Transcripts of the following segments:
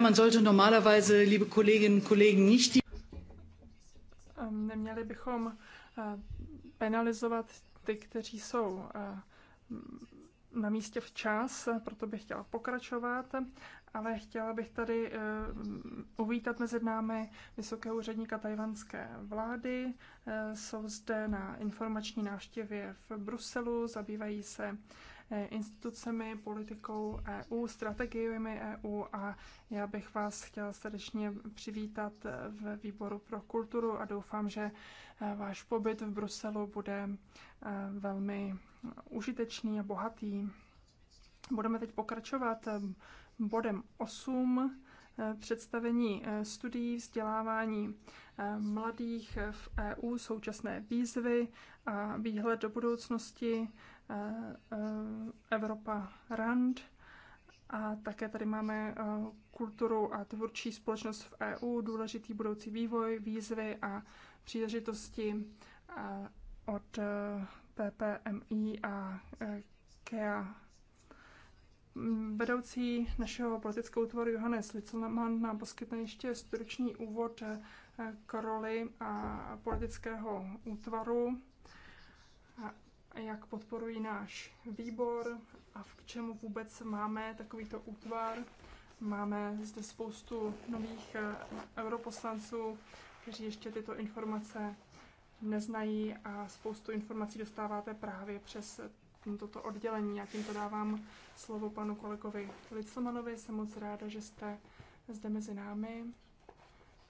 Man sollte normalerweise, liebe Kolleginnen und Kollegen, nicht die ehm, Neměli bychom eh, penalizovat ty, kteří jsou eh, na místě včas, proto bych chtěla pokračovat, ale chtěla bych tady eh, uvítat mezi námi vysokého úředníka tajvanské vlády. Jsou zde na informační návštěvě v Bruselu, zabývají se Eh, institucemi, politikou EU, strategiemi EU a já bych vás chtěla srdečně přivítat ve výboru pro kulturu a doufám, že eh, váš pobyt v Bruselu bude eh, velmi užitečný a bohatý. Budeme teď pokračovat bodem 8 představení studií vzdělávání mladých v EU, současné výzvy a výhled do budoucnosti Evropa Rand. A také tady máme kulturu a tvůrčí společnost v EU, důležitý budoucí vývoj, výzvy a příležitosti od e, PPMI a e, KEA. Vedoucí našeho politického útvoru Johannes Litzelmann nám poskytne ještě stručný úvod e, k roli a politického útvaru jak podporují náš výbor a k čemu vůbec máme takovýto útvar. Máme zde spoustu nových eh, europoslanců, kteří ještě tyto informace neznají a spoustu informací dostáváte právě přes toto oddělení. Já tímto dávám slovo panu kolegovi Litzelmanovi. Jsem moc ráda, že jste zde mezi námi.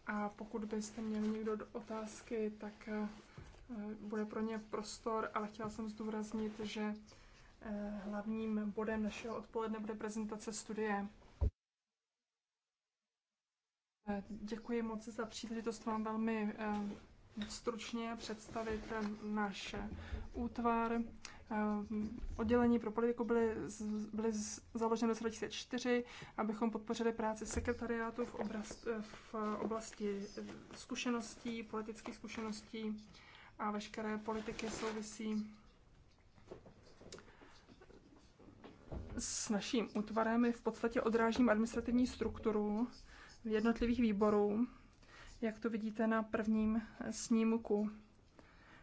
A pokud byste měli někdo do otázky, tak eh, Eh, bude pro ně prostor, ale chtěla jsem zdůraznit, že eh, hlavním bodem našeho odpoledne bude prezentace studie. Eh, děkuji moc za příležitost vám velmi stručně představit náš útvar. Oddělení pro politiku byly, byly založeny v roce 2004, abychom podpořili práci sekretariátu v, obraz, v oblasti zkušeností, politických zkušeností a veškeré politiky souvisí s naším útvarem. My v podstatě odrážím administrativní strukturu jednotlivých výborů, jak to vidíte na prvním snímku.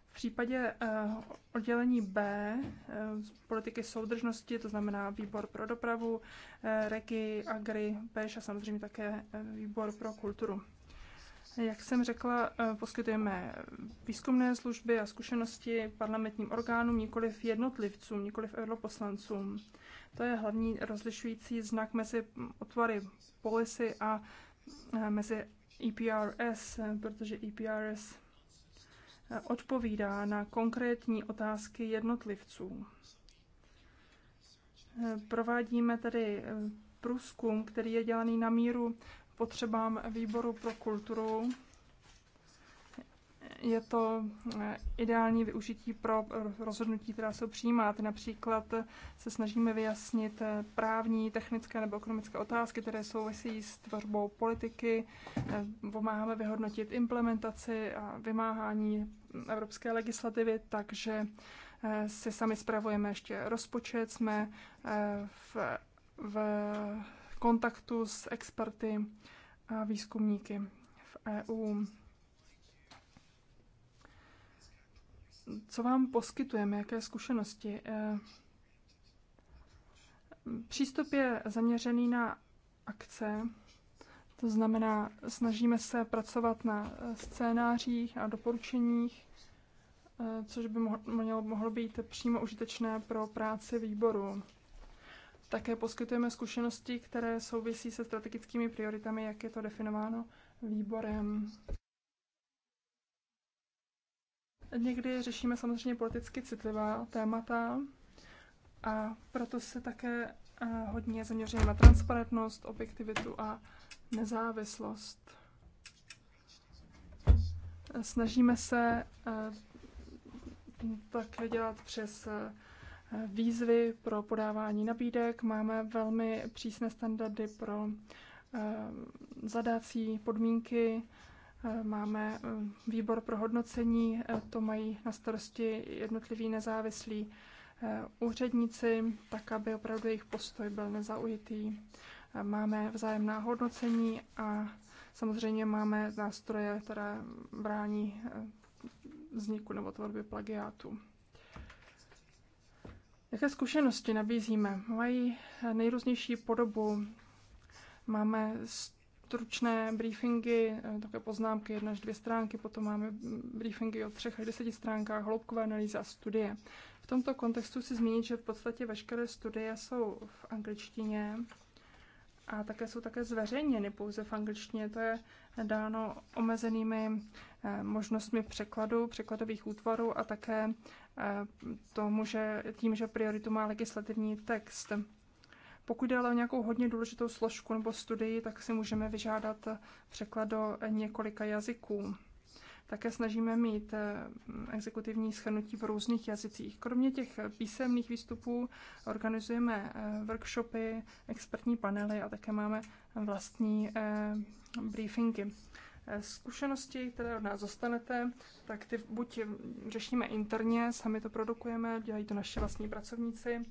V případě eh, oddělení B eh, politiky soudržnosti, to znamená výbor pro dopravu, eh, regi, agri, peš a samozřejmě také výbor pro kulturu. Jak jsem řekla, eh, poskytujeme výzkumné služby a zkušenosti parlamentním orgánům, v jednotlivcům, v europoslancům. To je hlavní rozlišující znak mezi otvary policy a eh, mezi EPRS, protože EPRS eh, odpovídá na konkrétní otázky jednotlivců. Provádíme tedy průzkum, který je dělaný na míru potřebám výboru pro kulturu. Je to eh, ideální využití pro rozhodnutí, která jsou přijímáte. Například se snažíme vyjasnit eh, právní, technické nebo ekonomické otázky, které souvisí s tvorbou politiky. Eh, pomáháme vyhodnotit implementaci a vymáhání evropské legislativy, takže si sami spravujeme ještě rozpočet, jsme v, v kontaktu s experty a výzkumníky v EU. Co vám poskytujeme, jaké zkušenosti? E, přístup je zaměřený na akce, to znamená, snažíme se pracovat na scénářích a doporučeních, e, což by mohlo, být přímo užitečné pro práci výboru. Také poskytujeme zkušenosti, které souvisí se strategickými prioritami, jak je to definováno výborem. Někdy řešíme samozřejmě politicky citlivá témata a proto se také eh, hodně zaměřujeme na transparentnost, objektivitu a nezávislost. Snažíme se eh, také dělat přes eh, výzvy pro podávání nabídek, máme velmi přísné standardy pro eh, zadací podmínky, eh, máme eh, výbor pro hodnocení, to mají na starosti jednotliví nezávislí úředníci, tak aby opravdu jejich postoj byl nezaujitý. Máme vzájemná hodnocení a samozřejmě máme nástroje, které brání vzniku nebo tvorby plagiátu. Jaké zkušenosti nabízíme? Mají nejrůznější podobu. Máme stručné briefingy, eh, také poznámky, jedna až dvě stránky, potom máme briefingy o třech až deseti stránkách, hloubkové analýza a studie. V tomto kontextu si zmínit, že v podstatě veškeré studie jsou v angličtině a také jsou také zveřejněny pouze v angličtině. To je dáno omezenými Eh, možnostmi překladu, překladových útvarů a také eh, tomu, že tím, že prioritu má legislativní text. Pokud jde ale o nějakou hodně důležitou složku nebo studii, tak si můžeme vyžádat překlad do několika jazyků. Také snažíme mít eh, exekutivní schrnutí v různých jazycích. Kromě těch písemných výstupů organizujeme workshopy, expertní panely a také máme vlastní briefingy. Eh, zkušenosti, které od nás dostanete, tak ty buď řešíme interně, sami to produkujeme, dělají to naše vlastní pracovníci,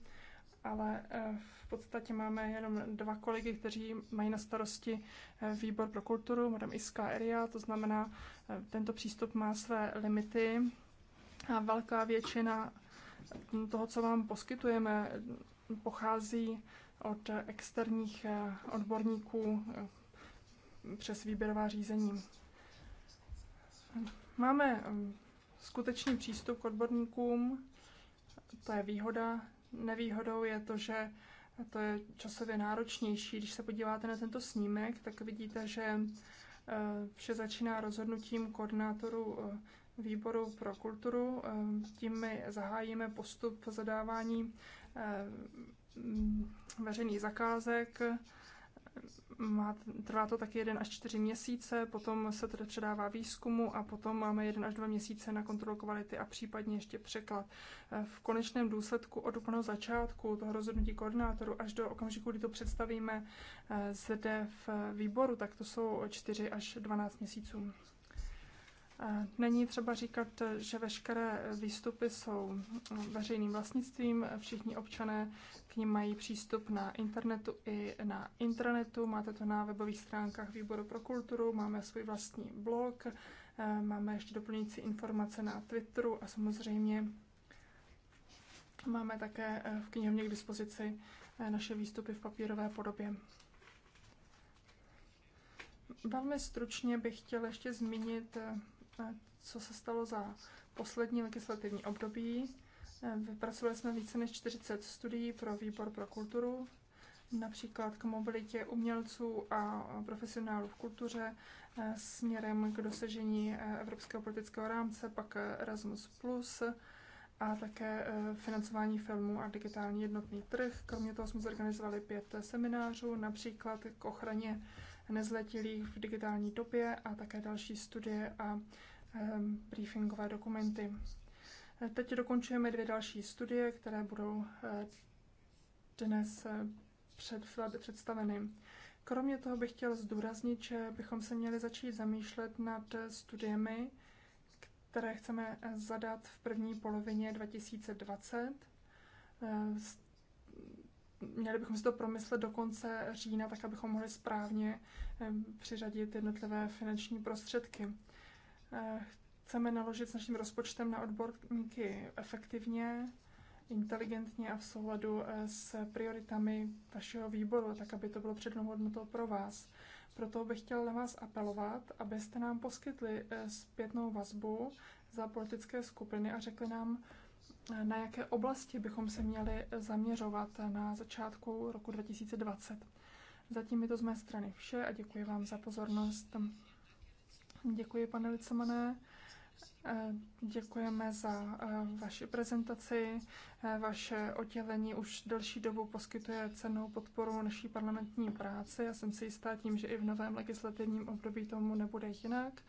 ale eh, v podstatě máme jenom dva kolegy, kteří mají na starosti eh, výbor pro kulturu, madam Iska Eria, to znamená, tento přístup má své limity a velká většina toho, co vám poskytujeme, pochází od externích odborníků, přes výběrová řízení. Máme um, skutečný přístup k odborníkům, to je výhoda. Nevýhodou je to, že to je časově náročnější. Když se podíváte na tento snímek, tak vidíte, že uh, vše začíná rozhodnutím koordinátoru uh, výboru pro kulturu. Uh, tím my zahájíme postup zadávání veřejných zakázek má, trvá to taky jeden až čtyři měsíce, potom se tedy předává výzkumu a potom máme jeden až dva měsíce na kontrolu kvality a případně ještě překlad. Eh, v konečném důsledku od úplného začátku toho rozhodnutí koordinátoru až do okamžiku, kdy to představíme eh, zde v eh, výboru, tak to jsou 4 až 12 měsíců. Není třeba říkat, že veškeré výstupy jsou mm, veřejným vlastnictvím. Všichni občané ním mají přístup na internetu i na intranetu. Máte to na webových stránkách Výboru pro kulturu, máme svůj vlastní blog, eh, máme ještě doplňující informace na Twitteru a samozřejmě máme také eh, v knihovně k dispozici eh, naše výstupy v papírové podobě. Velmi stručně bych chtěl ještě zmínit, co se stalo za poslední legislativní období. Vypracovali jsme více než 40 studií pro výbor pro kulturu, například k mobilitě umělců a profesionálů v kultuře eh, směrem k dosažení eh, evropského politického rámce, pak eh, Erasmus+, a také financování filmů a digitální jednotný trh. Kromě toho jsme zorganizovali pět seminářů, například k ochraně nezletilých v digitální době a také další studie a briefingové dokumenty. Teď dokončujeme dvě další studie, které budou eh, dnes eh, představeny. Kromě toho bych chtěl zdůraznit, že bychom se měli začít zamýšlet nad studiemi, které chceme eh, zadat v první polovině 2020. Měli bychom si to promyslet do konce října, tak abychom mohli správně přiřadit jednotlivé finanční prostředky chceme naložit s naším rozpočtem na odborníky efektivně, inteligentně a v souladu eh, s prioritami vašeho výboru, tak aby to bylo přednou hodnotou pro vás. Proto bych chtěl na vás apelovat, abyste nám poskytli eh, zpětnou vazbu za politické skupiny a řekli nám, eh, na jaké oblasti bychom se měli zaměřovat na začátku roku 2020. Zatím je to z mé strany vše a děkuji vám za pozornost. Děkuji, pane Licemané. Eh, děkujeme za eh, vaši prezentaci. Eh, vaše oddělení už delší dobu poskytuje cenou podporu naší parlamentní práci. Já jsem si jistá tím, že i v novém legislativním období tomu nebude jinak.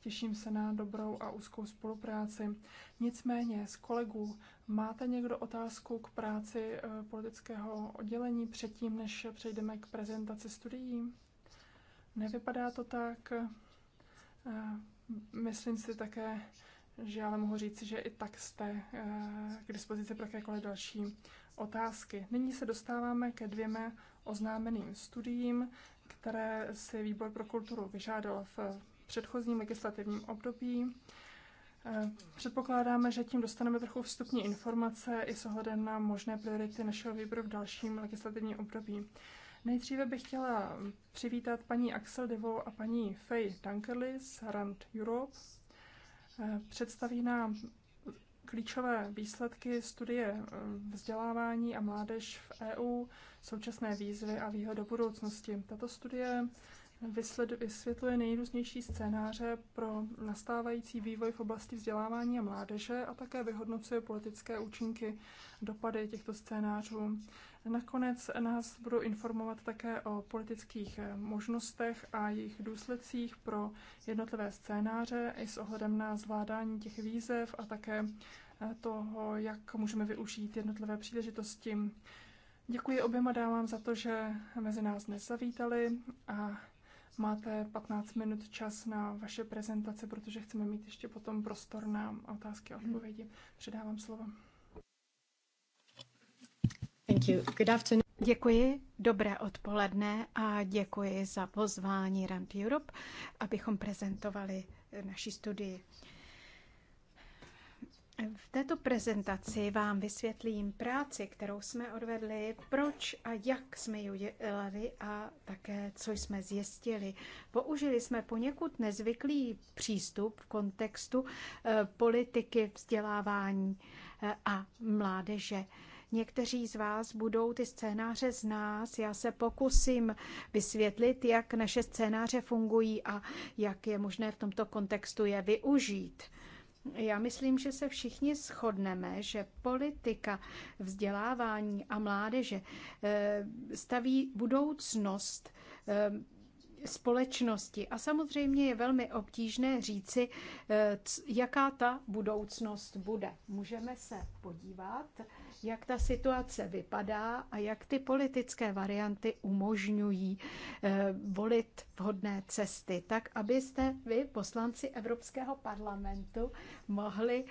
Těším se na dobrou a úzkou spolupráci. Nicméně z kolegů, máte někdo otázku k práci politického oddělení předtím, než přejdeme k prezentaci studií? Nevypadá to tak. Myslím si také, že ale mohu říci, že i tak jste eh, k dispozici pro jakékoliv další otázky. Nyní se dostáváme ke dvěma oznámeným studiím, které si Výbor pro kulturu vyžádal v předchozím legislativním období. Eh, předpokládáme, že tím dostaneme trochu vstupní informace i s ohledem na možné priority našeho výboru v dalším legislativním období. Nejdříve bych chtěla přivítat paní Axel Devo a paní Faye Dunkerly z Rand Europe. Eh, představí nám klíčové výsledky studie eh, vzdělávání a mládež v EU, současné výzvy a výhody do budoucnosti. Tato studie vysvětluje nejrůznější scénáře pro nastávající vývoj v oblasti vzdělávání a mládeže a také vyhodnocuje politické účinky dopady těchto scénářů. Nakonec nás budou informovat také o politických eh, možnostech a jejich důsledcích pro jednotlivé scénáře i s ohledem na zvládání těch výzev a také eh, toho, jak můžeme využít jednotlivé příležitosti. Děkuji oběma dámám za to, že mezi nás dnes zavítali a Máte 15 minut čas na vaše prezentace, protože chceme mít ještě potom prostor na otázky a mhm. odpovědi. Předávám slovo. Thank you. Good afternoon. Děkuji, dobré odpoledne a děkuji za pozvání Ramp Europe, abychom prezentovali naši studii. V této prezentaci vám vysvětlím práci, kterou jsme odvedli, proč a jak jsme ji udělali a také, co jsme zjistili. Použili jsme poněkud nezvyklý přístup v kontextu eh, politiky vzdělávání eh, a mládeže. Někteří z vás budou ty scénáře z nás. Já se pokusím vysvětlit, jak naše scénáře fungují a jak je možné v tomto kontextu je využít. Já myslím, že se všichni shodneme, že politika vzdělávání a mládeže eh, staví budoucnost eh, společnosti. A samozřejmě je velmi obtížné říci, eh, jaká ta budoucnost bude. Můžeme se podívat, jak ta situace vypadá a jak ty politické varianty umožňují eh, volit vhodné cesty, tak abyste vy, poslanci Evropského parlamentu, mohli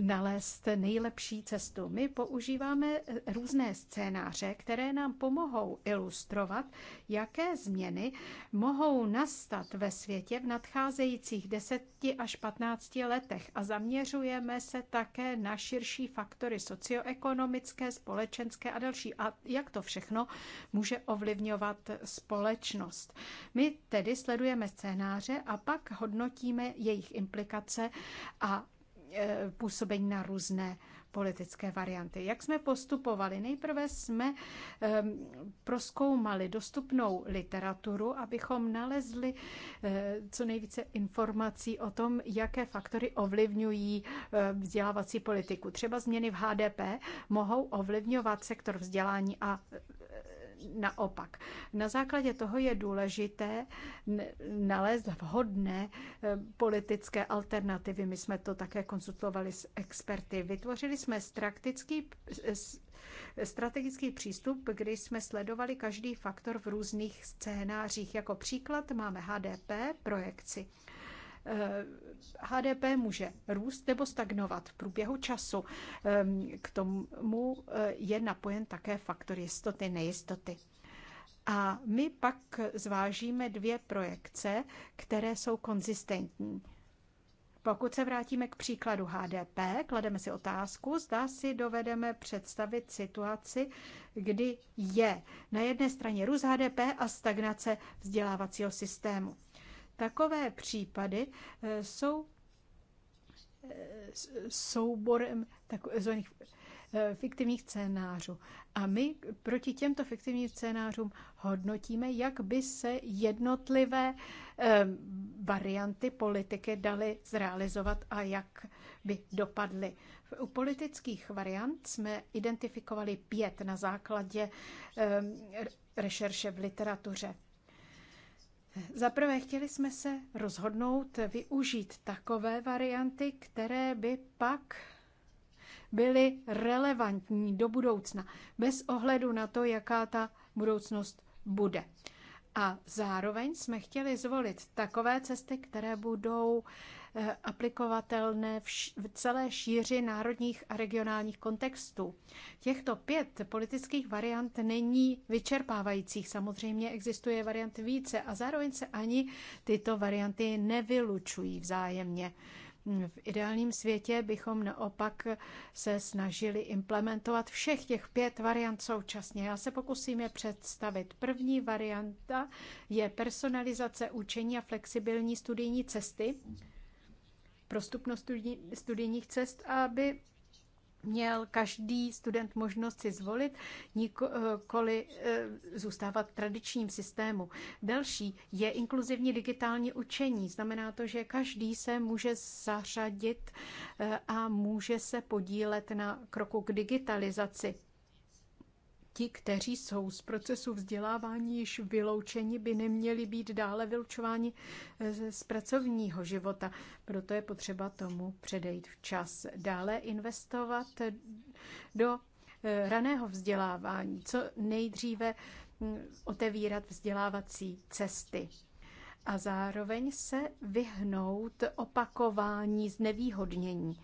nalézt nejlepší cestu. My používáme eh, různé scénáře, které nám pomohou ilustrovat, jaké změny mohou nastat ve světě v nadcházejících 10 až 15 letech a zaměřujeme se také na širší faktory socioekonomické, společenské a další. A jak to všechno může ovlivňovat společnost. My tedy sledujeme scénáře a pak hodnotíme jejich implikace a e, působení na různé politické varianty. Jak jsme postupovali? Nejprve jsme ehm, proskoumali dostupnou literaturu, abychom nalezli eh, co nejvíce informací o tom, jaké faktory ovlivňují ehm, vzdělávací politiku. Třeba změny v HDP mohou ovlivňovat sektor vzdělání a naopak. Na základě toho je důležité nalézt vhodné eh, politické alternativy. My jsme to také konsultovali s experty. Vytvořili jsme strategický, strategický přístup, kdy jsme sledovali každý faktor v různých scénářích. Jako příklad máme HDP, projekci HDP eh, může růst nebo stagnovat v průběhu času. Ehm, k tomu eh, je napojen také faktor jistoty, nejistoty. A my pak zvážíme dvě projekce, které jsou konzistentní. Pokud se vrátíme k příkladu HDP, klademe si otázku, zda si dovedeme představit situaci, kdy je na jedné straně růst HDP a stagnace vzdělávacího systému. Takové případy eh, jsou eh, souborem takzvaných eh, fiktivních scénářů. A my proti těmto fiktivním scénářům hodnotíme, jak by se jednotlivé varianty politiky daly zrealizovat a jak by dopadly. U politických variant jsme identifikovali pět na základě rešerše v literatuře. Za prvé, chtěli jsme se rozhodnout využít takové varianty, které by pak byly relevantní do budoucna, bez ohledu na to, jaká ta budoucnost bude. A zároveň jsme chtěli zvolit takové cesty, které budou eh, aplikovatelné v celé šíři národních a regionálních kontextů. Těchto pět politických variant není vyčerpávajících. Samozřejmě existuje variant více a zároveň se ani tyto varianty nevylučují vzájemně. V ideálním světě bychom naopak se snažili implementovat všech těch pět variant současně. Já se pokusím je představit. První varianta je personalizace učení a flexibilní studijní cesty, prostupnost studijních cest, aby měl každý student možnost si zvolit, nikoli eh, eh, zůstávat v tradičním systému. Další je inkluzivní digitální učení. Znamená to, že každý se může zařadit eh, a může se podílet na kroku k digitalizaci. Ti, kteří jsou z procesu vzdělávání již vyloučeni, by neměli být dále vylučováni eh, z pracovního života. Proto je potřeba tomu předejít včas. Dále investovat do eh, raného vzdělávání, co nejdříve hm, otevírat vzdělávací cesty a zároveň se vyhnout opakování znevýhodnění.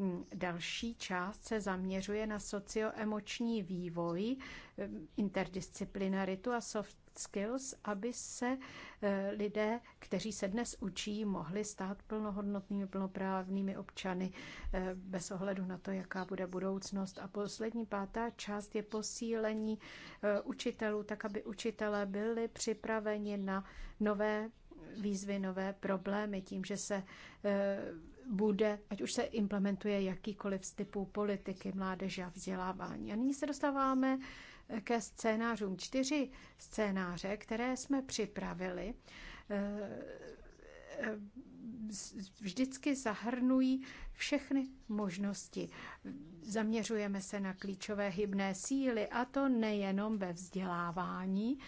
Mm, další část se zaměřuje na socioemoční vývoj, eh, interdisciplinaritu a soft skills, aby se eh, lidé, kteří se dnes učí, mohli stát plnohodnotnými, plnoprávnými občany eh, bez ohledu na to, jaká bude budoucnost. A poslední pátá část je posílení učitelů, tak aby učitelé byli připraveni na nové výzvy, nové problémy, tím, že se bude, ať už se implementuje jakýkoliv z typů politiky, mládeže a vzdělávání. A nyní se dostáváme ke scénářům. Čtyři scénáře, které jsme připravili, eh, eh, vždycky zahrnují všechny možnosti. Zaměřujeme se na klíčové hybné síly a to nejenom ve vzdělávání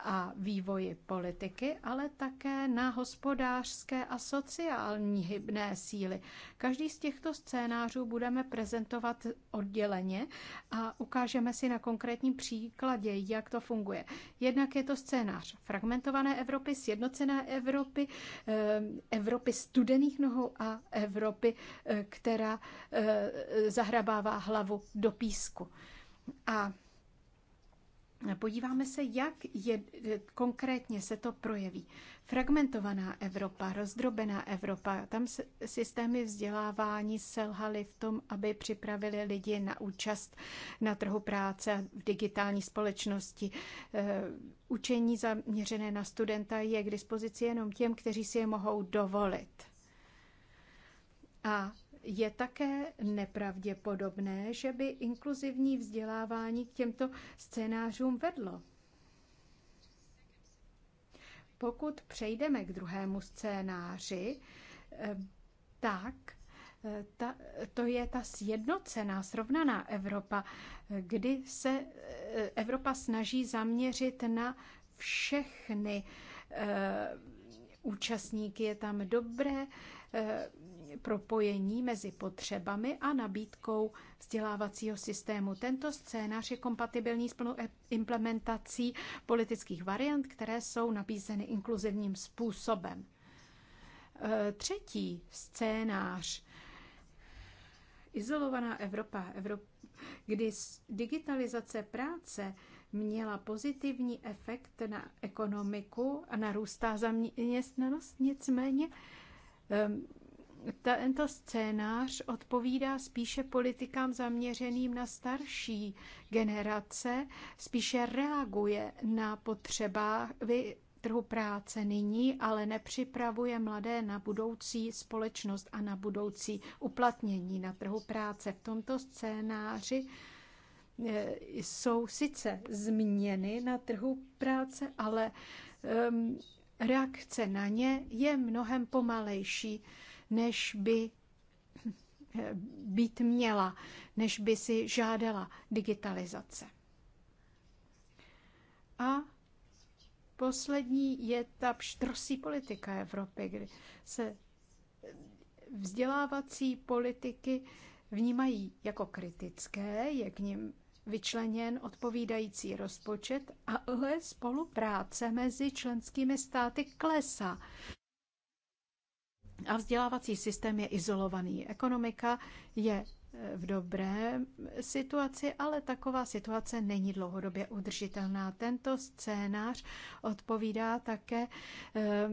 a vývoji politiky, ale také na hospodářské a sociální hybné síly. Každý z těchto scénářů budeme prezentovat odděleně a ukážeme si na konkrétním příkladě, jak to funguje. Jednak je to scénář fragmentované Evropy, sjednocené Evropy, eh, Evropy studených nohou a Evropy, eh, která Eh, zahrabává hlavu do písku. A Podíváme se, jak je, eh, konkrétně se to projeví. Fragmentovaná Evropa, rozdrobená Evropa, tam systémy vzdělávání selhaly v tom, aby připravili lidi na účast na trhu práce v digitální společnosti. Eh, učení zaměřené na studenta je k dispozici jenom těm, kteří si je mohou dovolit. A je také nepravděpodobné, že by inkluzivní vzdělávání k těmto scénářům vedlo. Pokud přejdeme k druhému scénáři, eh, tak eh, ta, to je ta sjednocená, srovnaná Evropa, kdy se eh, Evropa snaží zaměřit na všechny účastníky. Je tam dobré propojení mezi potřebami a nabídkou vzdělávacího systému. Tento scénář je kompatibilní s plnou e- implementací politických variant, které jsou nabízeny inkluzivním způsobem. E, třetí scénář. Izolovaná Evropa, Evropa kdy digitalizace práce měla pozitivní efekt na ekonomiku a narůstá zaměstnanost, nicméně tento scénář odpovídá spíše politikám zaměřeným na starší generace, spíše reaguje na potřeba trhu práce nyní, ale nepřipravuje mladé na budoucí společnost a na budoucí uplatnění na trhu práce. V tomto scénáři e, jsou sice změny na trhu práce, ale reakce na ně je mnohem pomalejší než by být měla, než by si žádala digitalizace. A poslední je ta pštrosí politika Evropy, kdy se vzdělávací politiky vnímají jako kritické, je k nim vyčleněn odpovídající rozpočet, ale spolupráce mezi členskými státy klesá. A vzdělávací systém je izolovaný. Ekonomika je eh, v dobré eh, situaci, ale taková situace není dlouhodobě udržitelná. Tento scénář odpovídá také eh,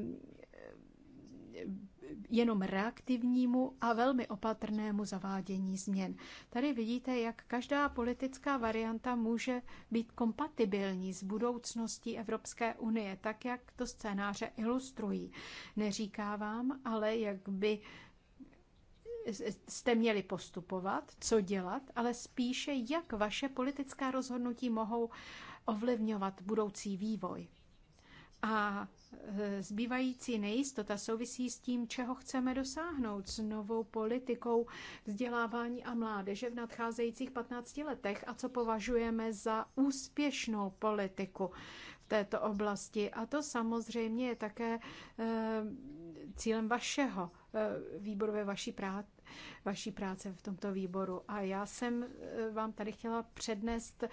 jenom reaktivnímu a velmi opatrnému zavádění změn. Tady vidíte, jak každá politická varianta může být kompatibilní s budoucností Evropské unie, tak jak to scénáře ilustrují. Neříká vám, ale jak by jste měli postupovat, co dělat, ale spíše jak vaše politická rozhodnutí mohou ovlivňovat budoucí vývoj. A e, zbývající nejistota souvisí s tím, čeho chceme dosáhnout s novou politikou vzdělávání a mládeže v nadcházejících 15 letech a co považujeme za úspěšnou politiku v této oblasti. A to samozřejmě je také e, cílem vašeho e, výboru ve vaší práci vaší práce v tomto výboru. A já jsem eh, vám tady chtěla přednést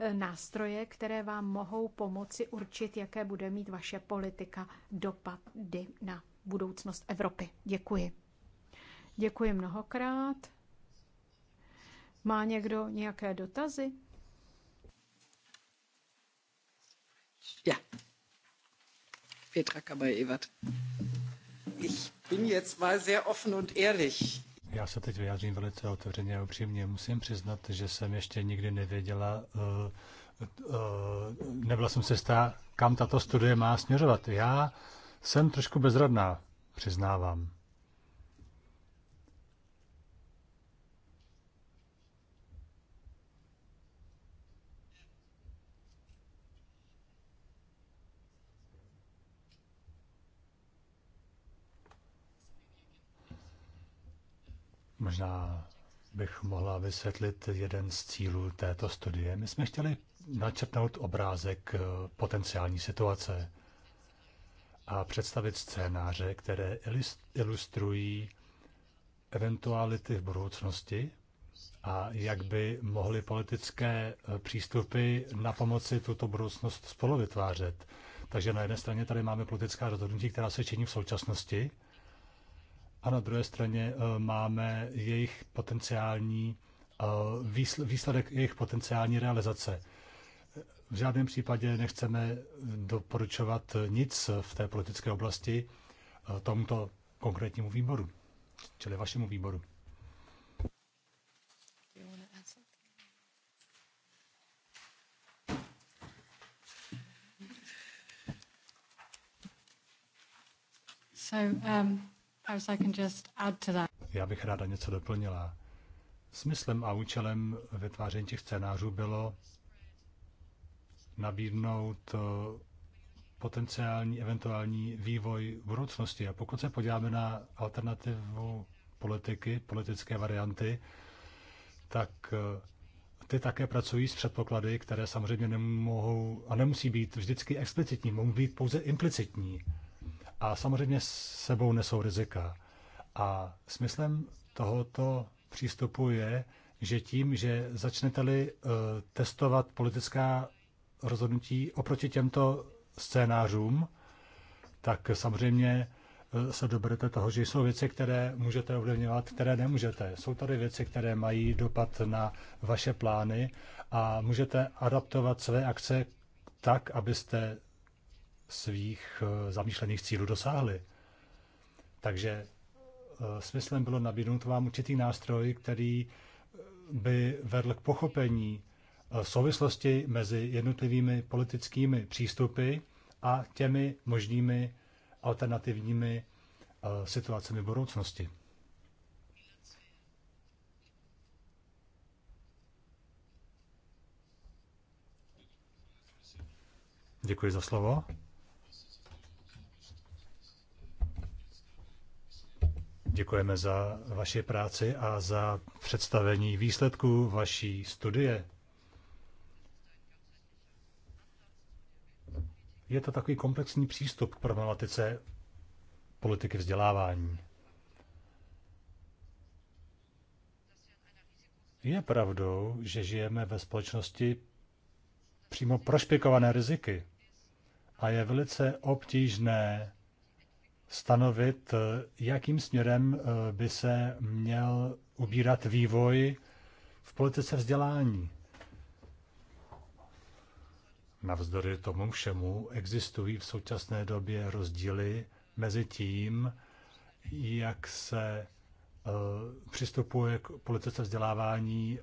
eh, nástroje, které vám mohou pomoci určit, jaké bude mít vaše politika dopady na budoucnost Evropy. Děkuji. Děkuji mnohokrát. Má někdo nějaké dotazy? Ja. Petra kabaj ewert Ich bin jetzt mal sehr offen und ehrlich. Já se teď vyjádřím velice otevřeně a upřímně. Musím přiznat, že jsem ještě nikdy nevěděla, eh, eh, nebyla jsem se stá, kam tato studie má směřovat. Já jsem trošku bezradná, přiznávám. Možná bych mohla vysvětlit jeden z cílů této studie. My jsme chtěli načrtnout obrázek eh, potenciální situace a představit scénáře, které ilustrují eventuality v budoucnosti a jak by mohly politické eh, přístupy na pomoci tuto budoucnost spoluvytvářet. Takže na jedné straně tady máme politická rozhodnutí, která se činí v současnosti, a na druhé straně eh, máme jejich potenciální eh, výsledek jejich potenciální realizace. V žádném případě nechceme doporučovat nic v té politické oblasti eh, tomuto konkrétnímu výboru, čili vašemu výboru. So, um, já bych ráda něco doplnila. Smyslem a účelem vytváření těch scénářů bylo nabídnout eh, potenciální eventuální vývoj v budoucnosti. A pokud se podíváme na alternativu politiky, politické varianty, tak eh, ty také pracují s předpoklady, které samozřejmě nemohou a nemusí být vždycky explicitní, mohou být pouze implicitní. A samozřejmě s sebou nesou rizika. A smyslem tohoto přístupu je, že tím, že začnete-li eh, testovat politická rozhodnutí oproti těmto scénářům, tak samozřejmě eh, se doberete toho, že jsou věci, které můžete ovlivňovat, které nemůžete. Jsou tady věci, které mají dopad na vaše plány a můžete adaptovat své akce tak, abyste svých eh, zamýšlených cílů dosáhli. Takže eh, smyslem bylo nabídnout vám určitý nástroj, který eh, by vedl k pochopení souvislosti mezi jednotlivými politickými přístupy a těmi možnými alternativními situacemi budoucnosti. Děkuji za slovo. Děkujeme za vaši práci a za představení výsledků vaší studie. Je to takový komplexní přístup k problematice politiky vzdělávání. Je pravdou, že žijeme ve společnosti přímo prošpikované riziky a je velice obtížné stanovit, eh, jakým směrem eh, by se měl ubírat vývoj v politice vzdělání. Navzdory tomu všemu existují v současné době rozdíly mezi tím, jak se eh, přistupuje k politice vzdělávání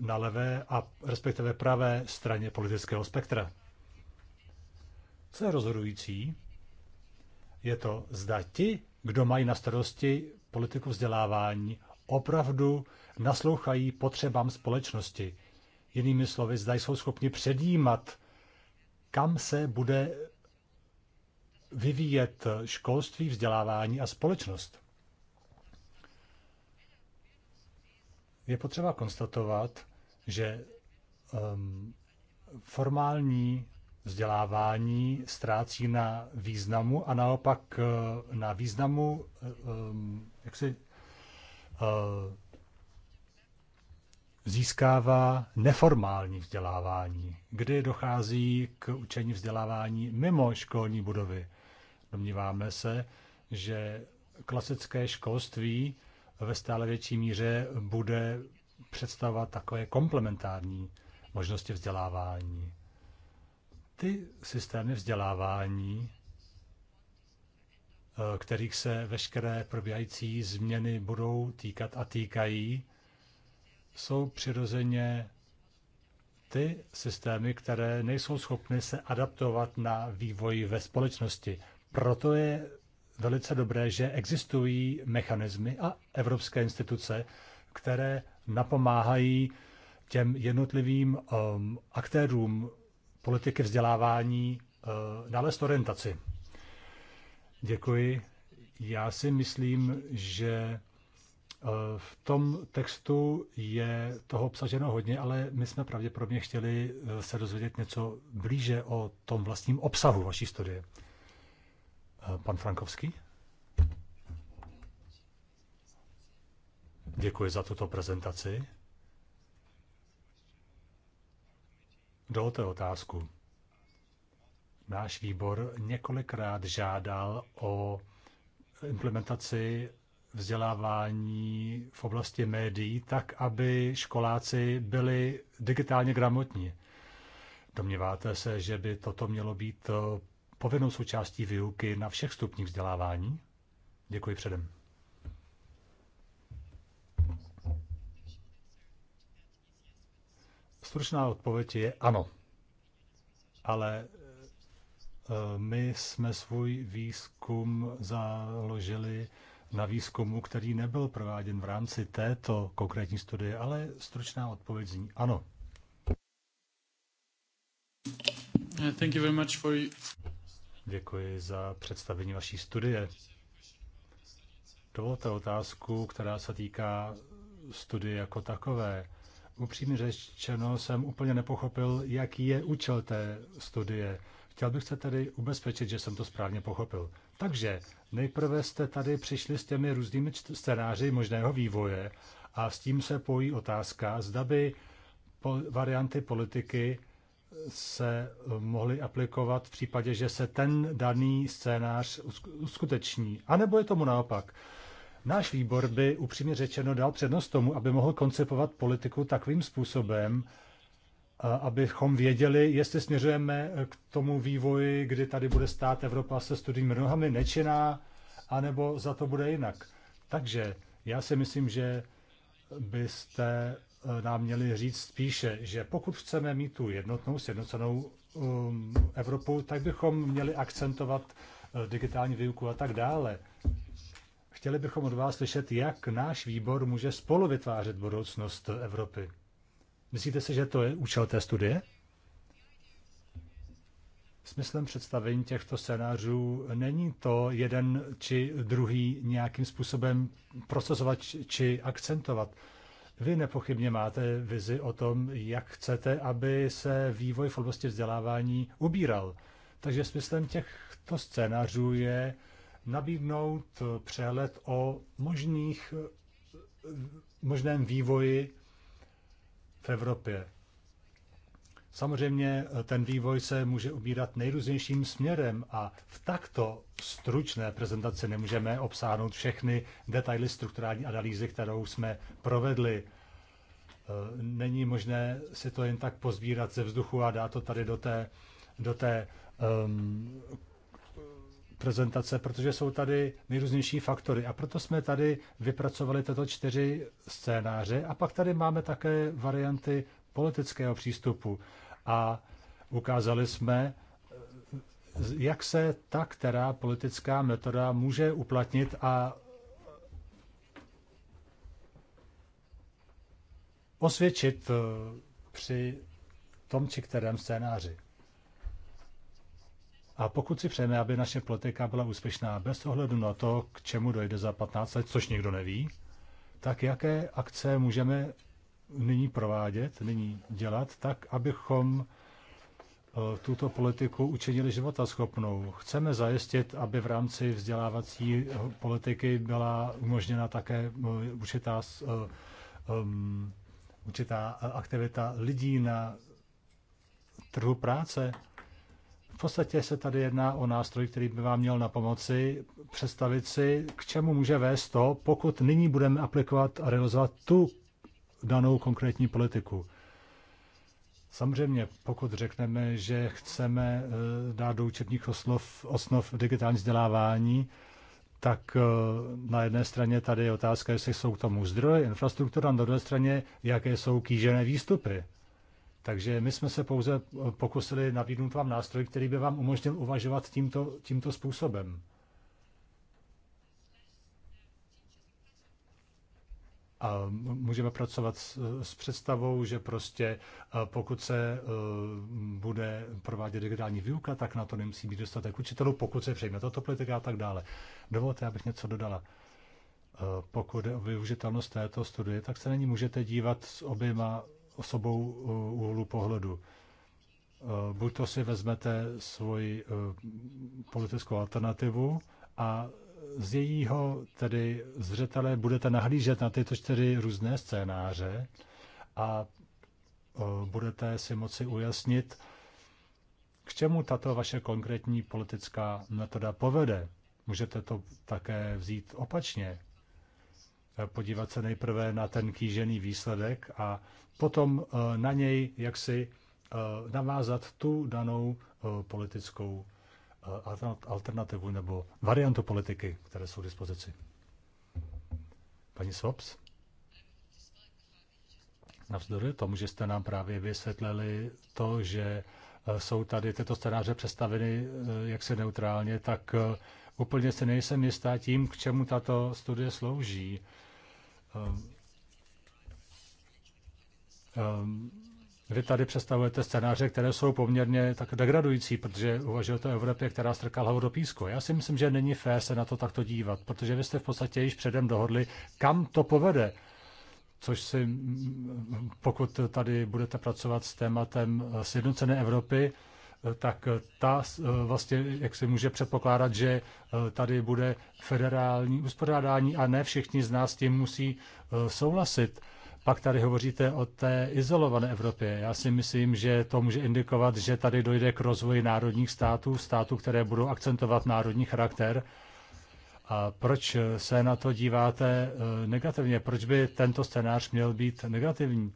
na levé a respektive pravé straně politického spektra. Co je rozhodující, je to, zda ti, kdo mají na starosti politiku vzdělávání, opravdu naslouchají potřebám společnosti. Jinými slovy, zda jsou schopni předjímat, kam se bude vyvíjet školství, vzdělávání a společnost. Je potřeba konstatovat, že um, formální vzdělávání ztrácí na významu a naopak eh, na významu eh, jak se eh, získává neformální vzdělávání, kdy dochází k učení vzdělávání mimo školní budovy. Domníváme se, že klasické školství ve stále větší míře bude představovat takové komplementární možnosti vzdělávání ty systémy vzdělávání, eh, kterých se veškeré probíhající změny budou týkat a týkají, jsou přirozeně ty systémy, které nejsou schopny se adaptovat na vývoj ve společnosti. Proto je velice dobré, že existují mechanismy a evropské instituce, které napomáhají těm jednotlivým um, aktérům politiky vzdělávání eh, nalézt orientaci. Děkuji. Já si myslím, že eh, v tom textu je toho obsaženo hodně, ale my jsme pravděpodobně chtěli eh, se dozvědět něco blíže o tom vlastním obsahu vaší studie. Pan Frankovský? Děkuji za tuto prezentaci. Dovolte otázku. Náš výbor několikrát žádal o implementaci vzdělávání v oblasti médií tak, aby školáci byli digitálně gramotní. Domníváte se, že by toto mělo být povinnou součástí výuky na všech stupních vzdělávání? Děkuji předem. Stručná odpověď je ano. Ale e, my jsme svůj výzkum založili na výzkumu, který nebyl prováděn v rámci této konkrétní studie, ale stručná odpověď zní ano. Uh, thank you very much for... Děkuji za představení vaší studie. Dovolte otázku, která se týká studie jako takové upřímně řečeno jsem úplně nepochopil, jaký je účel té studie. Chtěl bych se tedy ubezpečit, že jsem to správně pochopil. Takže nejprve jste tady přišli s těmi různými scénáři možného vývoje a s tím se pojí otázka, zda by po varianty politiky se eh, mohly aplikovat v případě, že se ten daný scénář uskuteční. A nebo je tomu naopak. Náš výbor by upřímně řečeno dal přednost tomu, aby mohl koncipovat politiku takovým způsobem, abychom věděli, jestli směřujeme k tomu vývoji, kdy tady bude stát Evropa se studijními nohami nečiná, anebo za to bude jinak. Takže já si myslím, že byste e, nám měli říct spíše, že pokud chceme mít tu jednotnou, sjednocenou um, Evropu, tak bychom měli akcentovat e, digitální výuku a tak dále. Chtěli bychom od vás slyšet, jak náš výbor může spolu vytvářet budoucnost Evropy. Myslíte si, že to je účel té studie? Smyslem představení těchto scénářů není to jeden či druhý nějakým způsobem procesovat či akcentovat. Vy nepochybně máte vizi o tom, jak chcete, aby se vývoj v oblasti vzdělávání ubíral. Takže smyslem těchto scénářů je nabídnout eh, přehled o možných, eh, možném vývoji v Evropě. Samozřejmě eh, ten vývoj se může ubírat nejrůznějším směrem a v takto stručné prezentaci nemůžeme obsáhnout všechny detaily strukturální analýzy, kterou jsme provedli. Není možné si to jen tak pozbírat ze vzduchu a dát to tady do té, do té um, prezentace, protože jsou tady nejrůznější faktory. A proto jsme tady vypracovali tyto čtyři scénáře. A pak tady máme také varianty politického přístupu. A ukázali jsme, jak se ta která politická metoda může uplatnit a osvědčit eh, při tom či kterém scénáři. A pokud si přejeme, aby naše politika byla úspěšná bez ohledu na to, k čemu dojde za 15 let, což nikdo neví, tak jaké akce můžeme nyní provádět, nyní dělat, tak abychom eh, tuto politiku učinili životaschopnou. Chceme zajistit, aby v rámci vzdělávací eh, politiky byla umožněna také eh, určitá, um, určitá aktivita lidí na trhu práce. V podstatě se tady jedná o nástroj, který by vám měl na pomoci představit si, k čemu může vést to, pokud nyní budeme aplikovat a realizovat tu danou konkrétní politiku. Samozřejmě, pokud řekneme, že chceme eh, dát do učebních osnov, osnov digitální vzdělávání, tak eh, na jedné straně tady je otázka, jestli jsou k tomu zdroje, infrastruktura, na druhé straně, jaké jsou kýžené výstupy. Takže my jsme se pouze eh, pokusili nabídnout vám nástroj, který by vám umožnil uvažovat tímto, tímto způsobem. A můžeme pracovat s, s představou, že prostě eh, pokud se eh, bude provádět digitální výuka, tak na to nemusí být dostatek učitelů, pokud se přejme toto politika a tak dále. Dovolte, abych něco dodala. Pokud je o využitelnost této studie, tak se na ní můžete dívat s oběma osobou eh, úhlu pohledu. Eh, buď to si vezmete svoji eh, politickou alternativu a z jejího tedy zřetele budete nahlížet na tyto čtyři různé scénáře a budete si moci ujasnit, k čemu tato vaše konkrétní politická metoda povede. Můžete to také vzít opačně. Eh, podívat se nejprve na ten kýžený výsledek a potom eh, na něj jaksi eh, navázat tu danou politickou alternativu nebo variantu politiky, které jsou k dispozici. Paní Swaps? Navzdory tomu, že jste nám právě vysvětlili to, že jsou tady tyto scénáře představeny jaksi neutrálně, tak Úplně se nejsem jistá tím, k čemu tato studie slouží. Um, um, vy tady představujete scénáře, které jsou poměrně tak degradující, protože uvažujete o Evropě, která strká hlavu do písku. Já si myslím, že není fér se na to takto dívat, protože vy jste v podstatě již předem dohodli, kam to povede. Což si, pokud tady budete pracovat s tématem eh, sjednocené Evropy, tak eh, ta eh, vlastně, jak se může předpokládat, že eh, tady bude federální uspořádání a ne všichni z nás tím musí souhlasit. Pak tady hovoříte o té izolované Evropě. Já si myslím, že to může indikovat, že tady dojde k rozvoji národních států, států, které budou akcentovat národní charakter. A proč se na to díváte negativně? Proč by tento scénář měl být negativní?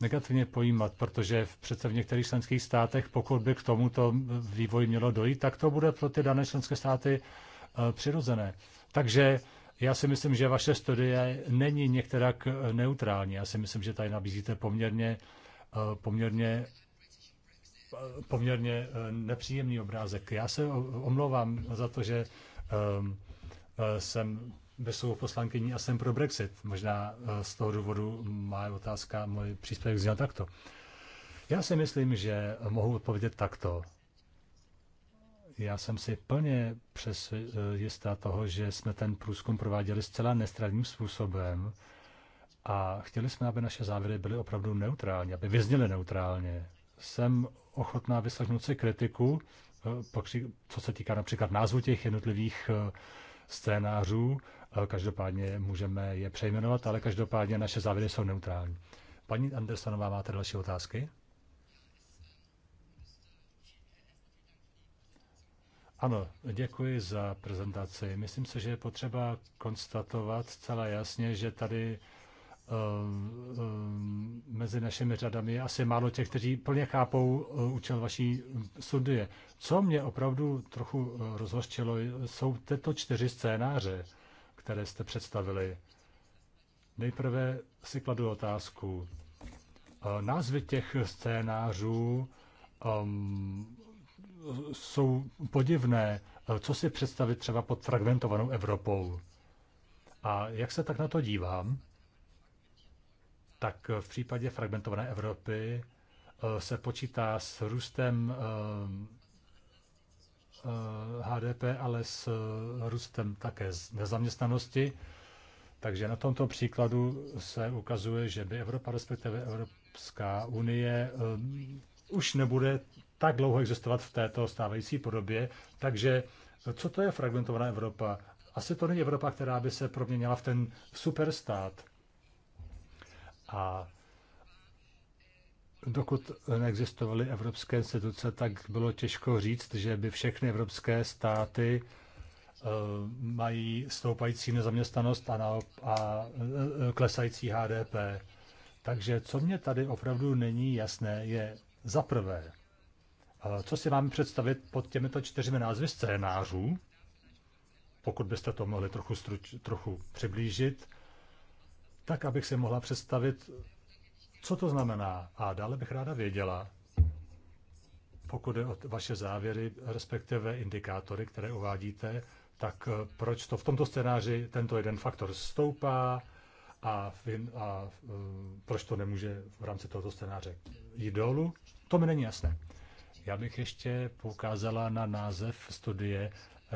negativně pojímat, protože přece v některých členských státech, pokud by k tomuto vývoji mělo dojít, tak to bude pro ty dané členské státy eh, přirozené. Takže já si myslím, že vaše studie není některak eh, neutrální. Já si myslím, že tady nabízíte poměrně, eh, poměrně, poměrně nepříjemný obrázek. Já se omlouvám za to, že jsem svou poslankyní a jsem pro Brexit. Možná eh, z toho důvodu má otázka, můj příspěvek zněl takto. Já si myslím, že mohu odpovědět takto. Já jsem si plně přes eh, jistá toho, že jsme ten průzkum prováděli zcela nestranným způsobem a chtěli jsme, aby naše závěry byly opravdu neutrální, aby vyzněly neutrálně. Jsem ochotná vyslechnout si kritiku, eh, co se týká například názvu těch jednotlivých scénářů, Eh, každopádně můžeme je přejmenovat, ale každopádně naše závěry jsou neutrální. Paní Andersonová, máte další otázky? Ano, děkuji za prezentaci. Myslím si, že je potřeba konstatovat celé jasně, že tady eh, eh, mezi našimi řadami je asi málo těch, kteří plně chápou účel vaší studie. Co mě opravdu trochu rozhořčilo, jsou tyto čtyři scénáře které jste představili. Nejprve si kladu otázku. Eh, názvy těch scénářů um, jsou podivné. Eh, co si představit třeba pod fragmentovanou Evropou? A jak se tak na to dívám, tak eh, v případě fragmentované Evropy se počítá s růstem um, HDP, eh, ale s eh, růstem také z nezaměstnanosti. Takže na tomto příkladu se ukazuje, že by Evropa, respektive Evropská unie, eh, už nebude tak dlouho existovat v této stávající podobě. Takže co to je fragmentovaná Evropa? Asi to není Evropa, která by se proměnila v ten superstát. A Dokud neexistovaly evropské instituce, tak bylo těžko říct, že by všechny evropské státy eh, mají stoupající nezaměstnanost a, a eh, klesající HDP. Takže co mě tady opravdu není jasné, je za prvé, eh, co si máme představit pod těmito čtyřmi názvy scénářů, pokud byste to mohli trochu, struč, trochu přiblížit, tak abych si mohla představit, co to znamená? A dále bych ráda věděla, pokud je o vaše závěry, respektive indikátory, které uvádíte, tak eh, proč to v tomto scénáři tento jeden faktor stoupá a, v, a eh, proč to nemůže v rámci tohoto scénáře jít dolů? To mi není jasné. Já bych ještě poukázala na název studie.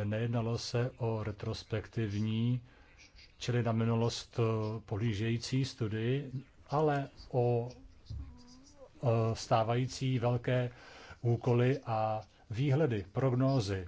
Nejednalo se o retrospektivní, čili na minulost eh, polížející studii, ale o stávající velké úkoly a výhledy, prognózy.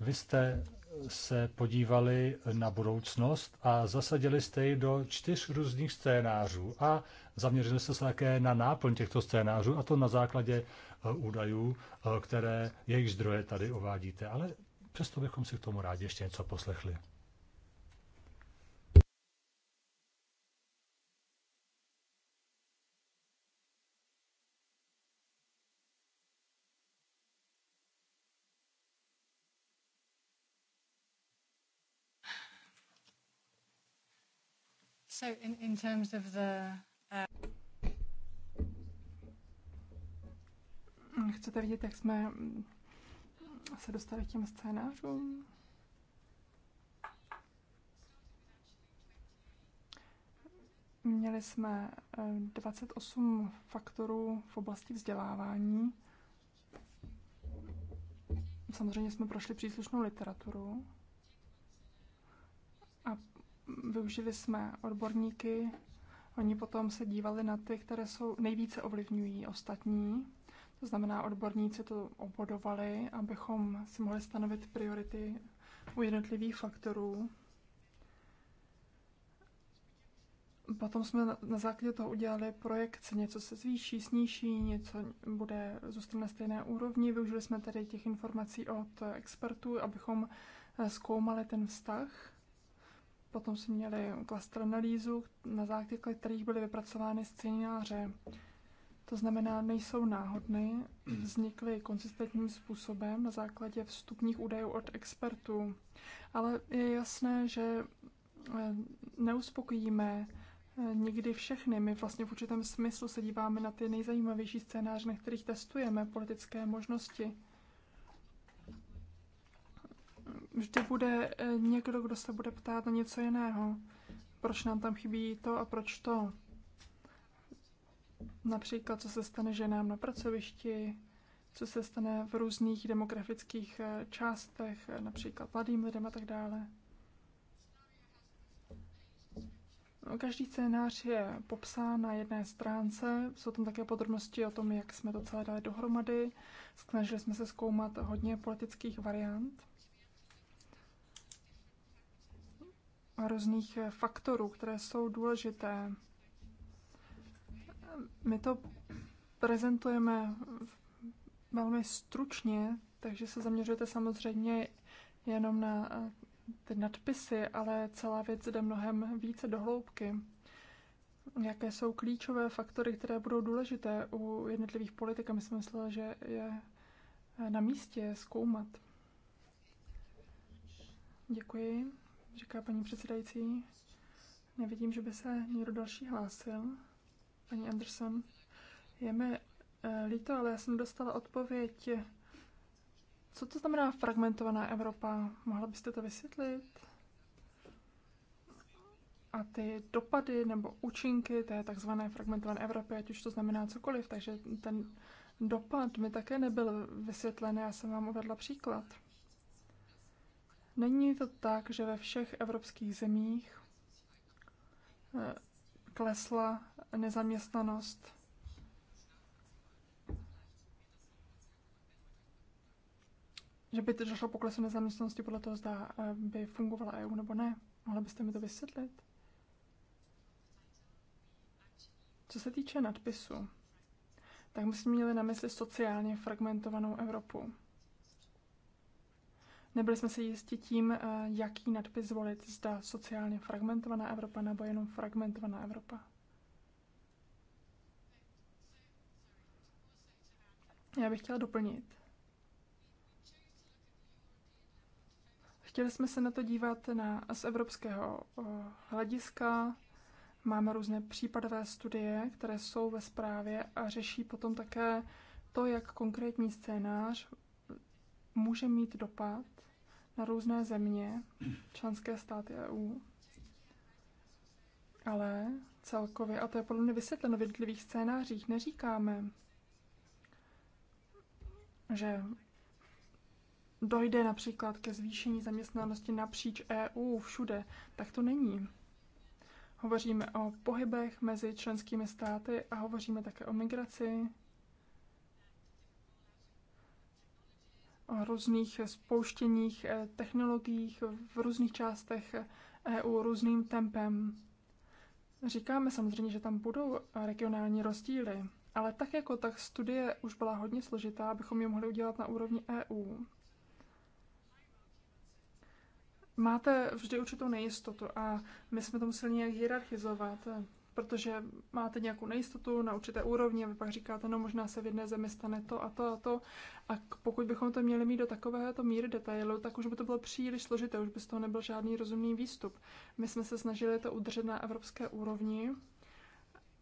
Vy jste se podívali na budoucnost a zasadili jste ji do čtyř různých scénářů a zaměřili jste se také na náplň těchto scénářů a to na základě e, údajů, e, které jejich zdroje tady uvádíte. Ale přesto bychom si k tomu rádi ještě něco poslechli. So in, in terms of the, uh... Chcete vidět, jak jsme mm, se dostali k těm scénářům? Měli jsme 28 eh, faktorů v oblasti vzdělávání. Samozřejmě jsme prošli příslušnou literaturu využili jsme odborníky, oni potom se dívali na ty, které jsou nejvíce ovlivňují ostatní. To znamená, odborníci to obodovali, abychom si mohli stanovit priority u jednotlivých faktorů. Potom jsme na základě toho udělali projekce, něco se zvýší, sníží, něco bude, zůstat na stejné úrovni. Využili jsme tedy těch informací od expertů, abychom eh, zkoumali ten vztah Potom jsme měli klaster analýzu, na základě kterých byly vypracovány scénáře. To znamená, nejsou náhodné, vznikly konzistentním způsobem na základě vstupních údajů od expertů. Ale je jasné, že eh, neuspokojíme eh, nikdy všechny. My vlastně v určitém smyslu se díváme na ty nejzajímavější scénáře, na kterých testujeme politické možnosti vždy bude eh, někdo, kdo se bude ptát na něco jiného. Proč nám tam chybí to a proč to? Například, co se stane ženám na pracovišti, co se stane v různých demografických eh, částech, eh, například mladým lidem a tak dále. Každý scénář je popsán na jedné stránce, jsou tam také podrobnosti o tom, jak jsme to celé dali dohromady. Snažili jsme se zkoumat hodně politických variant. různých eh, faktorů, které jsou důležité. My to prezentujeme velmi stručně, takže se zaměřujete samozřejmě jenom na eh, ty nadpisy, ale celá věc jde mnohem více do hloubky. Jaké jsou klíčové faktory, které budou důležité u jednotlivých politik? A my jsme mysleli, že je eh, na místě zkoumat. Děkuji říká paní předsedající. Nevidím, že by se někdo další hlásil. Paní Anderson, je mi eh, líto, ale já jsem dostala odpověď. Co to znamená fragmentovaná Evropa? Mohla byste to vysvětlit? A ty dopady nebo účinky té takzvané fragmentované Evropy, ať už to znamená cokoliv, takže ten dopad mi také nebyl vysvětlen. Já jsem vám uvedla příklad. Není to tak, že ve všech evropských zemích eh, klesla nezaměstnanost. Že by to došlo poklesu nezaměstnanosti podle toho, zda eh, by fungovala EU nebo ne. Mohla byste mi to vysvětlit? Co se týče nadpisu, tak my jsme měli na mysli sociálně fragmentovanou Evropu. Nebyli jsme si jistí tím, eh, jaký nadpis zvolit, zda sociálně fragmentovaná Evropa nebo jenom fragmentovaná Evropa. Já bych chtěla doplnit. Chtěli jsme se na to dívat na, z evropského eh, hlediska. Máme různé případové studie, které jsou ve zprávě a řeší potom také to, jak konkrétní scénář může mít dopad na různé země, členské státy EU. Ale celkově, a to je podle mě vysvětleno v jednotlivých scénářích, neříkáme, že dojde například ke zvýšení zaměstnanosti napříč EU všude, tak to není. Hovoříme o pohybech mezi členskými státy a hovoříme také o migraci, různých spouštěních eh, technologiích v různých částech eh, EU různým tempem. Říkáme samozřejmě, že tam budou regionální rozdíly, ale tak jako tak studie už byla hodně složitá, abychom ji mohli udělat na úrovni EU. Máte vždy určitou nejistotu a my jsme to museli nějak hierarchizovat protože máte nějakou nejistotu na určité úrovni a vy pak říkáte, no možná se v jedné zemi stane to a to a to. A pokud bychom to měli mít do takovéhoto míry detailu, tak už by to bylo příliš složité, už by z toho nebyl žádný rozumný výstup. My jsme se snažili to udržet na evropské úrovni,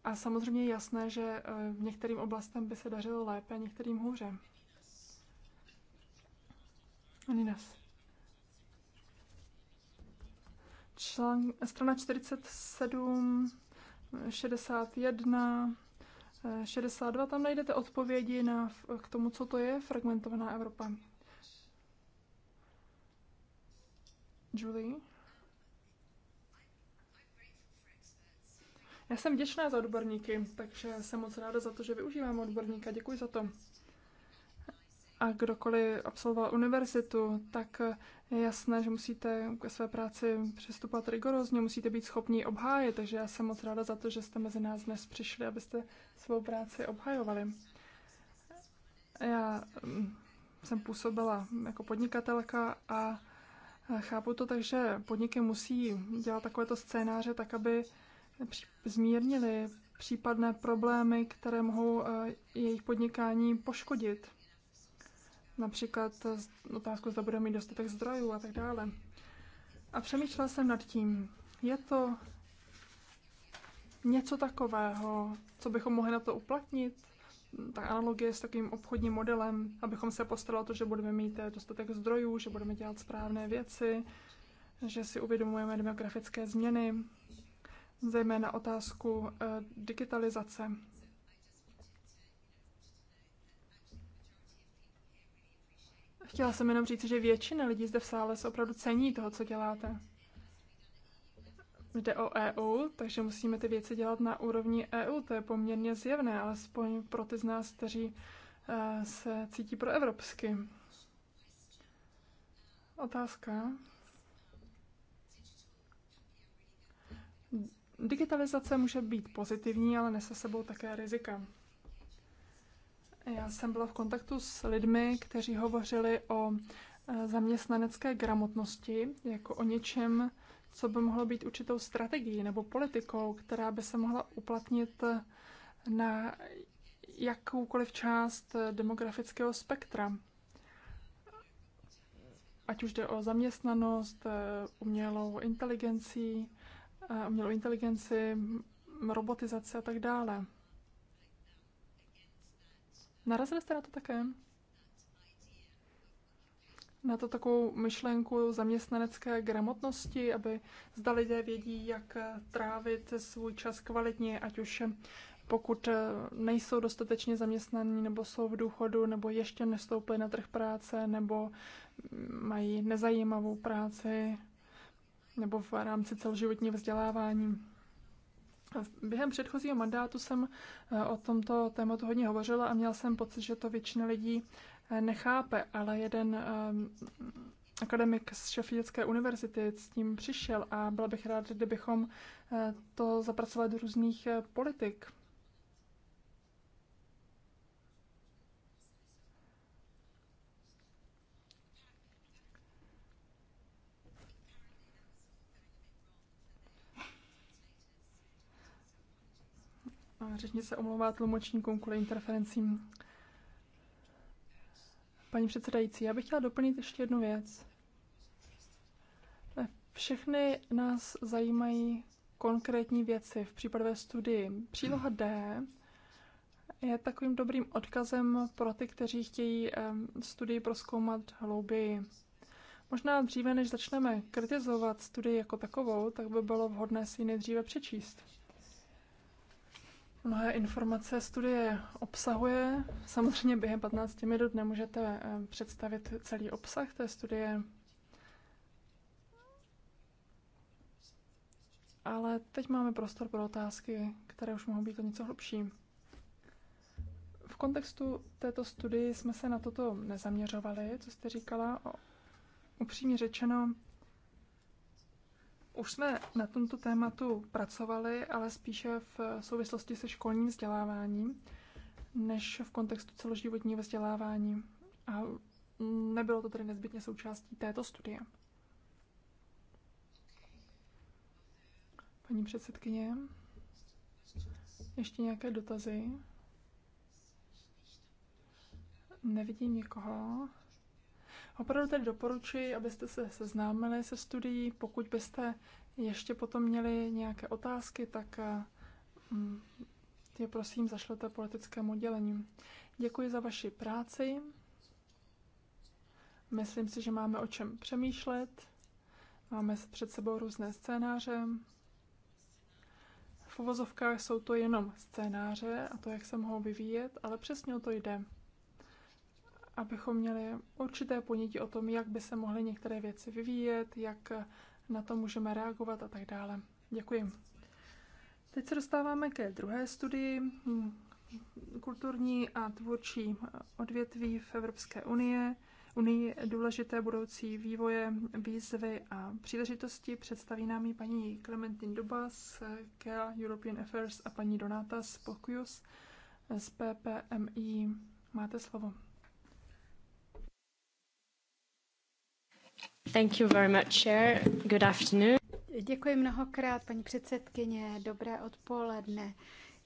a samozřejmě je jasné, že v eh, některým oblastem by se dařilo lépe a některým hůře. Aninas. Člán, strana 47 61, 62, tam najdete odpovědi na, k tomu, co to je fragmentovaná Evropa. Julie? Já jsem vděčná za odborníky, takže jsem moc ráda za to, že využívám odborníka. Děkuji za to a kdokoliv absolvoval univerzitu, tak je jasné, že musíte ke své práci přistupovat rigorózně, musíte být schopni obhájit, takže já jsem moc ráda za to, že jste mezi nás dnes přišli, abyste svou práci obhajovali. Já mm, jsem působila jako podnikatelka a chápu to tak, že podniky musí dělat takovéto scénáře tak, aby zmírnili případné problémy, které mohou eh, jejich podnikání poškodit. Například otázku, zda bude mít dostatek zdrojů a tak dále. A přemýšlela jsem nad tím, je to něco takového, co bychom mohli na to uplatnit? Ta analogie s takovým obchodním modelem, abychom se postarali o to, že budeme mít eh, dostatek zdrojů, že budeme dělat správné věci, že si uvědomujeme demografické změny, zejména otázku eh, digitalizace. Chtěla jsem jenom říct, že většina lidí zde v sále se opravdu cení toho, co děláte. Jde o EU, takže musíme ty věci dělat na úrovni EU. To je poměrně zjevné, alespoň pro ty z nás, kteří eh, se cítí pro evropsky. Otázka. Digitalizace může být pozitivní, ale nese sebou také rizika. Já jsem byla v kontaktu s lidmi, kteří hovořili o e, zaměstnanecké gramotnosti jako o něčem, co by mohlo být určitou strategií nebo politikou, která by se mohla uplatnit e, na jakoukoliv část e, demografického spektra. Ať už jde o zaměstnanost, umělou inteligenci, umělou inteligenci, robotizaci a tak dále. Narazili jste na to také? Na to takovou myšlenku zaměstnanecké gramotnosti, aby zda lidé vědí, jak trávit svůj čas kvalitně, ať už pokud nejsou dostatečně zaměstnaní, nebo jsou v důchodu, nebo ještě nestoupili na trh práce, nebo mají nezajímavou práci, nebo v rámci celoživotního vzdělávání. Během předchozího mandátu jsem eh, o tomto tématu hodně hovořila a měla jsem pocit, že to většina lidí eh, nechápe, ale jeden ehm, akademik z Šefídecké univerzity s tím přišel a byla bych ráda, kdybychom eh, to zapracovali do různých politik. Řečně se omlouvá tlumočníkům kvůli interferencím. Paní předsedající, já bych chtěla doplnit ještě jednu věc. Všechny nás zajímají konkrétní věci v případové studii. Příloha D je takovým dobrým odkazem pro ty, kteří chtějí studii proskoumat hlouběji. Možná dříve, než začneme kritizovat studii jako takovou, tak by bylo vhodné si ji nejdříve přečíst. Mnohé informace studie obsahuje. Samozřejmě během 15 minut nemůžete eh, představit celý obsah té studie. Ale teď máme prostor pro otázky, které už mohou být o něco hlubší. V kontextu této studie jsme se na toto nezaměřovali, co jste říkala. Upřímně řečeno, už jsme na tomto tématu pracovali, ale spíše v souvislosti se školním vzděláváním, než v kontextu celoživotního vzdělávání. A nebylo to tedy nezbytně součástí této studie. Paní předsedkyně, ještě nějaké dotazy? Nevidím nikoho. Opravdu tedy doporučuji, abyste se seznámili se studií. Pokud byste ještě potom měli nějaké otázky, tak eh, mm, je prosím zašlete politickému oddělení. Děkuji za vaši práci. Myslím si, že máme o čem přemýšlet. Máme před sebou různé scénáře. V uvozovkách jsou to jenom scénáře a to, jak se mohou vyvíjet, ale přesně o to jde abychom měli určité ponětí o tom, jak by se mohly některé věci vyvíjet, jak na to můžeme reagovat a tak dále. Děkuji. Teď se dostáváme ke druhé studii kulturní a tvůrčí odvětví v Evropské unie. Unii důležité budoucí vývoje, výzvy a příležitosti představí nám ji paní Clementine Duba z KEA European Affairs a paní Donata Spokius z PPMI. Máte slovo. Thank you very much, Chair. Good afternoon. Děkuji mnohokrát, paní předsedkyně. Dobré odpoledne.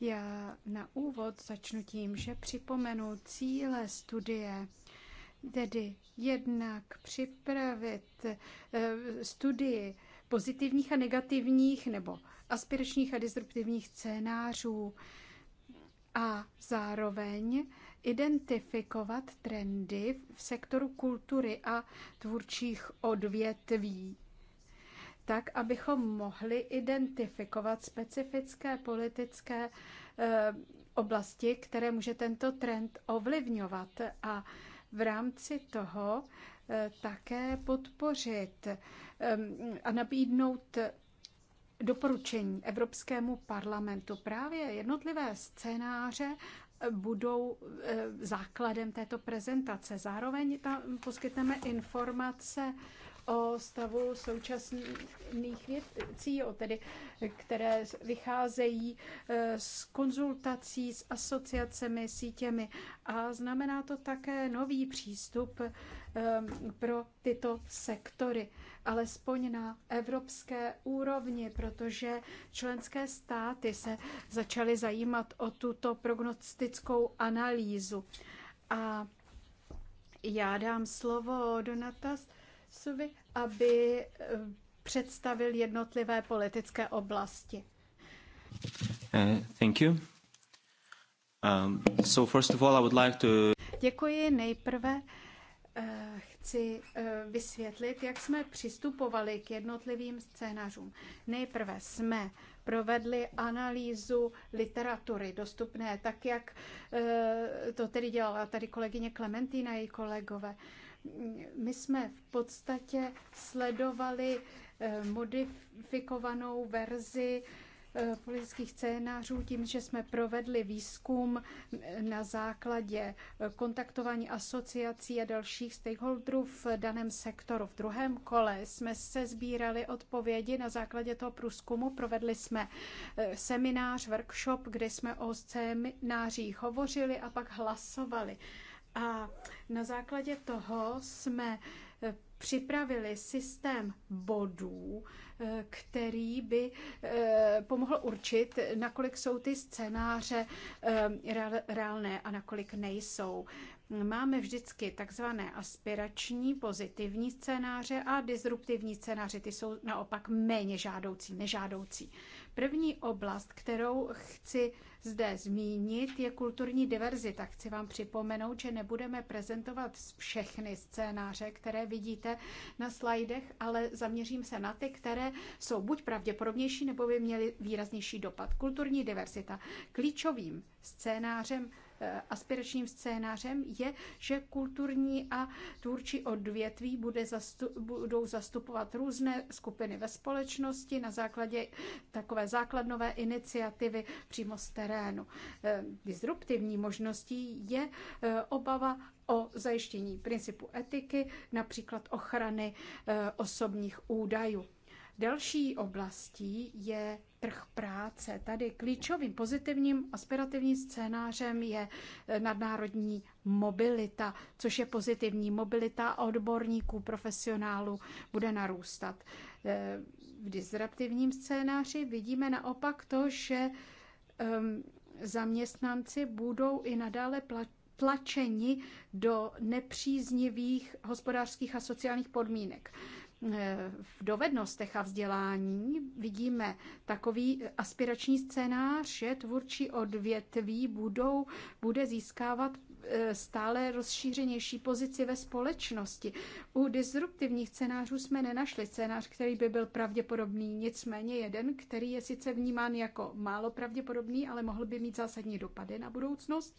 Já na úvod začnu tím, že připomenu cíle studie, tedy jednak připravit eh, studii pozitivních a negativních nebo aspiračních a disruptivních scénářů a zároveň identifikovat trendy v sektoru kultury a tvůrčích odvětví, tak abychom mohli identifikovat specifické politické eh, oblasti, které může tento trend ovlivňovat a v rámci toho eh, také podpořit ehm, a nabídnout doporučení Evropskému parlamentu právě jednotlivé scénáře budou eh, základem této prezentace. Zároveň tam poskytneme informace o stavu současných věcí, o tedy, které vycházejí eh, z konzultací s asociacemi, sítěmi a znamená to také nový přístup eh, pro tyto sektory alespoň na evropské úrovni, protože členské státy se začaly zajímat o tuto prognostickou analýzu. A já dám slovo Donatasovi, aby eh, představil jednotlivé politické oblasti. Uh, thank you. Um, so first of all, I would like to... Děkuji nejprve. Eh, chci eh, vysvětlit, jak jsme přistupovali k jednotlivým scénářům. Nejprve jsme provedli analýzu literatury dostupné, tak jak eh, to tedy dělala tady kolegyně Klementina a její kolegové. My jsme v podstatě sledovali modifikovanou verzi Eh, politických scénářů tím, že jsme provedli výzkum na základě kontaktování asociací a dalších stakeholderů v daném sektoru. V druhém kole jsme se sbírali odpovědi na základě toho průzkumu. Provedli jsme eh, seminář, workshop, kde jsme o scénářích hovořili a pak hlasovali. A na základě toho jsme eh, připravili systém bodů, Eh, který by eh, pomohl určit, nakolik jsou ty scénáře eh, reálné a nakolik nejsou. Máme vždycky takzvané aspirační, pozitivní scénáře a disruptivní scénáře, ty jsou naopak méně žádoucí, nežádoucí. První oblast, kterou chci zde zmínit, je kulturní diverzita. Chci vám připomenout, že nebudeme prezentovat všechny scénáře, které vidíte na slajdech, ale zaměřím se na ty, které jsou buď pravděpodobnější, nebo by měly výraznější dopad. Kulturní diverzita. Klíčovým scénářem Eh, aspiračním scénářem je, že kulturní a tvůrčí odvětví bude zastu, budou zastupovat různé skupiny ve společnosti na základě takové základnové iniciativy přímo z terénu. Eh, disruptivní možností je eh, obava o zajištění principu etiky, například ochrany osobních údajů. Další oblastí je trh práce. Tady klíčovým pozitivním aspirativním scénářem je eh, nadnárodní mobilita, což je pozitivní. Mobilita odborníků, profesionálů bude narůstat. Eh, v disruptivním scénáři vidíme naopak to, že ehm, zaměstnanci budou i nadále tlačeni do nepříznivých hospodářských a sociálních podmínek. Eh, v dovednostech a vzdělání vidíme takový aspirační scénář, že tvůrčí odvětví budou, bude získávat eh, stále rozšířenější pozici ve společnosti. U disruptivních scénářů jsme nenašli scénář, který by byl pravděpodobný, nicméně jeden, který je sice vnímán jako málo pravděpodobný, ale mohl by mít zásadní dopady na budoucnost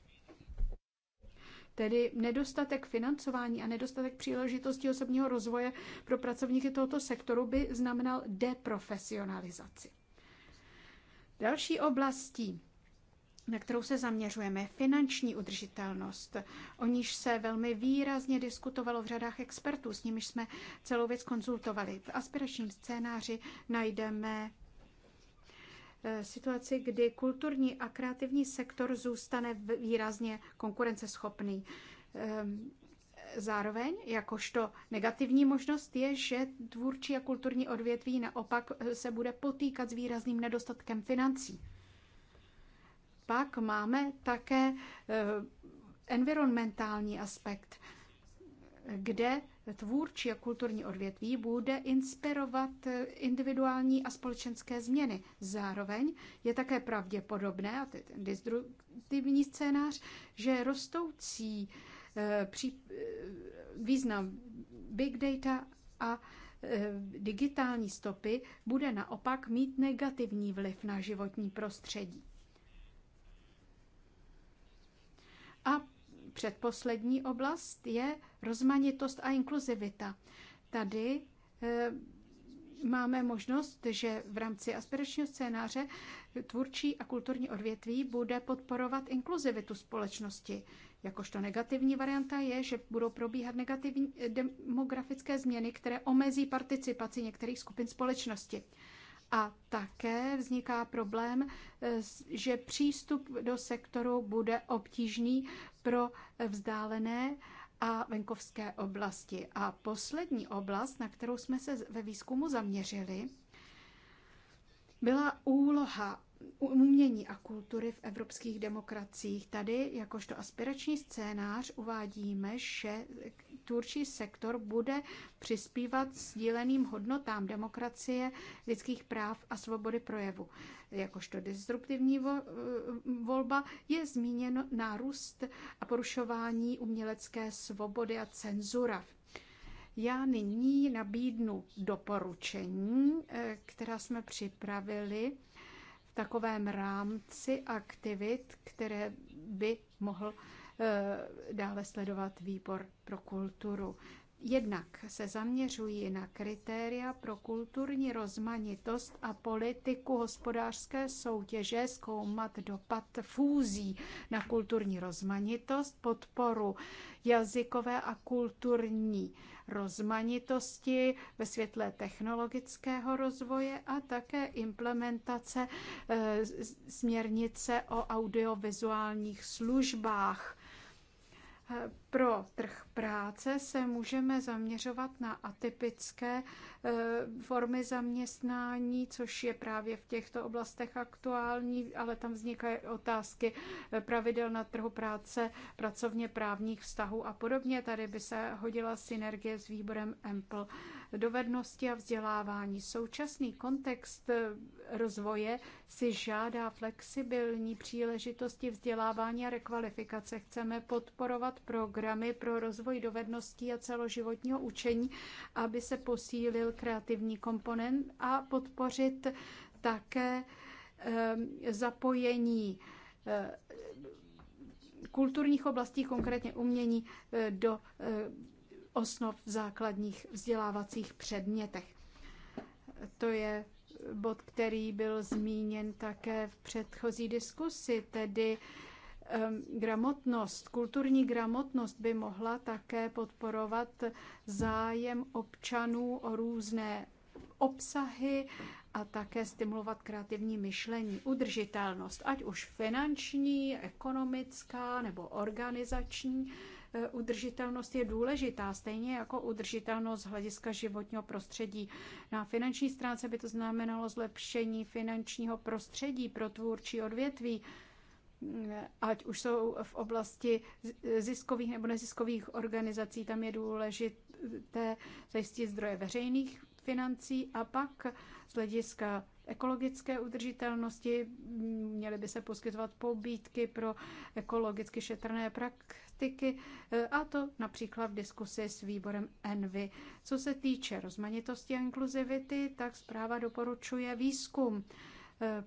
Tedy nedostatek financování a nedostatek příležitostí osobního rozvoje pro pracovníky tohoto sektoru by znamenal deprofesionalizaci. Další oblastí, na kterou se zaměřujeme, je finanční udržitelnost, o níž se velmi výrazně diskutovalo v řadách expertů, s nimiž jsme celou věc konzultovali. V aspiračním scénáři najdeme Eh, situaci, kdy kulturní a kreativní sektor zůstane výrazně konkurenceschopný. Ehm, zároveň, jakožto negativní možnost je, že tvůrčí a kulturní odvětví naopak eh, se bude potýkat s výrazným nedostatkem financí. Pak máme také eh, environmentální aspekt, kde tvůrčí a kulturní odvětví bude inspirovat individuální a společenské změny. Zároveň je také pravděpodobné, a to je ten destruktivní scénář, že rostoucí eh, eh, význam big data a eh, digitální stopy bude naopak mít negativní vliv na životní prostředí. A předposlední oblast je rozmanitost a inkluzivita. Tady eh, máme možnost, že v rámci aspiračního scénáře tvůrčí a kulturní odvětví bude podporovat inkluzivitu společnosti. Jakožto negativní varianta je, že budou probíhat negativní eh, demografické změny, které omezí participaci některých skupin společnosti. A také vzniká problém, eh, že přístup do sektoru bude obtížný pro vzdálené a venkovské oblasti. A poslední oblast, na kterou jsme se ve výzkumu zaměřili, byla úloha umění a kultury v evropských demokraciích. Tady, jakožto aspirační scénář, uvádíme, že turčí sektor bude přispívat sdíleným hodnotám demokracie, lidských práv a svobody projevu. Jakožto disruptivní eh, volba je zmíněno nárůst a porušování umělecké svobody a cenzura já nyní nabídnu doporučení, eh, která jsme připravili takovém rámci aktivit, které by mohl eh, dále sledovat výbor pro kulturu. Jednak se zaměřují na kritéria pro kulturní rozmanitost a politiku hospodářské soutěže, zkoumat dopad fúzí na kulturní rozmanitost, podporu jazykové a kulturní rozmanitosti ve světle technologického rozvoje a také implementace eh, směrnice o audiovizuálních službách pro trh práce se můžeme zaměřovat na atypické eh, formy zaměstnání, což je právě v těchto oblastech aktuální, ale tam vznikají otázky eh, pravidel na trhu práce, pracovně právních vztahů a podobně. Tady by se hodila synergie s výborem EMPL. Dovednosti a vzdělávání. Současný kontext eh, rozvoje si žádá flexibilní příležitosti vzdělávání a rekvalifikace. Chceme podporovat financovat programy pro rozvoj dovedností a celoživotního učení, aby se posílil kreativní komponent a podpořit také ehm, zapojení ehm, kulturních oblastí, konkrétně umění, eh, do eh, osnov v základních vzdělávacích předmětech. To je bod, který byl zmíněn také v předchozí diskusi, tedy gramotnost, kulturní gramotnost by mohla také podporovat zájem občanů o různé obsahy a také stimulovat kreativní myšlení, udržitelnost, ať už finanční, ekonomická nebo organizační. Eh, udržitelnost je důležitá, stejně jako udržitelnost z hlediska životního prostředí. Na finanční stránce by to znamenalo zlepšení finančního prostředí pro tvůrčí odvětví, ať už jsou v oblasti ziskových nebo neziskových organizací, tam je důležité zajistit zdroje veřejných financí a pak z hlediska ekologické udržitelnosti měly by se poskytovat pobídky pro ekologicky šetrné praktiky a to například v diskusi s výborem Envy. Co se týče rozmanitosti a inkluzivity, tak zpráva doporučuje výzkum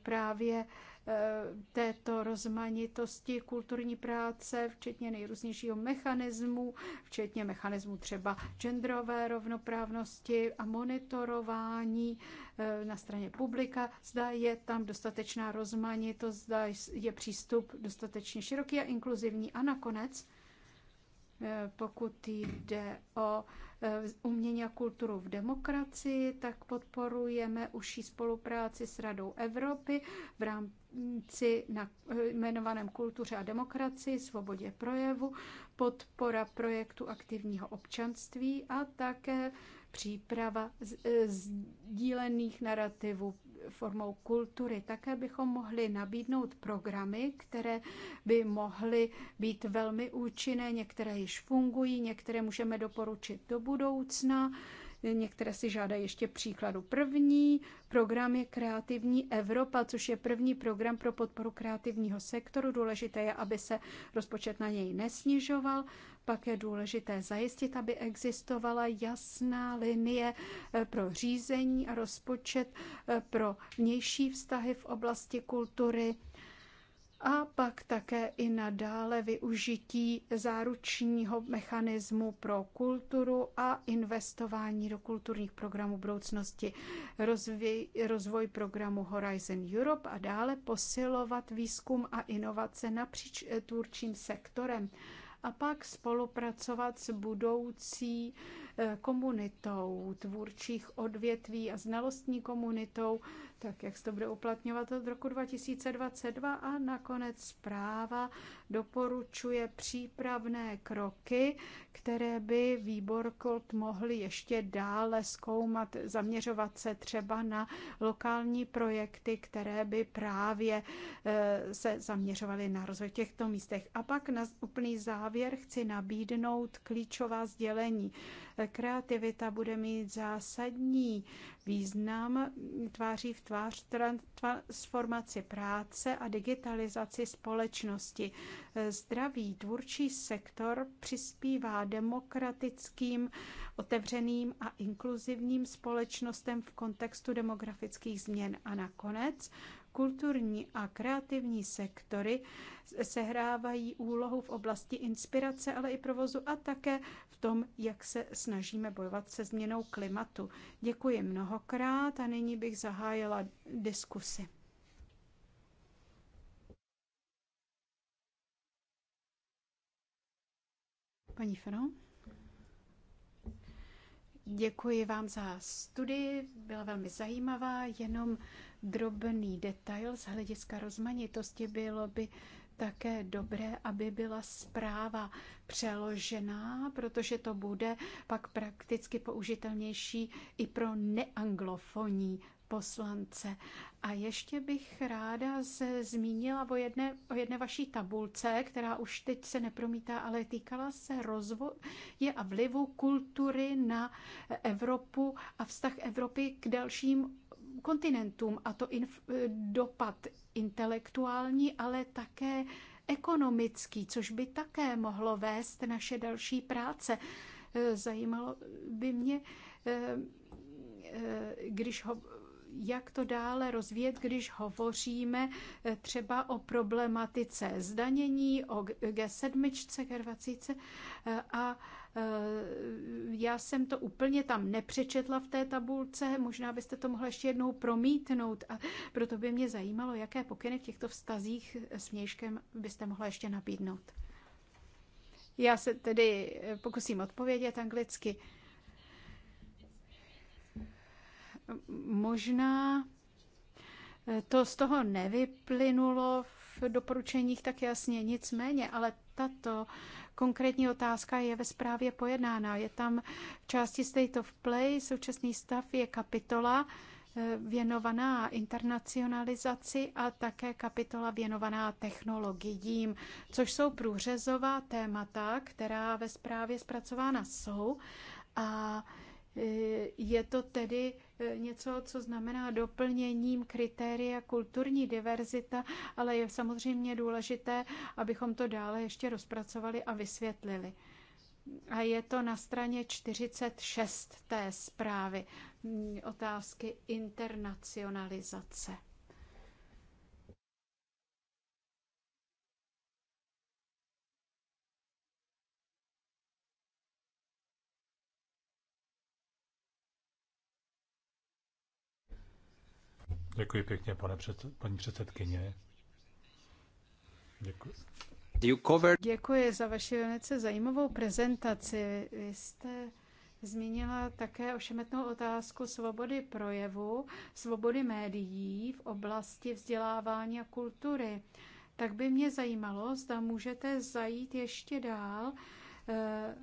právě Eh, této rozmanitosti kulturní práce, včetně nejrůznějšího mechanismu, včetně mechanismu třeba genderové rovnoprávnosti a monitorování eh, na straně publika, zda je tam dostatečná rozmanitost, zda je přístup dostatečně široký a inkluzivní. A nakonec, eh, pokud jde o umění a kulturu v demokracii, tak podporujeme užší spolupráci s Radou Evropy v rámci na jmenovaném kultuře a demokracii, svobodě projevu, podpora projektu aktivního občanství a také příprava e, sdílených narrativů formou kultury. Také bychom mohli nabídnout programy, které by mohly být velmi účinné, některé již fungují, některé můžeme doporučit do budoucna. Některé si žádají ještě příkladu. První program je Kreativní Evropa, což je první program pro podporu kreativního sektoru. Důležité je, aby se rozpočet na něj nesnižoval. Pak je důležité zajistit, aby existovala jasná linie eh, pro řízení a rozpočet eh, pro vnější vztahy v oblasti kultury a pak také i nadále využití záručního mechanismu pro kulturu a investování do kulturních programů budoucnosti, rozvoj, rozvoj programu Horizon Europe a dále posilovat výzkum a inovace napříč eh, tvůrčím sektorem a pak spolupracovat s budoucí komunitou tvůrčích odvětví a znalostní komunitou, tak jak se to bude uplatňovat od roku 2022 a nakonec zpráva doporučuje přípravné kroky, které by výbor KOLT mohli ještě dále zkoumat, zaměřovat se třeba na lokální projekty, které by právě eh, se zaměřovaly na rozvoj těchto místech. A pak na úplný závěr chci nabídnout klíčová sdělení kreativita bude mít zásadní význam tváří v tvář transformaci práce a digitalizaci společnosti. Zdravý tvůrčí sektor přispívá demokratickým, otevřeným a inkluzivním společnostem v kontextu demografických změn. A nakonec Kulturní a kreativní sektory sehrávají úlohu v oblasti inspirace, ale i provozu a také v tom, jak se snažíme bojovat se změnou klimatu. Děkuji mnohokrát a nyní bych zahájila diskusi. Paní Fero. Děkuji vám za studii, byla velmi zajímavá, jenom drobný detail z hlediska rozmanitosti. Bylo by také dobré, aby byla zpráva přeložená, protože to bude pak prakticky použitelnější i pro neanglofonní poslance. A ještě bych ráda se zmínila o jedné, o jedné vaší tabulce, která už teď se nepromítá, ale týkala se rozvoje a vlivu kultury na Evropu a vztah Evropy k dalším kontinentům, a to inf- eh, dopad intelektuální, ale také ekonomický, což by také mohlo vést naše další práce. Eh, zajímalo by mě, eh, když ho, jak to dále rozvíjet, když hovoříme třeba o problematice zdanění, o G7, G20 a Eh, já jsem to úplně tam nepřečetla v té tabulce, možná byste to mohla ještě jednou promítnout a proto by mě zajímalo, jaké pokyny v těchto vztazích s Měškem byste mohla ještě nabídnout. Já se tedy eh, pokusím odpovědět anglicky. Možná eh, to z toho nevyplynulo v doporučeních tak jasně, nicméně, ale tato Konkrétní otázka je ve zprávě pojednána. Je tam v části State of Play, současný stav je kapitola eh, věnovaná internacionalizaci a také kapitola věnovaná technologiím, což jsou průřezová témata, která ve zprávě zpracována jsou. A je to tedy eh, něco, co znamená doplněním kritéria kulturní diverzita, ale je samozřejmě důležité, abychom to dále ještě rozpracovali a vysvětlili. A je to na straně 46 té zprávy mm, otázky internacionalizace. Děkuji pěkně, pane před, paní předsedkyně. Děkuji. Děkuji za vaši velice zajímavou prezentaci. Vy jste zmínila také ošemetnou otázku svobody projevu, svobody médií v oblasti vzdělávání a kultury. Tak by mě zajímalo, zda můžete zajít ještě dál eh,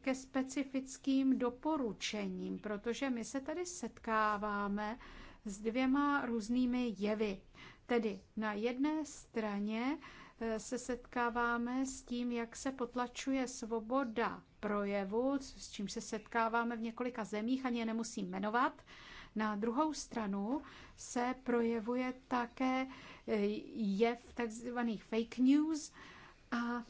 ke specifickým doporučením, protože my se tady setkáváme s dvěma různými jevy. Tedy na jedné straně eh, se setkáváme s tím, jak se potlačuje svoboda projevu, s čím se setkáváme v několika zemích, ani je nemusím jmenovat. Na druhou stranu se projevuje také eh, jev tzv. fake news a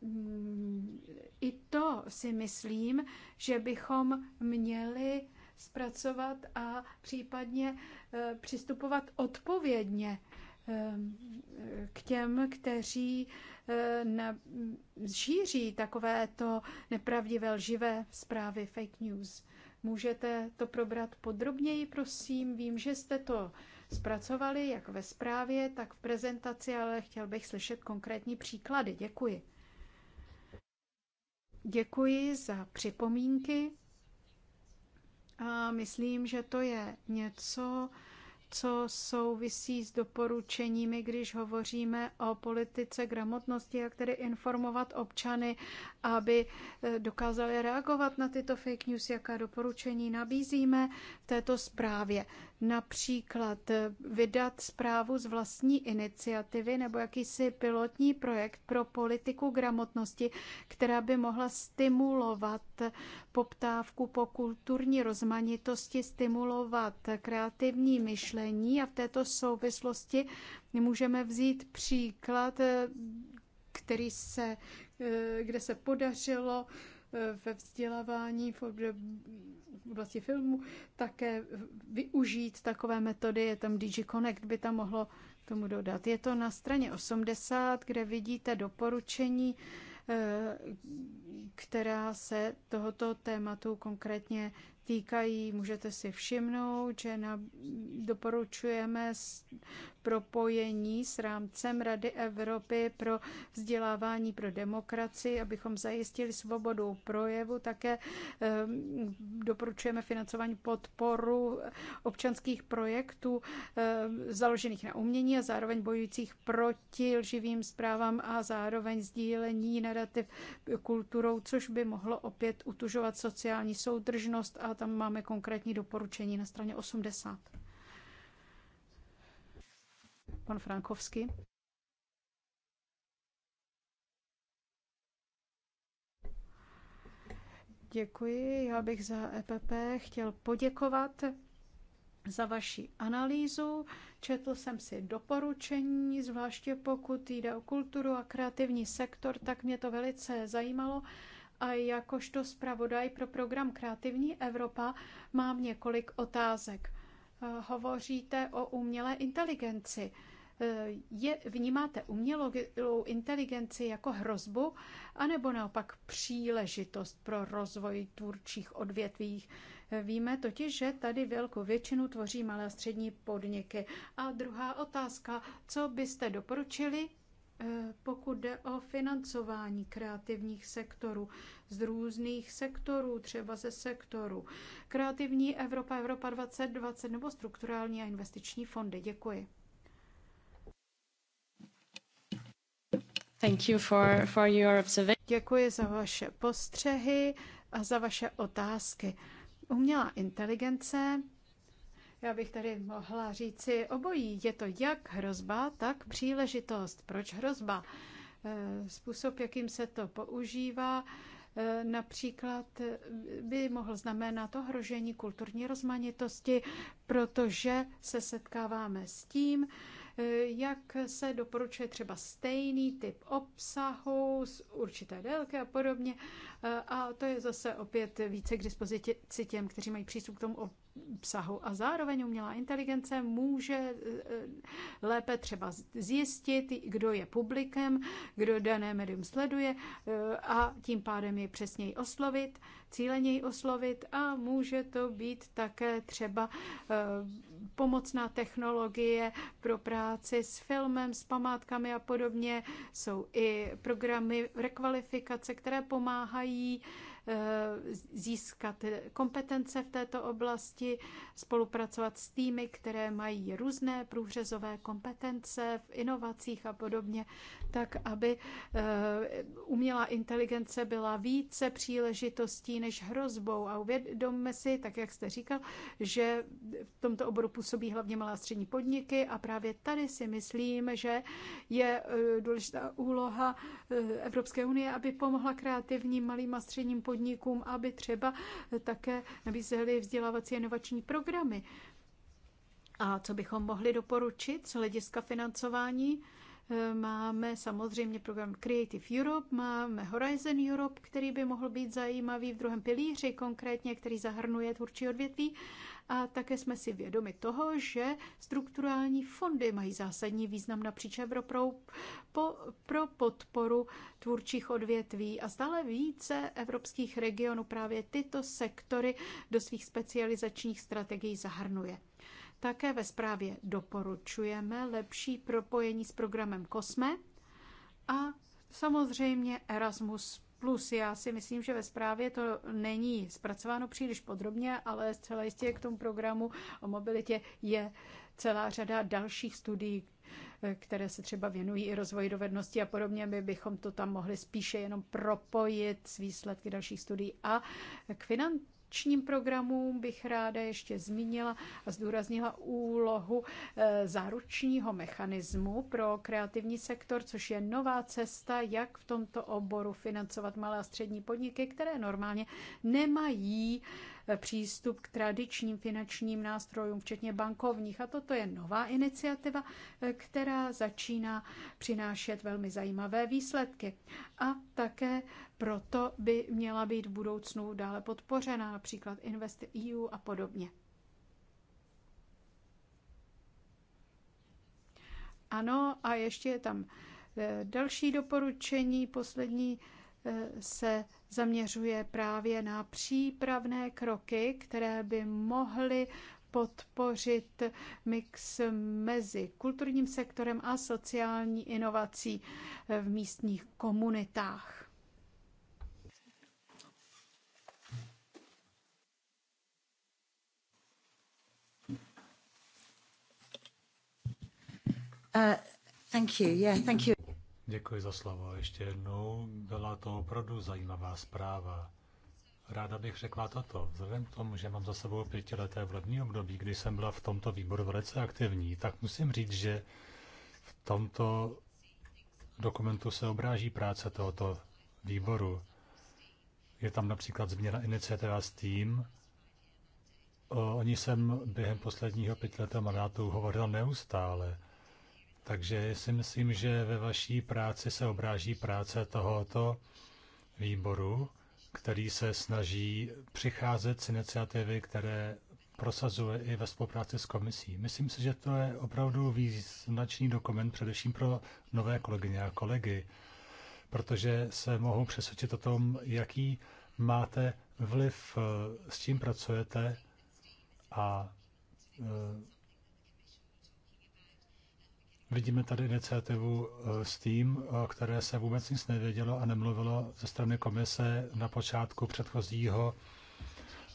mm, i to si myslím, že bychom měli zpracovat a případně eh, přistupovat odpovědně eh, k těm, kteří eh, šíří takovéto nepravdivé lživé zprávy fake news. Můžete to probrat podrobněji, prosím. Vím, že jste to zpracovali jak ve zprávě, tak v prezentaci, ale chtěl bych slyšet konkrétní příklady. Děkuji. Děkuji za připomínky. A myslím, že to je něco, co souvisí s doporučeními, když hovoříme o politice gramotnosti, jak tedy informovat občany, aby eh, dokázali reagovat na tyto fake news, jaká doporučení nabízíme v této zprávě například vydat zprávu z vlastní iniciativy nebo jakýsi pilotní projekt pro politiku gramotnosti, která by mohla stimulovat poptávku po kulturní rozmanitosti, stimulovat kreativní myšlení a v této souvislosti můžeme vzít příklad, který se, kde se podařilo ve vzdělávání v oblasti filmu, také využít takové metody, je tam DG Connect, by tam mohlo tomu dodat. Je to na straně 80, kde vidíte doporučení, eh, která se tohoto tématu konkrétně týkají. Můžete si všimnout, že na, doporučujeme s, propojení s rámcem Rady Evropy pro vzdělávání pro demokracii, abychom zajistili svobodu projevu. Také eh, doporučujeme financování podporu občanských projektů eh, založených na umění a zároveň bojujících proti lživým zprávám a zároveň sdílení narrativ kulturou, což by mohlo opět utužovat sociální soudržnost a tam máme konkrétní doporučení na straně 80. Pan Frankovský. Děkuji. Já bych za EPP chtěl poděkovat za vaši analýzu. Četl jsem si doporučení, zvláště pokud jde o kulturu a kreativní sektor, tak mě to velice zajímalo a jakožto zpravodaj pro program Kreativní Evropa mám několik otázek. Eh, hovoříte o umělé inteligenci. Eh, je, vnímáte umělou inteligenci jako hrozbu, anebo naopak příležitost pro rozvoj tvůrčích odvětví? Eh, víme totiž, že tady velkou většinu tvoří malé a střední podniky. A druhá otázka, co byste doporučili Eh, pokud jde o financování kreativních sektorů, z různých sektorů, třeba ze sektoru Kreativní Evropa, Evropa 2020 nebo strukturální a investiční fondy. Děkuji. Thank you for, for your observation. Děkuji za vaše postřehy a za vaše otázky. Umělá inteligence já bych tady mohla říci obojí. Je to jak hrozba, tak příležitost. Proč hrozba? Eh, způsob, jakým se to používá, eh, například eh, by mohl znamenat ohrožení kulturní rozmanitosti, protože se setkáváme s tím, jak se doporučuje třeba stejný typ obsahu z určité délky a podobně. A to je zase opět více k dispozici těm, kteří mají přístup k tomu obsahu. A zároveň umělá inteligence může eh, eh, lépe třeba zjistit, kdo je publikem, kdo dané médium sleduje eh, a tím pádem je přesněji oslovit, cíleněji oslovit a může to být také třeba pomocná technologie pro práci s filmem, s památkami a podobně. Jsou i programy rekvalifikace, které pomáhají Eh, získat kompetence v této oblasti, spolupracovat s týmy, které mají různé průřezové kompetence v inovacích a podobně, tak aby eh, umělá inteligence byla více příležitostí než hrozbou. A uvědomme si, tak jak jste říkal, že v tomto oboru působí hlavně malá střední podniky a právě tady si myslím, že je eh, důležitá úloha Evropské unie, aby pomohla kreativním malým a středním podnikům podnikům, aby třeba také nabízely vzdělávací inovační programy. A co bychom mohli doporučit z hlediska financování? Máme samozřejmě program Creative Europe, máme Horizon Europe, který by mohl být zajímavý v druhém pilíři konkrétně, který zahrnuje tvůrčí odvětví. A také jsme si vědomi toho, že strukturální fondy mají zásadní význam napříč Evropou po, pro podporu tvůrčích odvětví a stále více evropských regionů právě tyto sektory do svých specializačních strategií zahrnuje. Také ve zprávě doporučujeme lepší propojení s programem COSME a samozřejmě Erasmus Plus já si myslím, že ve zprávě to není zpracováno příliš podrobně, ale zcela jistě k tomu programu o mobilitě je celá řada dalších studií, které se třeba věnují i rozvoji dovedností a podobně. My bychom to tam mohli spíše jenom propojit s výsledky dalších studií. A k financí akčním programům bych ráda ještě zmínila a zdůraznila úlohu eh, záručního mechanismu pro kreativní sektor, což je nová cesta, jak v tomto oboru financovat malé a střední podniky, které normálně nemají přístup k tradičním finančním nástrojům, včetně bankovních. A toto je nová iniciativa, eh, která začíná přinášet velmi zajímavé výsledky. A také proto by měla být v budoucnu dále podpořena, například Invest EU a podobně. Ano, a ještě je tam eh, další doporučení, poslední se zaměřuje právě na přípravné kroky, které by mohly podpořit mix mezi kulturním sektorem a sociální inovací v místních komunitách. Uh, thank you. Yeah, thank you. Děkuji za slovo. Ještě jednou byla to opravdu zajímavá zpráva. Ráda bych řekla toto. Vzhledem k tomu, že mám za sebou pětileté volební období, kdy jsem byla v tomto výboru velice aktivní, tak musím říct, že v tomto dokumentu se obráží práce tohoto výboru. Je tam například změna iniciativa Steam. O ní jsem během posledního pětiletého mandátu hovořil neustále. Takže si myslím, že ve vaší práci se obráží práce tohoto výboru, který se snaží přicházet s iniciativy, které prosazuje i ve spolupráci s komisí. Myslím si, že to je opravdu význačný dokument především pro nové kolegyně a kolegy, protože se mohou přesvědčit o tom, jaký máte vliv, s čím pracujete a e, Vidíme tady iniciativu eh, s tím, o eh, které se vůbec nic nevědělo a nemluvilo ze strany komise na počátku předchozího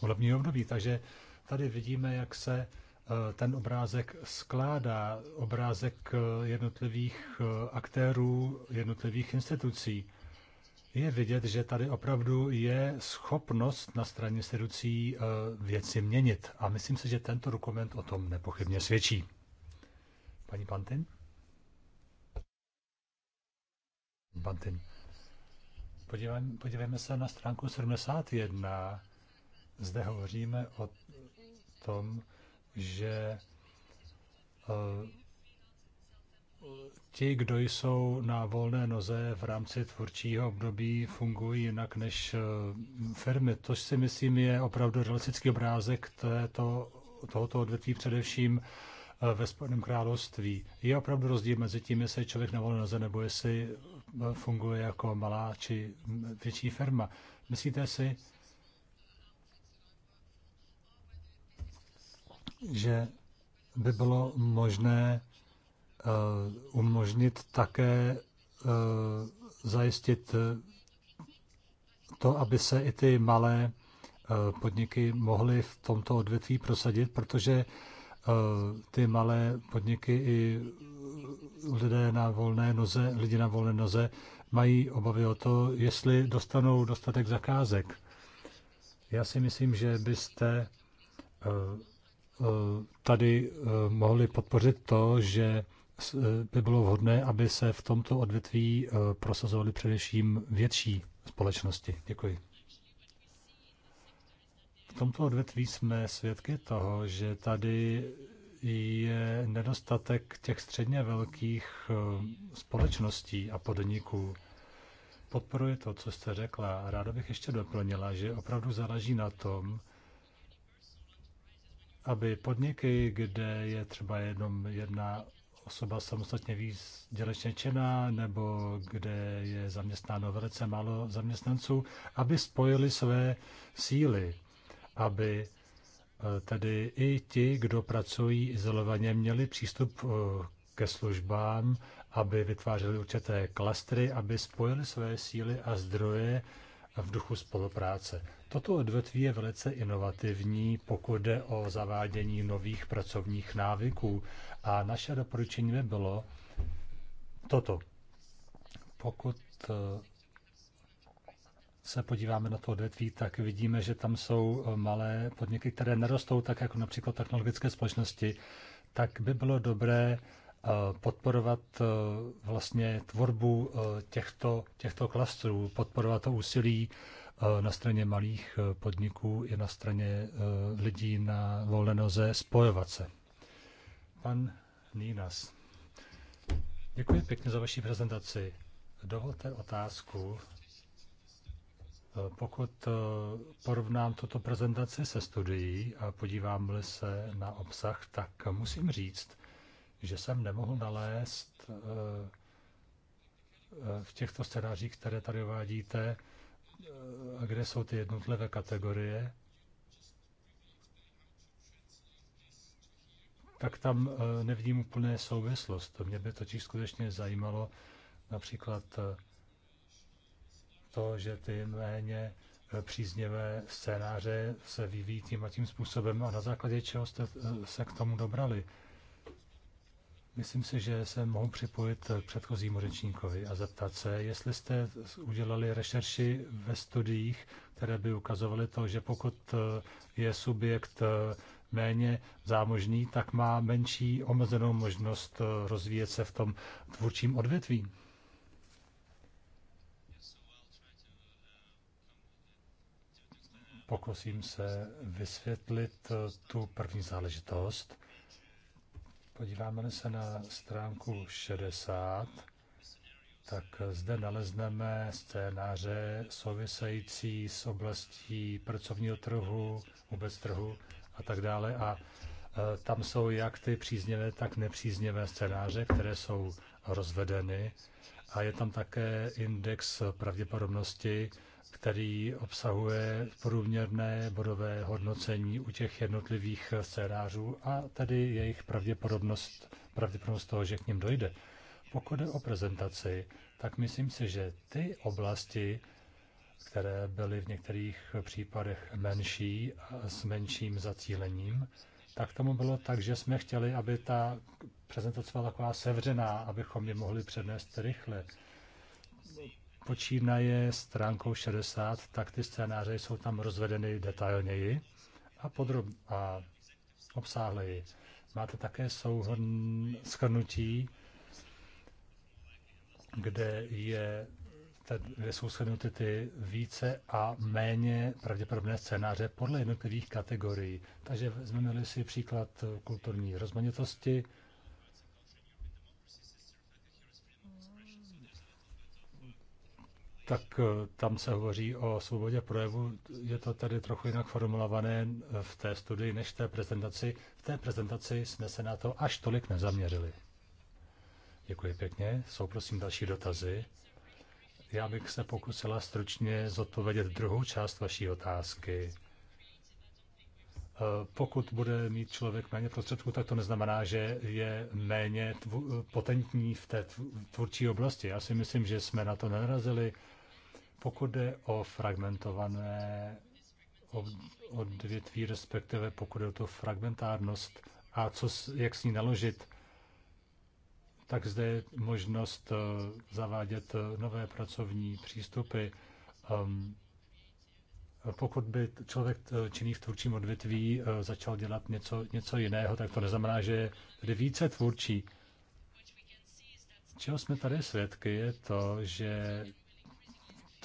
volebního období. Takže tady vidíme, jak se eh, ten obrázek skládá, obrázek jednotlivých aktérů, jednotlivých institucí. Je vidět, že tady opravdu je schopnost na straně institucí věci měnit. A myslím si, že tento dokument o tom nepochybně svědčí. Paní Pantin? Bantin. Podívejme, se na stránku 71. Zde hovoříme o tom, že eh, ti, kdo jsou na volné noze v rámci tvůrčího období, fungují jinak než eh, firmy. To si myslím je opravdu realistický obrázek této, tohoto odvětví především eh, ve Spojeném království. Je opravdu rozdíl mezi tím, jestli je člověk na volné noze nebo jestli funguje jako malá či větší firma. Myslíte si, že by bylo možné uh, umožnit také uh, zajistit to, aby se i ty malé uh, podniky mohly v tomto odvětví prosadit, protože ty malé podniky i lidé na volné noze, lidi na volné noze mají obavy o to, jestli dostanou dostatek zakázek. Já si myslím, že byste eh, eh, tady eh, mohli podpořit to, že by bylo vhodné, aby se v tomto odvětví prosazovaly především větší společnosti. Děkuji. V tomto odvětví jsme svědky toho, že tady je nedostatek těch středně velkých eh, společností a podniků. Podporuji to, co jste řekla. Ráda bych ještě doplnila, že opravdu záleží na tom, aby podniky, kde je třeba jenom jedna osoba samostatně výdělečně činná nebo kde je zaměstnáno velice málo zaměstnanců, aby spojili své síly, aby Eh, tedy i ti, kdo pracují izolovaně, měli přístup eh, ke službám, aby vytvářeli určité klastry, aby spojili své síly a zdroje v duchu spolupráce. Toto odvětví je velice inovativní, pokud jde o zavádění nových pracovních návyků. A naše doporučení by bylo toto. Pokud eh, se podíváme na to odvětví, tak vidíme, že tam jsou eh, malé podniky, které nerostou tak jako například technologické společnosti, tak by bylo dobré eh, podporovat eh, vlastně tvorbu těchto, těchto klastrů, podporovat to úsilí na straně malých podniků i na straně lidí na volné noze spojovat se. Pan Nínas. Děkuji pěkně za vaši prezentaci. Dovolte otázku pokud eh, porovnám tuto prezentaci se studií a podívám se na obsah, tak musím říct, že jsem nemohl nalézt eh, eh, v těchto scénářích, které tady uvádíte, kde jsou ty jednotlivé kategorie, tak tam nevidím úplné souvislost. Mě by totiž skutečně zajímalo například to, že ty méně eh, příznivé scénáře se vyvíjí tím a tím způsobem no a na základě čeho jste eh, se k tomu dobrali. Myslím si, že se mohu připojit k předchozímu řečníkovi a zeptat se, jestli jste udělali rešerši ve studiích, které by ukazovaly to, že pokud eh, je subjekt méně zámožný, tak má menší omezenou možnost rozvíjet se v tom tvůrčím odvětví. Pokusím se vysvětlit eh, tu první záležitost. Podíváme se na stránku 60, tak eh, zde nalezneme scénáře související s oblastí pracovního trhu, vůbec trhu a tak dále. A eh, tam jsou jak ty příznivé, tak nepříznivé scénáře, které jsou rozvedeny. A je tam také index pravděpodobnosti který obsahuje průměrné bodové hodnocení u těch jednotlivých scénářů a tedy jejich pravděpodobnost, pravděpodobnost toho, že k ním dojde. Pokud je o prezentaci, tak myslím si, že ty oblasti, které byly v některých případech menší a s menším zacílením, tak tomu bylo tak, že jsme chtěli, aby ta prezentace byla taková sevřená, abychom ji mohli přednést rychle počínaje stránkou 60, tak ty scénáře jsou tam rozvedeny detailněji a, podrob, a obsáhleji. Máte také souhrn schrnutí, kde, je, kde jsou schrnuty ty více a méně pravděpodobné scénáře podle jednotlivých kategorií. Takže vezmeme si příklad kulturní rozmanitosti, tak eh, tam se hovoří o svobodě projevu. Je to tedy trochu jinak formulované v té studii než v té prezentaci. V té prezentaci jsme se na to až tolik nezaměřili. Děkuji pěkně. Jsou prosím další dotazy. Já bych se pokusila stručně zodpovědět druhou část vaší otázky. Eh, pokud bude mít člověk méně prostředků, tak to neznamená, že je méně potentní v té tvůrčí oblasti. Já si myslím, že jsme na to nenarazili. Pokud jde o fragmentované odvětví, respektive pokud je to fragmentárnost a co, jak s ní naložit, tak zde je možnost eh, zavádět eh, nové pracovní přístupy. Ehm, pokud by člověk činný v tvůrčím odvětví eh, začal dělat něco, něco jiného, tak to neznamená, že je tedy více tvůrčí. Čeho jsme tady svědky, je to, že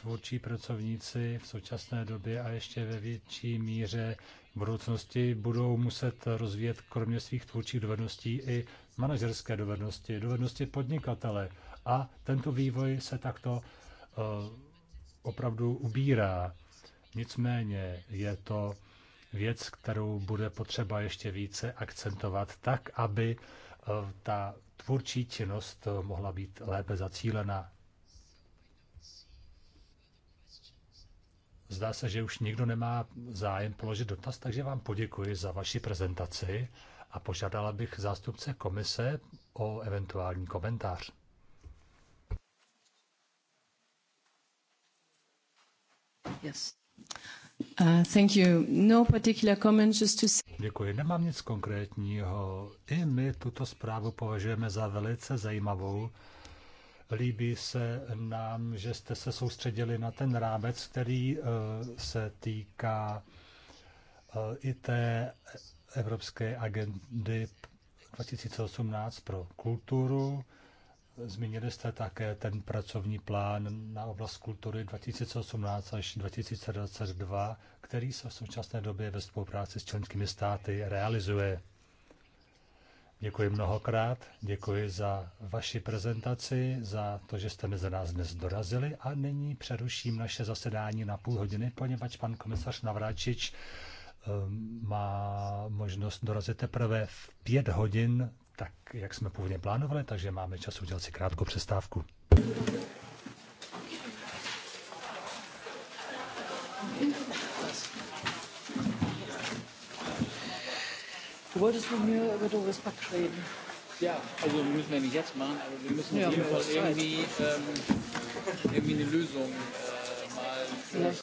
tvůrčí pracovníci v současné době a ještě ve větší míře v budoucnosti budou muset rozvíjet kromě svých tvůrčích dovedností i manažerské dovednosti, dovednosti podnikatele. A tento vývoj se takto uh, opravdu ubírá. Nicméně je to věc, kterou bude potřeba ještě více akcentovat tak, aby eh, ta tvůrčí činnost mohla být lépe zacílena Zdá se, že už nikdo nemá zájem položit dotaz, takže vám poděkuji za vaši prezentaci a požádala bych zástupce komise o eventuální komentář. Yes. Uh, thank you. No particular comment, just to say... Děkuji, nemám nic konkrétního. I my tuto zprávu považujeme za velice zajímavou Líbí se nám, že jste se soustředili na ten rámec, který eh, se týká eh, i té Evropské agendy 2018 pro kulturu. Zmínili jste také ten pracovní plán na oblast kultury 2018 až 2022, který se v současné době ve spolupráci s členskými státy realizuje. Děkuji mnohokrát, děkuji za vaši prezentaci, za to, že jste mezi nás dnes dorazili a nyní přeruším naše zasedání na půl hodiny, poněvadž pan komisař Navráčič ehm, má možnost dorazit teprve v pět hodin, tak jak jsme původně plánovali, takže máme čas udělat si krátkou přestávku. Du wolltest mit mir über Doris Back reden. Ja, also wir müssen wir nicht jetzt machen, aber wir müssen ja, auf jeden Fall irgendwie, ähm, irgendwie eine Lösung äh, mal. Ja.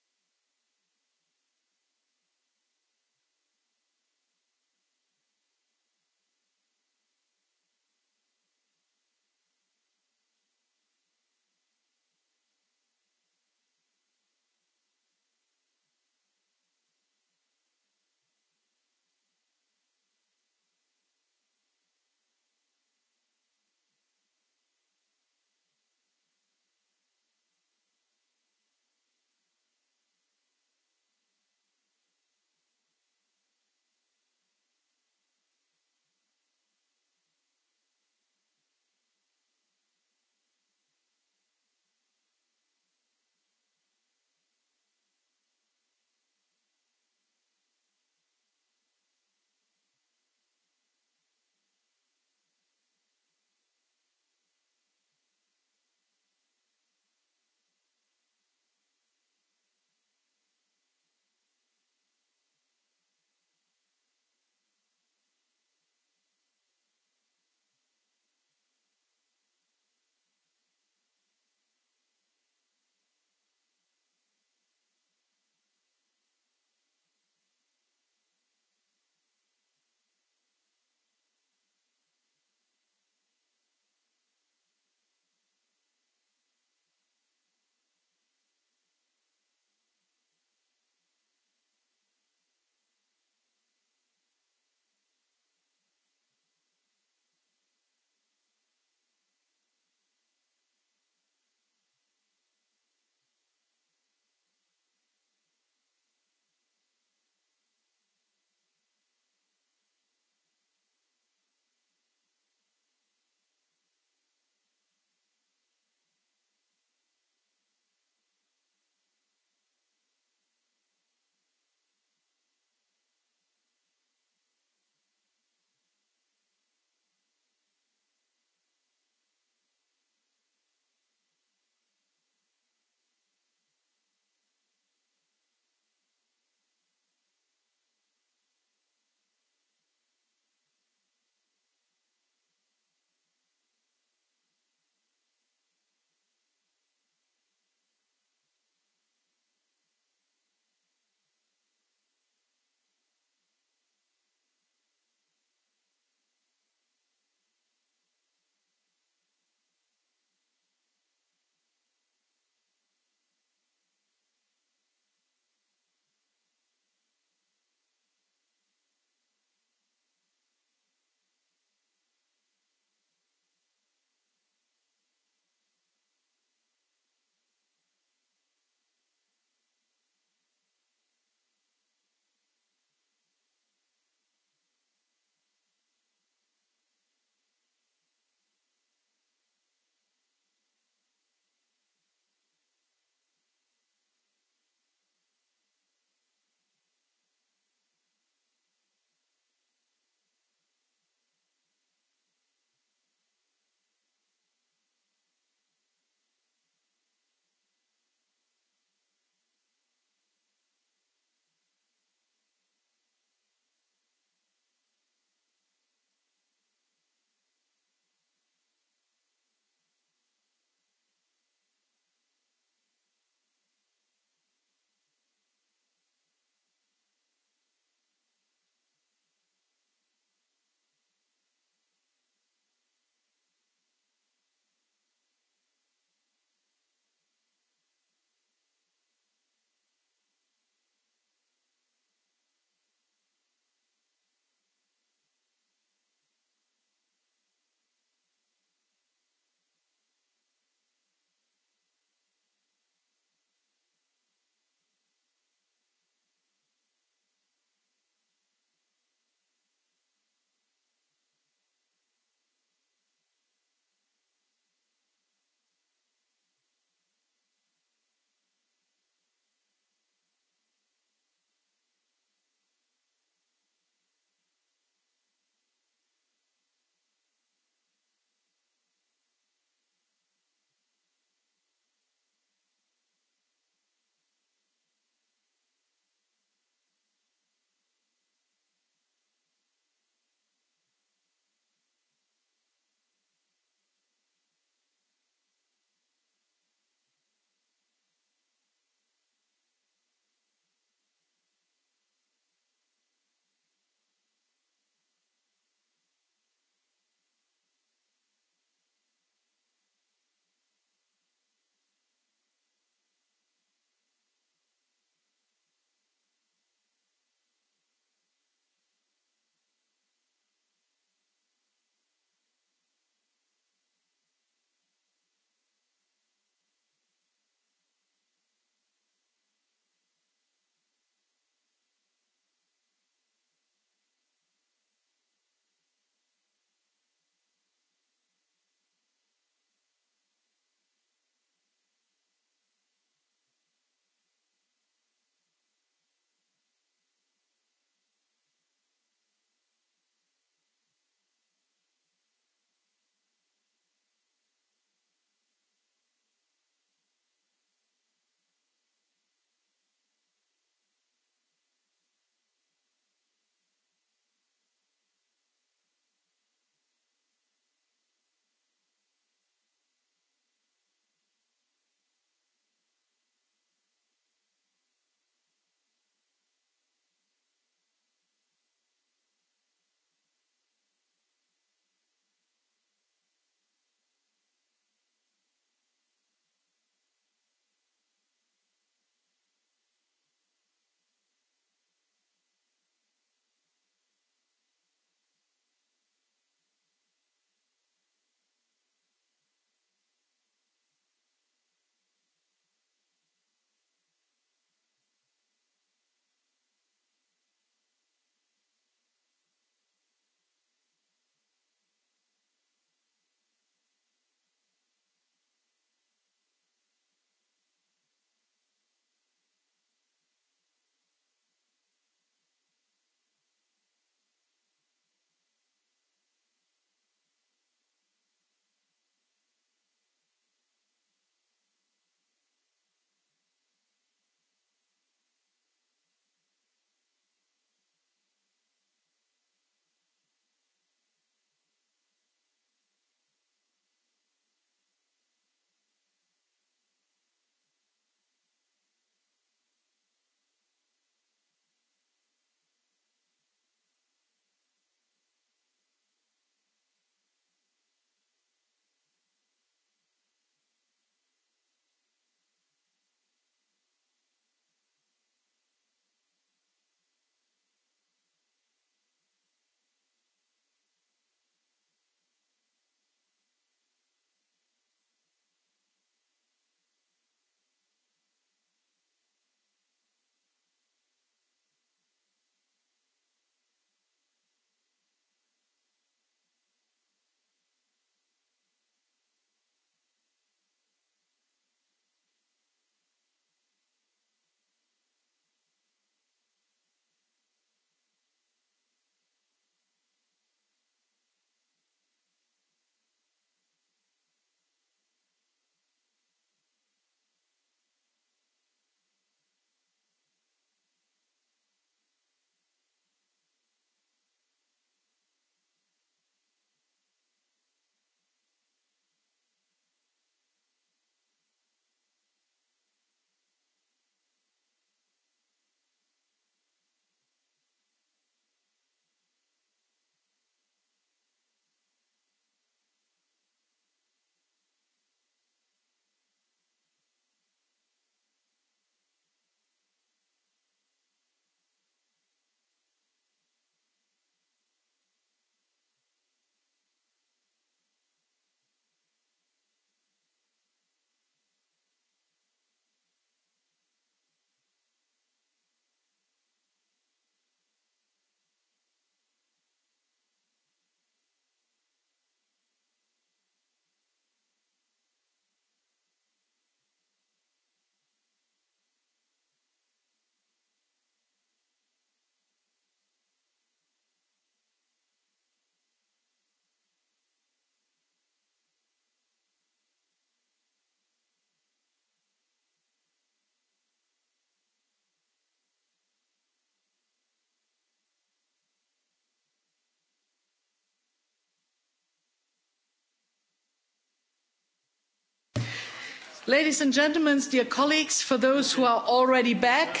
Ladies and gentlemen, dear colleagues, for those who are already back,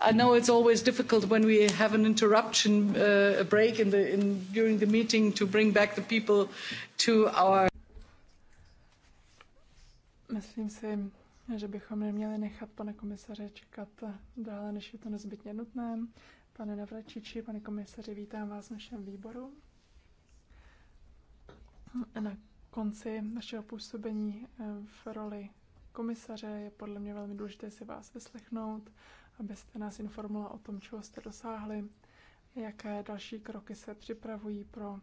I know it's always difficult when we have an interruption, uh, a break in the, in, during the meeting to bring back the people to our. Myslím si, že bychom neměli nechat pana komisaře čekat dále, než je to nezbytně nutné. Pane Navračiči, pane komisaři, vítám vás v našem výboru. Na konci našeho působení eh, v roli komisaře je podle mě velmi důležité si vás vyslechnout, abyste nás informovala o tom, čeho jste dosáhli, jaké další kroky se připravují pro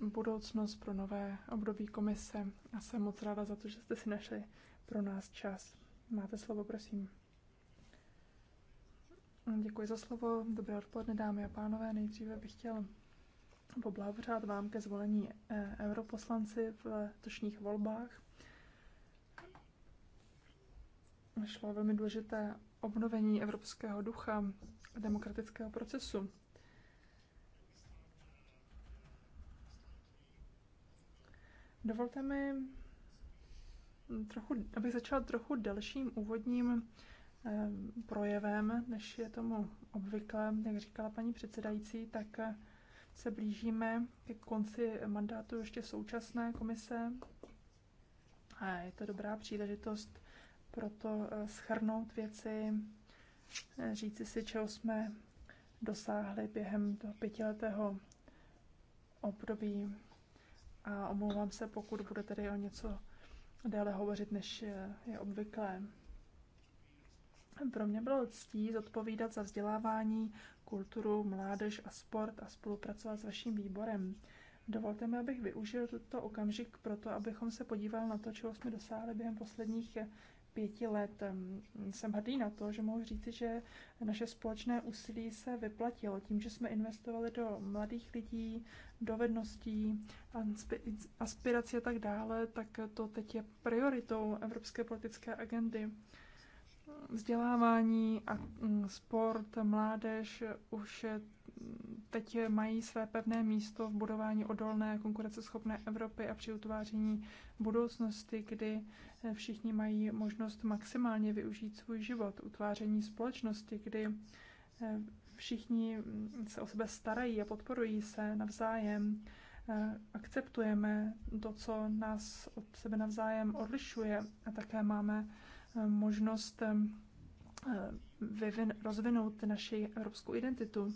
budoucnost, pro nové období komise a jsem moc ráda za to, že jste si našli pro nás čas. Máte slovo, prosím. Děkuji za slovo. Dobré odpoledne, dámy a pánové. Nejdříve bych chtěl poblahopřát vám ke zvolení eh, europoslanci v letošních volbách. Šlo velmi důležité obnovení evropského ducha a demokratického procesu. Dovolte mi trochu, abych začala trochu delším úvodním eh, projevem, než je tomu obvykle, jak říkala paní předsedající, tak eh, se blížíme ke konci mandátu ještě současné komise a je to dobrá příležitost pro to eh, schrnout věci, eh, říci si, čeho jsme dosáhli během toho pětiletého období. A omlouvám se, pokud bude tedy o něco déle hovořit, než je, obvyklé. Pro mě bylo ctí zodpovídat za vzdělávání, kulturu, mládež a sport a spolupracovat s vaším výborem. Dovolte mi, abych využil tuto okamžik pro to, abychom se podívali na to, čeho jsme dosáhli během posledních eh, pěti let. Ehm, jsem hrdý na to, že mohu říci, že naše společné úsilí se vyplatilo tím, že jsme investovali do mladých lidí, dovedností, aspirací a tak dále, tak to teď je prioritou Evropské politické agendy vzdělávání a mm, sport, mládež už teď mají své pevné místo v budování odolné konkurenceschopné Evropy a při utváření budoucnosti, kdy eh, všichni mají možnost maximálně využít svůj život, utváření společnosti, kdy eh, všichni mm, se o sebe starají a podporují se navzájem, eh, akceptujeme to, co nás od sebe navzájem odlišuje a také máme možnost eh, vyvin, rozvinout naši evropskou identitu.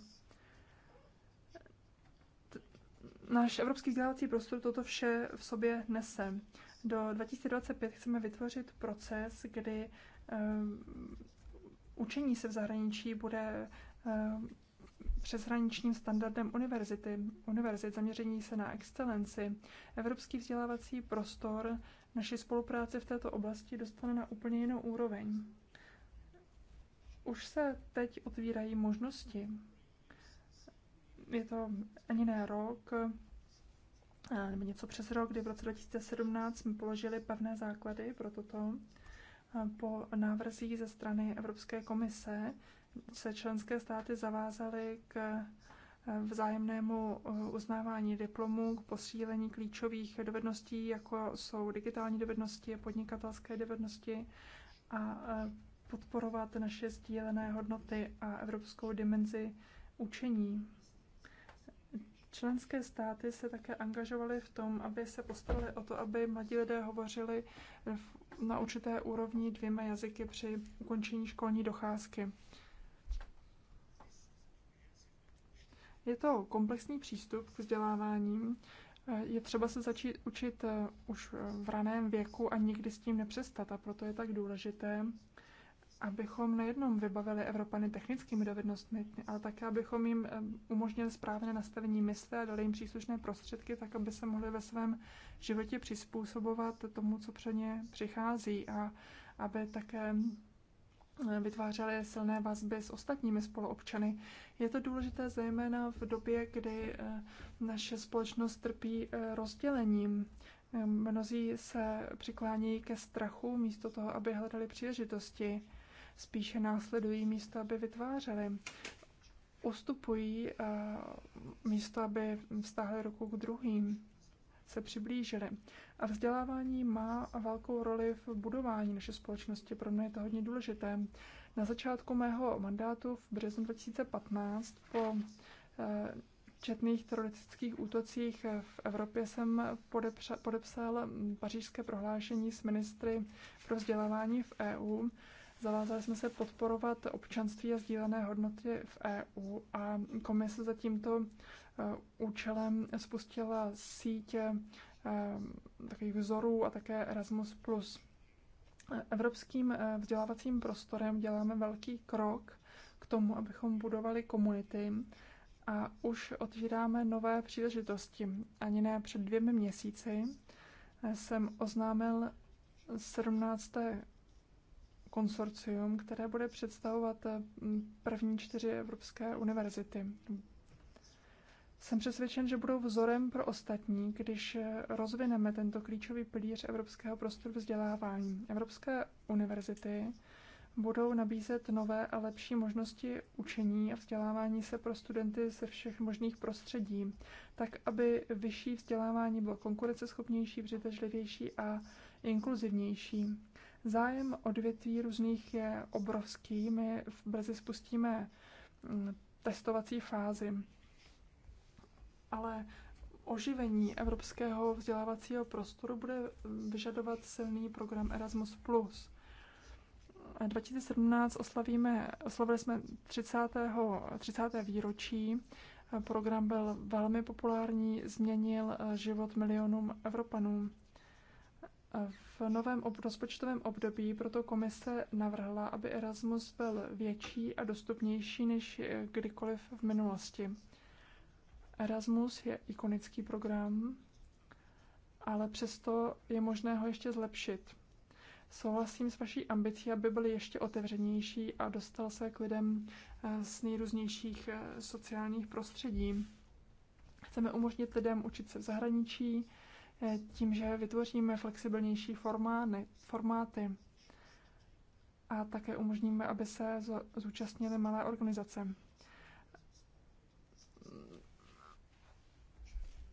Náš evropský vzdělávací prostor toto vše v sobě nese. Do 2025 chceme vytvořit proces, kdy učení se v zahraničí bude přeshraničním standardem univerzity, univerzit zaměření se na excelenci. Evropský vzdělávací prostor naši spolupráci v této oblasti dostane na úplně jinou úroveň. Už se teď otvírají možnosti. Je to ani ne rok, nebo něco přes rok, kdy v roce 2017 jsme položili pevné základy pro toto. Po návrzích ze strany Evropské komise se členské státy zavázaly k vzájemnému eh, uznávání diplomů, k posílení klíčových dovedností, jako jsou digitální dovednosti, podnikatelské dovednosti a eh, podporovat naše sdílené hodnoty a evropskou dimenzi učení. Členské státy se také angažovaly v tom, aby se postarali o to, aby mladí lidé hovořili na určité úrovni dvěma jazyky při ukončení školní docházky. Je to komplexní přístup k vzdělávání. Je třeba se začít učit eh, už v raném věku a nikdy s tím nepřestat. A proto je tak důležité, abychom nejenom vybavili Evropany technickými dovednostmi, ale také, abychom jim eh, umožnili správné nastavení mysle a dali jim příslušné prostředky, tak aby se mohli ve svém životě přizpůsobovat tomu, co pře ně přichází a aby také vytvářely silné vazby s ostatními spoluobčany. Je to důležité zejména v době, kdy eh, naše společnost trpí eh, rozdělením. Eh, mnozí se přiklánějí ke strachu místo toho, aby hledali příležitosti. Spíše následují místo, aby vytvářeli. Ustupují místo, aby vztáhli ruku k druhým se přiblížili. A vzdělávání má velkou roli v budování naší společnosti, pro mě je to hodně důležité. Na začátku mého mandátu v březnu 2015 po eh, četných teroristických útocích eh, v Evropě jsem podepsal hm, pařížské prohlášení s ministry pro vzdělávání v EU, Zavázali jsme se podporovat občanství a sdílené hodnoty v EU a komise za tímto eh, účelem spustila síť eh, takových vzorů a také Erasmus+. Evropským eh, vzdělávacím prostorem děláme velký krok k tomu, abychom budovali komunity a už otvíráme nové příležitosti. Ani ne před dvěmi měsíci jsem oznámil 17 konsorcium, které bude představovat eh, první čtyři evropské univerzity. Jsem přesvědčen, že budou vzorem pro ostatní, když eh, rozvineme tento klíčový pilíř evropského prostoru vzdělávání. Evropské univerzity budou nabízet nové a lepší možnosti učení a vzdělávání se pro studenty ze všech možných prostředí, tak aby vyšší vzdělávání bylo konkurenceschopnější, přitažlivější a inkluzivnější. Zájem odvětví různých je obrovský. My brzy spustíme mm, testovací fázi. Ale oživení evropského vzdělávacího prostoru bude mm, vyžadovat silný program Erasmus+. 2017 oslavíme, oslavili jsme 30. 30. výročí. Program byl velmi populární, změnil eh, život milionům Evropanů. V novém ob- rozpočtovém období proto komise navrhla, aby Erasmus byl větší a dostupnější než kdykoliv v minulosti. Erasmus je ikonický program, ale přesto je možné ho ještě zlepšit. Souhlasím s vaší ambicí, aby byl ještě otevřenější a dostal se k lidem eh, z nejrůznějších eh, sociálních prostředí. Chceme umožnit lidem učit se v zahraničí, Eh, tím, že vytvoříme flexibilnější formány, formáty a také umožníme, aby se zúčastnily malé organizace.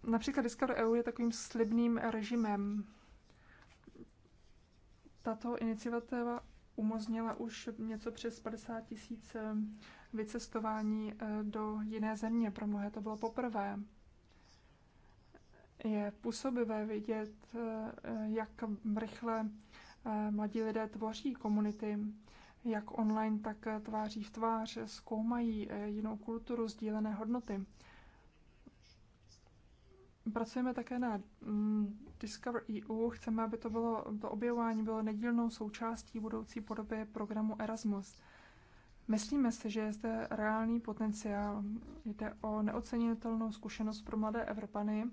Například Discover EU je takovým slibným režimem. Tato iniciativa umožnila už něco přes 50 tisíc eh, vycestování eh, do jiné země. Pro mnohé to bylo poprvé je působivé vidět, eh, jak rychle eh, mladí lidé tvoří komunity, jak online, tak eh, tváří v tvář, zkoumají jinou kulturu, sdílené hodnoty. Pracujeme také na mm, Discover EU. Chceme, aby to, bylo, to objevování bylo nedílnou součástí budoucí podoby programu Erasmus. Myslíme si, že je zde reálný potenciál. Jde o neocenitelnou zkušenost pro mladé Evropany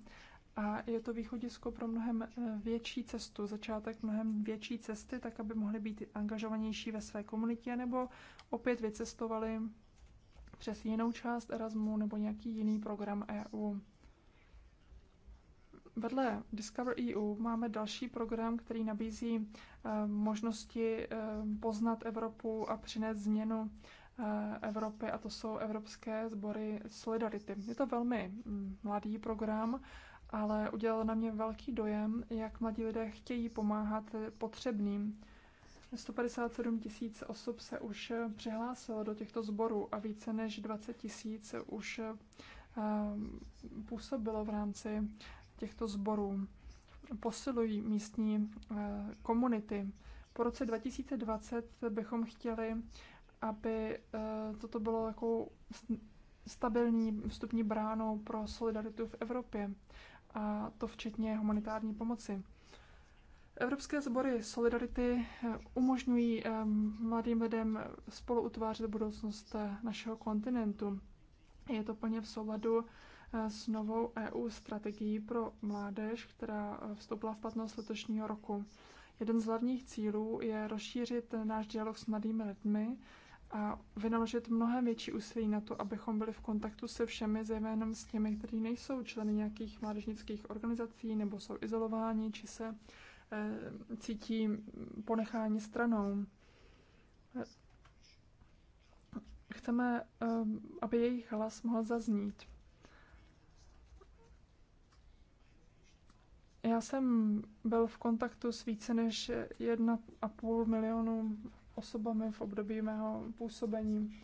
a je to východisko pro mnohem eh, větší cestu, začátek mnohem větší cesty, tak aby mohli být angažovanější ve své komunitě, nebo opět vycestovali přes jinou část Erasmu nebo nějaký jiný program EU. Vedle Discover EU máme další program, který nabízí eh, možnosti eh, poznat Evropu a přinést změnu Evropy, a to jsou Evropské sbory Solidarity. Je to velmi mm, mladý program, ale udělalo na mě velký dojem, jak mladí lidé chtějí pomáhat potřebným. 157 tisíc osob se už eh, přihlásilo do těchto sborů a více než 20 tisíc už eh, působilo v rámci těchto sborů. Posilují místní eh, komunity. Po roce 2020 bychom chtěli, aby toto bylo jako stabilní vstupní bránou pro solidaritu v Evropě a to včetně humanitární pomoci. Evropské sbory Solidarity eh, umožňují eh, mladým lidem spolu utvářet budoucnost eh, našeho kontinentu. Je to plně v souladu s novou EU strategií pro mládež, která vstoupila v platnost letošního roku. Jeden z hlavních cílů je rozšířit náš dialog s mladými lidmi a vynaložit mnohem větší úsilí na to, abychom byli v kontaktu se všemi, zejména s těmi, kteří nejsou členy nějakých mládežnických organizací nebo jsou izolováni, či se e, cítí ponecháni stranou. Chceme, e, aby jejich hlas mohl zaznít. Já jsem byl v kontaktu s více než 1,5 milionu osobami v období mého působení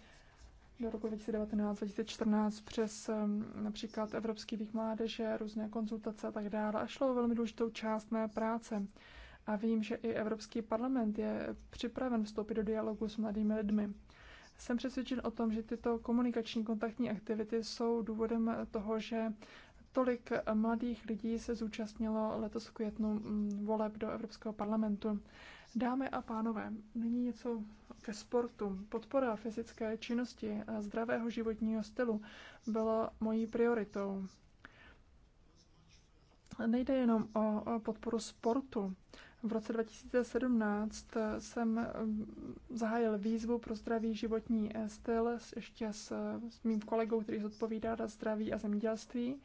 do roku 2019-2014 přes například Evropský vík mládeže, různé konzultace a tak dále. A šlo o velmi důležitou část mé práce. A vím, že i Evropský parlament je připraven vstoupit do dialogu s mladými lidmi. Jsem přesvědčen o tom, že tyto komunikační kontaktní aktivity jsou důvodem toho, že tolik mladých lidí se zúčastnilo letos v květnu mm, voleb do Evropského parlamentu. Dámy a pánové, nyní něco ke sportu. Podpora fyzické činnosti a zdravého životního stylu byla mojí prioritou. Nejde jenom o podporu sportu. V roce 2017 jsem mm, zahájil výzvu pro zdravý životní styl ještě s, s mým kolegou, který zodpovídá za zdraví a zemědělství.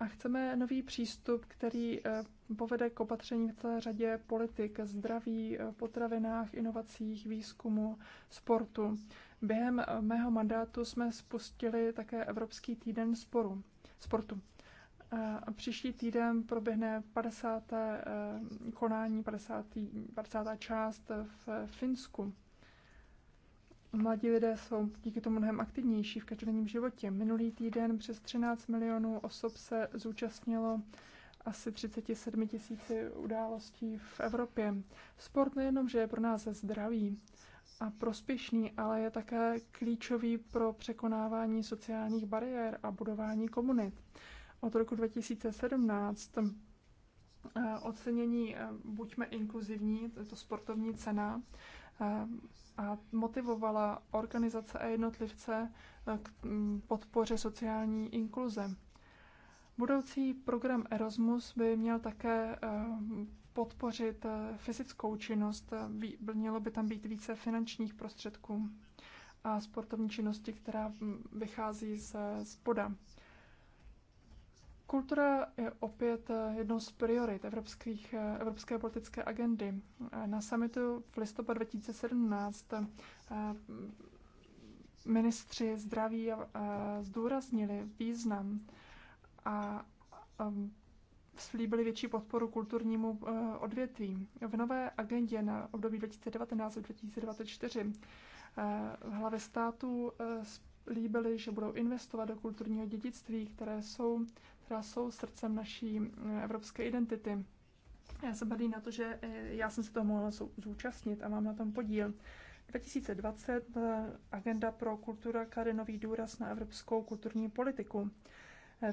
A chceme nový přístup, který eh, povede k opatření v celé řadě politik, zdraví, eh, potravinách, inovacích, výzkumu, sportu. Během eh, mého mandátu jsme spustili také Evropský týden sporu, sportu. A příští týden proběhne 50. konání, 50. 50. část v Finsku. Mladí lidé jsou díky tomu mnohem aktivnější v každodenním životě. Minulý týden přes 13 milionů osob se zúčastnilo asi 37 tisíci událostí v Evropě. Sport nejenom, že je pro nás zdravý a prospěšný, ale je také klíčový pro překonávání sociálních bariér a budování komunit. Od roku 2017 eh, ocenění eh, Buďme inkluzivní, to sportovní cena, a motivovala organizace a jednotlivce e, k podpoře sociální inkluze. Budoucí program Erasmus by měl také e, podpořit e, fyzickou činnost, mělo by tam být více finančních prostředků a sportovní činnosti, která vychází z spoda. Kultura je opět eh, jednou z priorit evropských, eh, evropské politické agendy. Eh, na samitu v listopadu 2017 ministři zdraví zdůraznili význam a ehm, slíbili větší podporu kulturnímu odvětví. V nové agendě na období 2019-2024 hlavy států slíbili, že budou investovat do kulturního dědictví, které jsou která jsou srdcem naší eh, evropské identity. Já jsem hrdý na to, že eh, já jsem se toho mohla zúčastnit a mám na tom podíl. 2020 eh, agenda pro kultura klade nový důraz na evropskou kulturní politiku.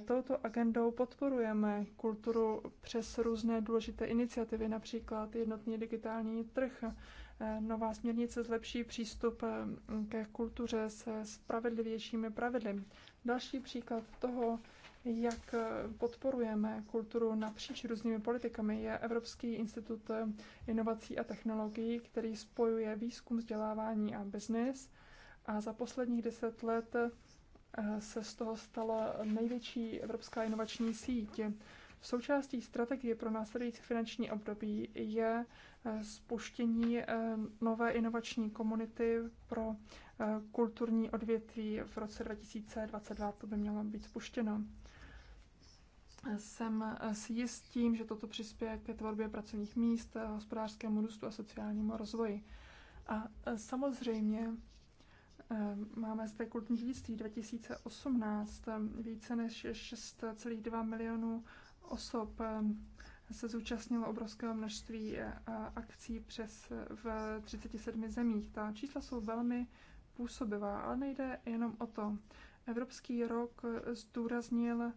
Touto agendou podporujeme kulturu přes různé důležité iniciativy, například jednotný digitální trh. Nová směrnice zlepší přístup ke kultuře se spravedlivějšími pravidly. Další příklad toho jak eh, podporujeme kulturu napříč různými politikami, je Evropský institut eh, inovací a technologií, který spojuje výzkum, vzdělávání a biznis. A za posledních deset let eh, se z toho stala největší evropská inovační síť. V součástí strategie pro následující finanční období je eh, spuštění eh, nové inovační komunity pro eh, kulturní odvětví v roce 2022. To by mělo být spuštěno. Jsem si jist tím, že toto přispěje ke tvorbě pracovních míst, hospodářskému růstu a sociálnímu rozvoji. A samozřejmě Máme zde kulturní dědictví 2018, více než 6,2 milionů osob ehm, se zúčastnilo obrovského množství eh, akcí přes v 37 zemích. Ta čísla jsou velmi působivá, ale nejde jenom o to. Evropský rok eh, zdůraznil eh,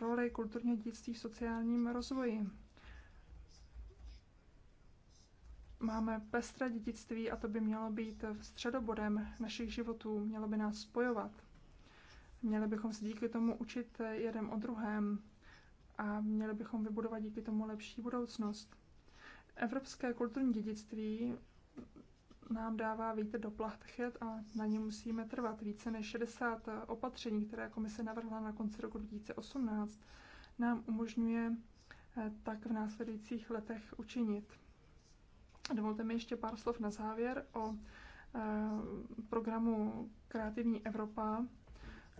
roli kulturního dědictví v sociálním rozvoji. Máme pestré dědictví a to by mělo být středobodem našich životů, mělo by nás spojovat. Měli bychom se díky tomu učit jeden o druhém a měli bychom vybudovat díky tomu lepší budoucnost. Evropské kulturní dědictví nám dává vítr do plachet a na ně musíme trvat. Více než 60 opatření, které komise navrhla na konci roku 2018, nám umožňuje eh, tak v následujících letech učinit. Dovolte mi ještě pár slov na závěr o eh, programu Kreativní Evropa,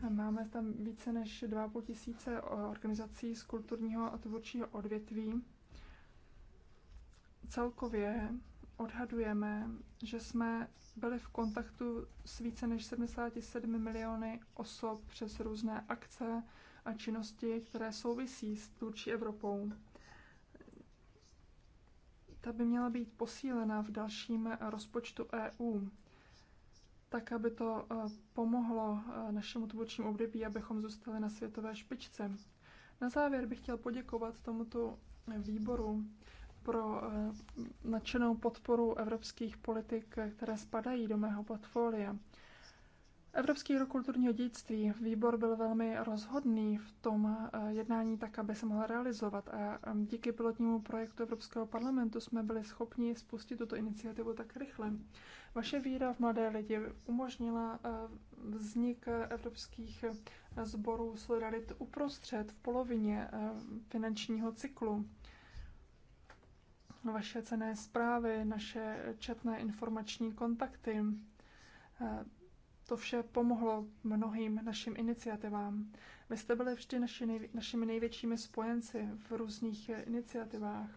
Máme tam více než 2,5 tisíce organizací z kulturního a tvůrčího odvětví. Celkově odhadujeme, že jsme byli v kontaktu s více než 77 miliony osob přes různé akce a činnosti, které souvisí s tvůrčí Evropou. Ta by měla být posílena v dalším rozpočtu EU tak aby to eh, pomohlo eh, našemu tvůrčímu období, abychom zůstali na světové špičce. Na závěr bych chtěl poděkovat tomuto výboru pro eh, nadšenou podporu evropských politik, které spadají do mého portfolia. Evropský rok kulturního dědictví. Výbor byl velmi rozhodný v tom eh, jednání tak, aby se mohl realizovat a eh, díky pilotnímu projektu Evropského parlamentu jsme byli schopni spustit tuto iniciativu tak rychle. Vaše víra v mladé lidi umožnila eh, vznik evropských sborů Solidarit uprostřed, v polovině finančního cyklu. Vaše cené zprávy, naše četné informační kontakty, to vše pomohlo mnohým našim iniciativám. Vy jste byli vždy naši nejvě- našimi největšími spojenci v různých eh, iniciativách.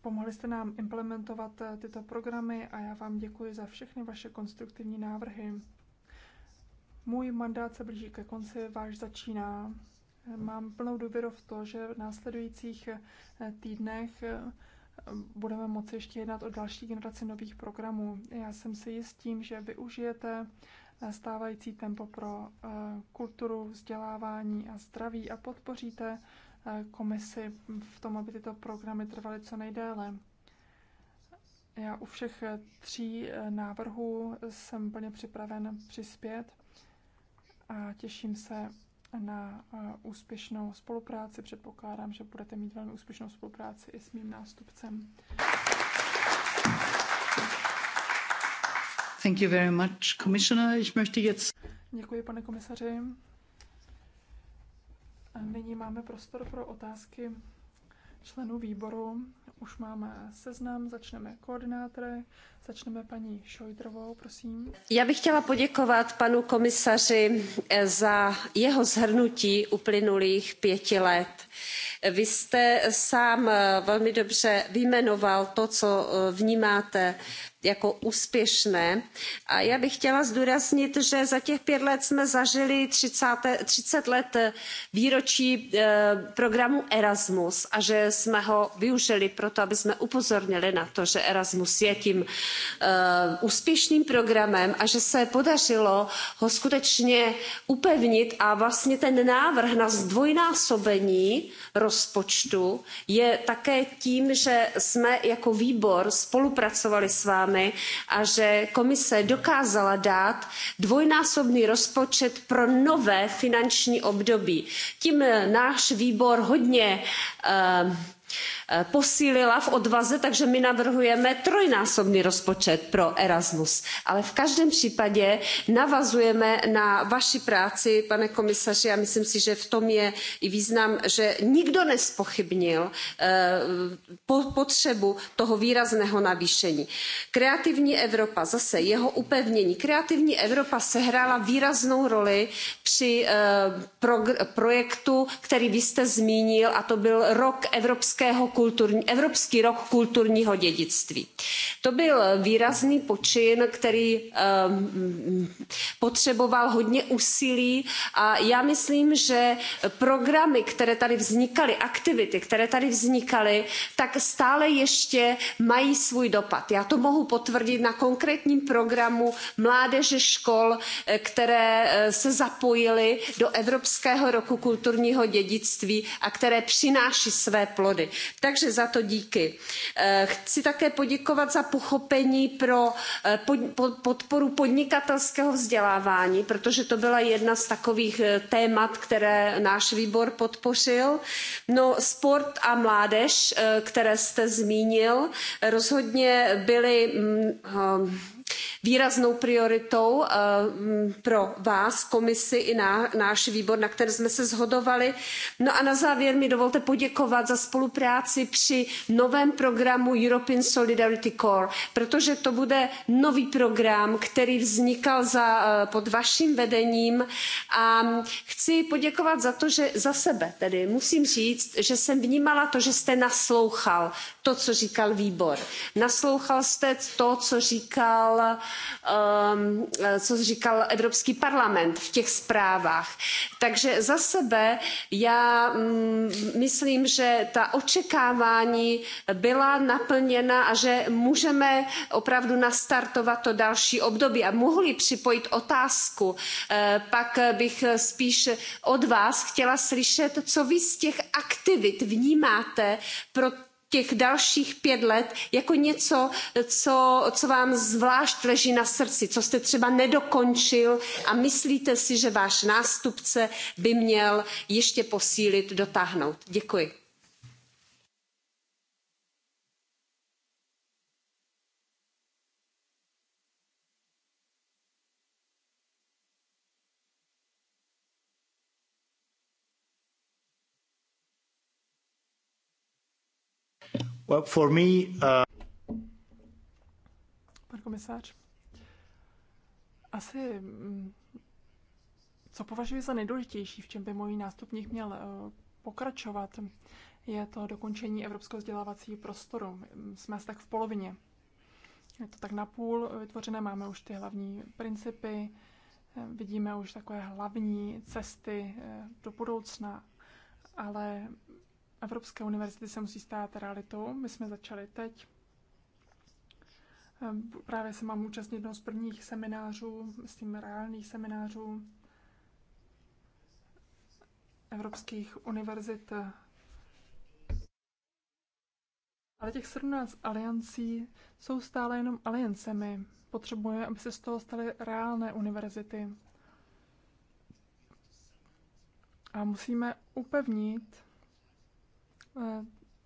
Pomohli jste nám implementovat eh, tyto programy a já vám děkuji za všechny vaše konstruktivní návrhy. Můj mandát se blíží ke konci, váš začíná. Mám plnou důvěru v to, že v následujících eh, týdnech budeme moci ještě jednat o další generaci nových programů. Já jsem si jist tím, že využijete eh, stávající tempo pro eh, kulturu, vzdělávání a zdraví a podpoříte eh, komisi v tom, aby tyto programy trvaly co nejdéle. Já u všech tří návrhů jsem plně připraven přispět a těším se na úspěšnou spolupráci. Předpokládám, že budete mít velmi úspěšnou spolupráci i s mým nástupcem. Thank you very much, Commissioner. Ich möchte jetzt... Děkuji, pane komisaři. A nyní máme prostor pro otázky členů výboru. Už máme seznam, začneme koordinátory. Začneme paní Šojdrovou, prosím. Já bych chtěla poděkovat panu komisaři eh, za jeho zhrnutí uplynulých pěti let. Vy jste sám eh, velmi dobře vyjmenoval to, co eh, vnímáte jako úspěšné. A já bych chtěla zdůraznit, že za těch pět let jsme zažili 30, 30 let výročí programu Erasmus a že jsme ho využili proto, aby jsme upozornili na to, že Erasmus je tím Eh, úspěšným programem a že se podařilo ho skutečně upevnit a vlastně ten návrh na zdvojnásobení rozpočtu je také tím že jsme jako výbor spolupracovali s vámi a že komise dokázala dát dvojnásobný rozpočet pro nové finanční období. tím náš výbor hodně eh, Eh, posílila v odvaze takže my navrhujeme trojnásobný rozpočet pro erasmus ale v každém případě navazujeme na vaši práci pane komisaři a myslím si že v tom je i význam že nikdo nezpochybnil eh, potřebu toho výrazného navýšení. kreativní evropa zase jeho upevnění kreativní evropa sehrála výraznou roli při eh, projektu který vy jste zmínil a to byl rok evropského Evropský rok kulturního dědictví. To byl výrazný počin, který ehm, potřeboval hodně úsilí a já myslím, že programy, které tady vznikaly, aktivity, které tady vznikaly, tak stále ještě mají svůj dopad. Já to mohu potvrdit na konkrétním programu mládeže škol, eh, které eh, se zapojily do Evropského roku kulturního dědictví a které přináší své plody takže za to díky. Eh, chci také poděkovat za pochopení pro eh, podporu podnikatelského vzdělávání protože to byla jedna z takových eh, témat které náš výbor podpořil. no sport a mládež které jste zmínil rozhodně byly mm, výraznou prioritou eh, pro vás komisi i náš výbor na které jsme se shodovali. no a na závěr mi dovolte poděkovat za spolupráci při novém programu european solidarity corps protože to bude nový program který vznikal za, eh, pod vaším vedením a chci poděkovat za to že za sebe tedy musím říct že jsem vnímala to že jste naslouchal to co říkal výbor naslouchal jste to co říkal říkal, ehm, co říkal Evropský parlament v těch zprávách. Takže za sebe já mm, myslím, že ta očekávání byla naplněna a že můžeme opravdu nastartovat to další období. A mohli připojit otázku, eh, pak bych spíš od vás chtěla slyšet, co vy z těch aktivit vnímáte pro těch dalších pět let jako něco, co, co vám zvlášť leží na srdci, co jste třeba nedokončil a myslíte si, že váš nástupce by měl ještě posílit, dotáhnout. Děkuji. for me, uh... Pan komisář, asi mm, co považuji za nejdůležitější, v čem by můj nástupník měl eh, pokračovat, je to dokončení evropského vzdělávacího prostoru. Jsme tak v polovině. Je to tak napůl vytvořené, máme už ty hlavní principy, eh, vidíme už takové hlavní cesty eh, do budoucna, ale Evropské univerzity se musí stát realitou. My jsme začali teď. Ehm, právě se mám účastnit jednoho z prvních seminářů, myslím reálných seminářů evropských univerzit. Ale těch 17 aliancí jsou stále jenom aliancemi. Potřebujeme, aby se z toho staly reálné univerzity. A musíme upevnit Eh,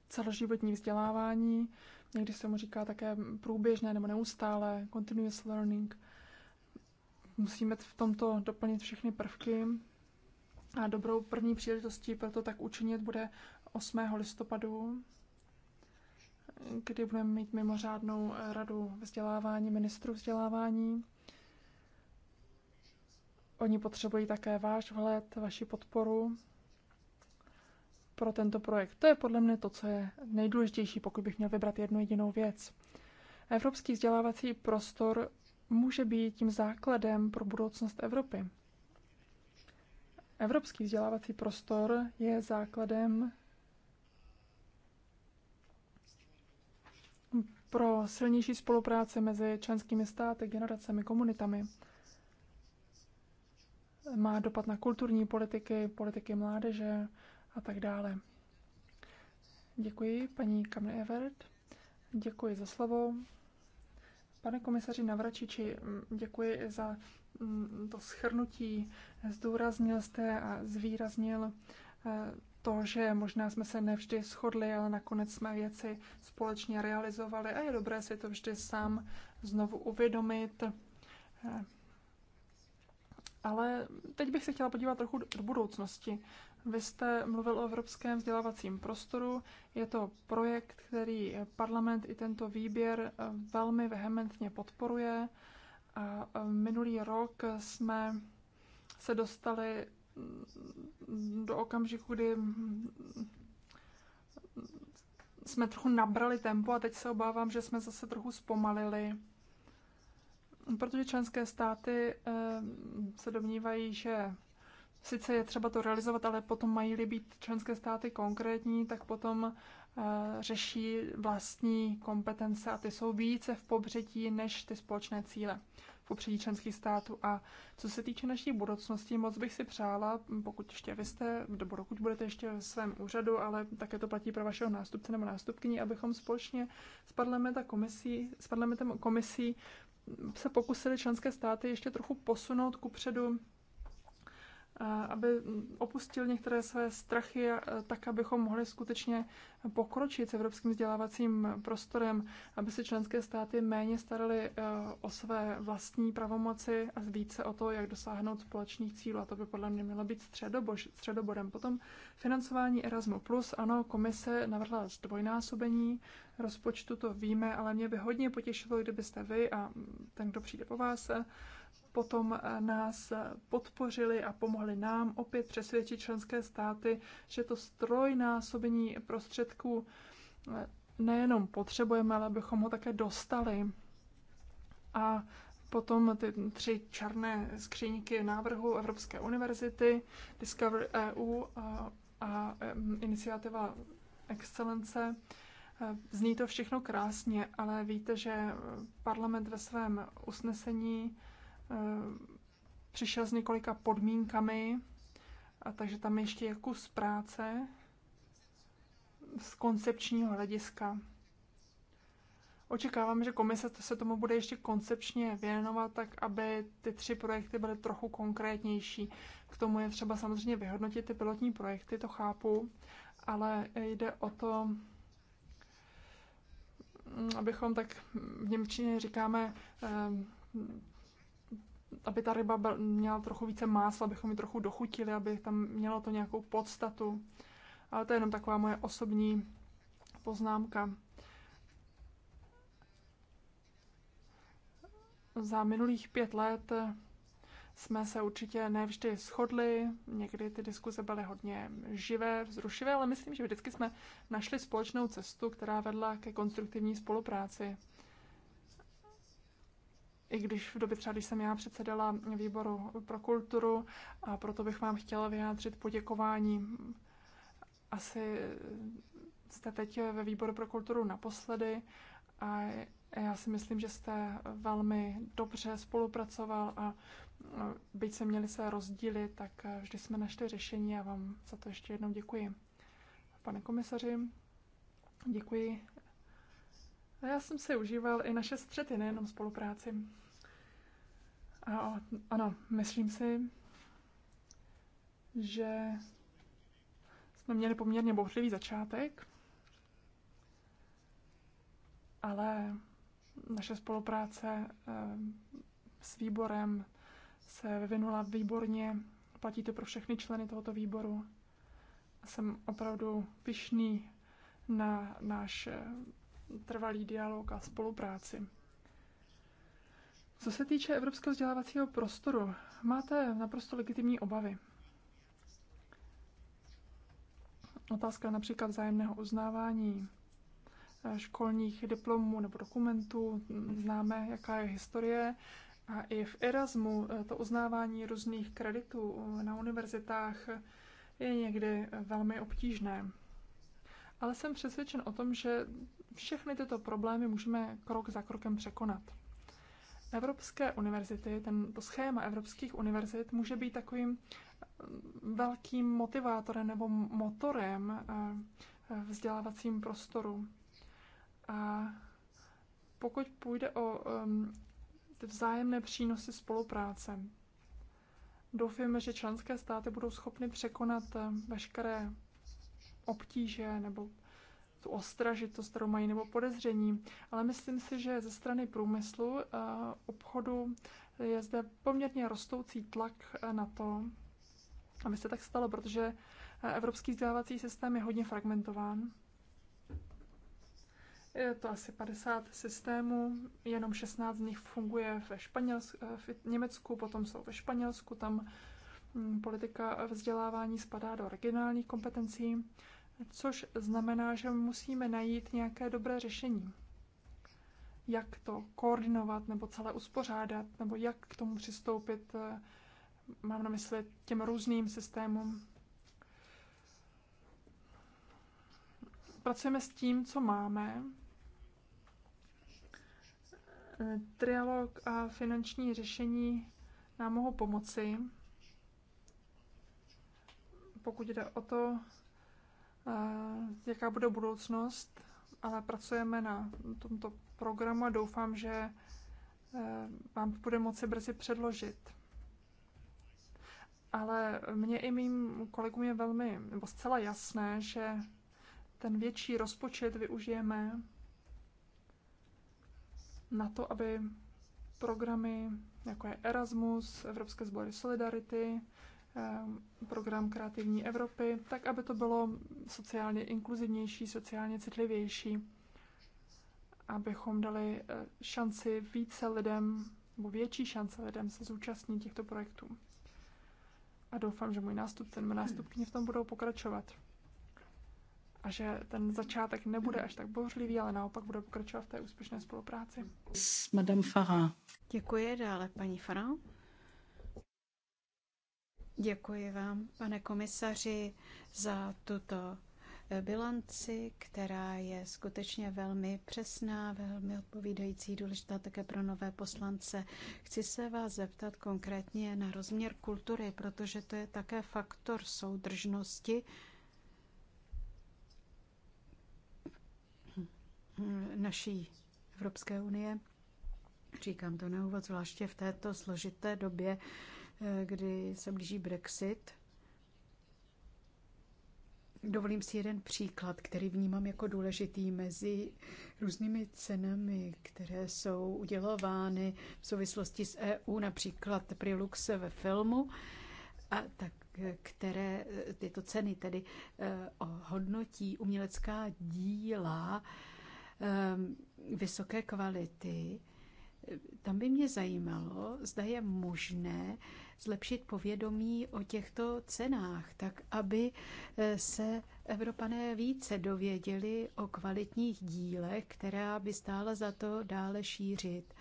celoživotní vzdělávání, někdy se mu říká také průběžné nebo neustále, continuous learning. Musíme v tomto doplnit všechny prvky a dobrou první příležitostí pro to tak učinit bude 8. listopadu, kdy budeme mít mimořádnou radu vzdělávání, ministru vzdělávání. Oni potřebují také váš vhled, vaši podporu pro tento projekt. To je podle mě to, co je nejdůležitější, pokud bych měl vybrat jednu jedinou věc. Evropský vzdělávací prostor může být tím základem pro budoucnost Evropy. Evropský vzdělávací prostor je základem pro silnější spolupráci mezi členskými státy, generacemi, komunitami. Má dopad na kulturní politiky, politiky mládeže, a tak dále. Děkuji, paní Kamry Evert. Děkuji za slovo. Pane komisaři Navračiči, mm, děkuji za mm, to schrnutí. Zdůraznil jste a zvýraznil eh, to, že možná jsme se nevždy shodli, ale nakonec jsme věci společně realizovali a je dobré si to vždy sám znovu uvědomit. Eh, ale teď bych se chtěla podívat trochu do budoucnosti. Vy jste mluvil o evropském vzdělávacím prostoru. Je to projekt, který parlament i tento výběr eh, velmi vehementně podporuje. A eh, minulý rok jsme se dostali mm, do okamžiku, kdy mm, jsme trochu nabrali tempo a teď se obávám, že jsme zase trochu zpomalili, protože členské státy eh, se domnívají, že sice je třeba to realizovat, ale potom mají-li být členské státy konkrétní, tak potom eh, řeší vlastní kompetence a ty jsou více v pobřetí než ty společné cíle v popředí členských států. A co se týče naší budoucnosti, moc bych si přála, pokud ještě vy jste, nebo dokud budete ještě ve svém úřadu, ale také to platí pro vašeho nástupce nebo nástupkyni, abychom společně s parlamentem komisí, s parlamentem komisí se pokusili členské státy ještě trochu posunout ku předu aby opustil některé své strachy, tak abychom mohli skutečně pokročit s evropským vzdělávacím prostorem, aby se členské státy méně staraly e, o své vlastní pravomoci a více o to, jak dosáhnout společných cílů. A to by podle mě mělo být středobož, středobodem. Potom financování Erasmus. Ano, komise navrhla zdvojnásobení rozpočtu, to víme, ale mě by hodně potěšilo, kdybyste vy a ten, kdo přijde po vás, potom eh, nás eh, podpořili a pomohli nám opět přesvědčit členské státy, že to strojnásobení prostředků eh, nejenom potřebujeme, ale abychom ho také dostali. A potom ty tři černé skříňky návrhu Evropské univerzity, Discover EU a, a iniciativa Excelence. Zní to všechno krásně, ale víte, že parlament ve svém usnesení Eh, přišel s několika podmínkami, a takže tam ještě je jako kus práce z koncepčního hlediska. Očekávám, že komise se tomu bude ještě koncepčně věnovat, tak aby ty tři projekty byly trochu konkrétnější. K tomu je třeba samozřejmě vyhodnotit ty pilotní projekty, to chápu, ale jde o to, mm, abychom tak v Němčině říkáme eh, aby ta ryba byl, měla trochu více másla, abychom ji trochu dochutili, aby tam mělo to nějakou podstatu. Ale to je jenom taková moje osobní poznámka. Za minulých pět let jsme se určitě nevždy shodli, někdy ty diskuze byly hodně živé, vzrušivé, ale myslím, že vždycky jsme našli společnou cestu, která vedla ke konstruktivní spolupráci i když v době třeba, když jsem já předsedala výboru pro kulturu a proto bych vám chtěla vyjádřit poděkování. Asi jste teď ve výboru pro kulturu naposledy a já si myslím, že jste velmi dobře spolupracoval a no, byť se měli se rozdíly, tak vždy jsme našli řešení a vám za to ještě jednou děkuji. Pane komisaři, děkuji a já jsem si užíval i naše střety, nejenom spolupráci. A ano, myslím si, že jsme měli poměrně bouřlivý začátek, ale naše spolupráce eh, s výborem se vyvinula výborně. Platí to pro všechny členy tohoto výboru. Jsem opravdu pišný na náš eh, trvalý dialog a spolupráci. Co se týče evropského vzdělávacího prostoru, máte naprosto legitimní obavy. Otázka například vzájemného uznávání eh, školních diplomů nebo dokumentů. Známe, jaká je historie. A i v Erasmu eh, to uznávání různých kreditů na univerzitách je někdy velmi obtížné. Ale jsem přesvědčen o tom, že všechny tyto problémy můžeme krok za krokem překonat. Evropské univerzity, ten, to schéma evropských univerzit může být takovým eh, velkým motivátorem nebo motorem eh, vzdělávacím prostoru. A pokud půjde o eh, ty vzájemné přínosy spolupráce, doufujeme, že členské státy budou schopny překonat veškeré obtíže nebo tu ostražitost, kterou mají, nebo podezření. Ale myslím si, že ze strany průmyslu, eh, obchodu je zde poměrně rostoucí tlak eh, na to, aby se tak stalo, protože eh, evropský vzdělávací systém je hodně fragmentován. Je to asi 50 systémů, jenom 16 z nich funguje ve Španělsku, v Německu, potom jsou ve Španělsku, tam hm, politika vzdělávání spadá do regionálních kompetencí což znamená, že musíme najít nějaké dobré řešení. Jak to koordinovat nebo celé uspořádat, nebo jak k tomu přistoupit, eh, mám na mysli těm různým systémům. Pracujeme s tím, co máme. Trialog a finanční řešení nám mohou pomoci, pokud jde o to, jaká bude budoucnost, ale pracujeme na tomto programu a doufám, že eh, vám bude moci brzy předložit. Ale mně i mým kolegům je velmi, nebo zcela jasné, že ten větší rozpočet využijeme na to, aby programy jako je Erasmus, Evropské sbory Solidarity, Ehm, program Kreativní Evropy, tak aby to bylo sociálně inkluzivnější, sociálně citlivější, abychom dali eh, šanci více lidem, nebo větší šance lidem se zúčastnit těchto projektů. A doufám, že můj nástupce nebo nástupkyně v tom budou pokračovat. A že ten začátek nebude až tak bořlivý, ale naopak bude pokračovat v té úspěšné spolupráci. S Madame Farah. Děkuji dále, paní Farah. Děkuji vám, pane komisaři, za tuto e, bilanci, která je skutečně velmi přesná, velmi odpovídající, důležitá také pro nové poslance. Chci se vás zeptat konkrétně na rozměr kultury, protože to je také faktor soudržnosti. naší Evropské unie. Říkám to na úvod, zvláště v této složité době Eh, kdy se blíží Brexit. Dovolím si jeden příklad, který vnímám jako důležitý mezi různými cenami, které jsou udělovány v souvislosti s EU, například Prilux ve filmu, a tak eh, které eh, tyto ceny tedy hodnotí umělecká díla vysoké kvality, tam by mě zajímalo, zda je možné zlepšit povědomí o těchto cenách, tak aby eh, se Evropané více dověděli o kvalitních dílech, která by stála za to dále šířit.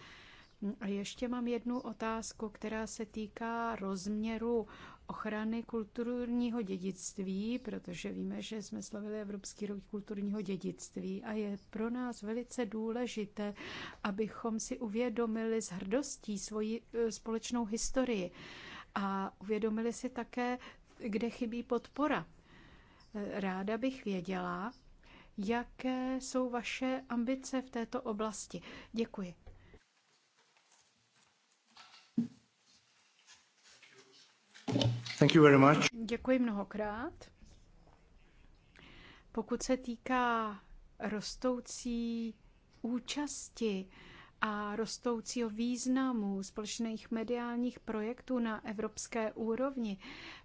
A ještě mám jednu otázku, která se týká rozměru ochrany kulturního dědictví, protože víme, že jsme slavili Evropský rok kulturního dědictví a je pro nás velice důležité, abychom si uvědomili s hrdostí svoji e, společnou historii a uvědomili si také, kde chybí podpora. E, ráda bych věděla, jaké jsou vaše ambice v této oblasti. Děkuji. Thank you very much. Děkuji mnohokrát. Pokud se týká rostoucí účasti a rostoucího významu společných mediálních projektů na evropské úrovni,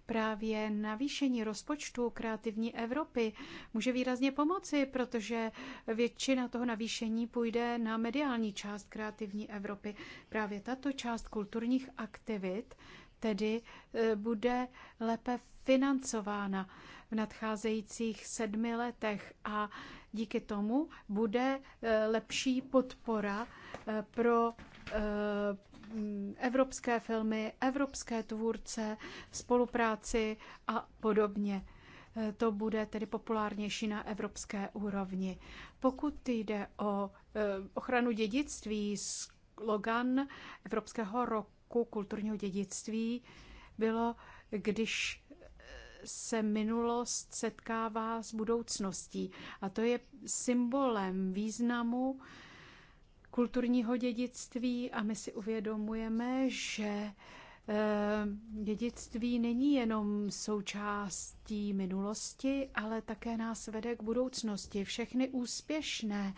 právě navýšení rozpočtu kreativní Evropy může výrazně pomoci, protože většina toho navýšení půjde na mediální část kreativní Evropy. Právě tato část kulturních aktivit tedy eh, bude lépe financována v nadcházejících sedmi letech a díky tomu bude eh, lepší podpora eh, pro evropské filmy, evropské tvůrce, spolupráci a podobně. To bude tedy populárnější na evropské úrovni. Pokud jde o ochranu dědictví, slogan Evropského roku, roku kulturního dědictví bylo, když se minulost setkává s budoucností. A to je symbolem významu kulturního dědictví a my si uvědomujeme, že Eh, dědictví není jenom součástí minulosti, ale také nás vede k budoucnosti. Všechny úspěšné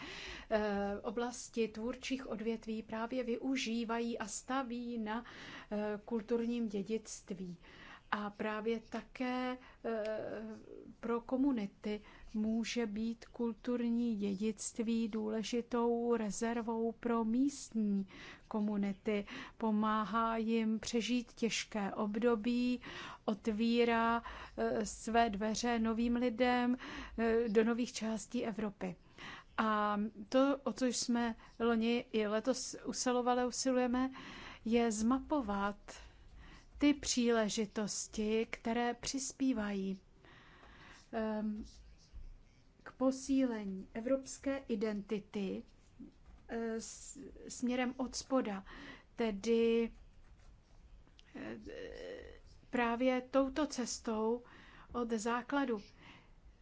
eh, oblasti tvůrčích odvětví právě využívají a staví na eh, kulturním dědictví. A právě také pro komunity může být kulturní dědictví důležitou rezervou pro místní komunity. Pomáhá jim přežít těžké období, otvírá eh, své dveře novým lidem eh, do nových částí Evropy. A to, o co jsme loni i letos usilovali, usilujeme, je zmapovat ty příležitosti, které přispívají ehm, k posílení evropské identity eh, směrem od spoda, tedy eh, právě touto cestou od základu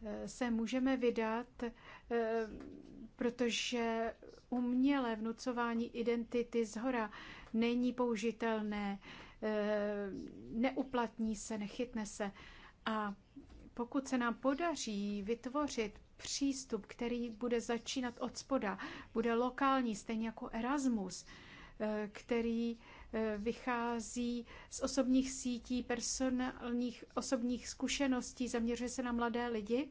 eh, se můžeme vydat, protože umělé vnucování identity zhora není použitelné, neuplatní se, nechytne se. A pokud se nám podaří vytvořit přístup, který bude začínat od spoda, bude lokální, stejně jako Erasmus, eh, který eh, vychází z osobních sítí, personálních osobních zkušeností, zaměřuje se na mladé lidi,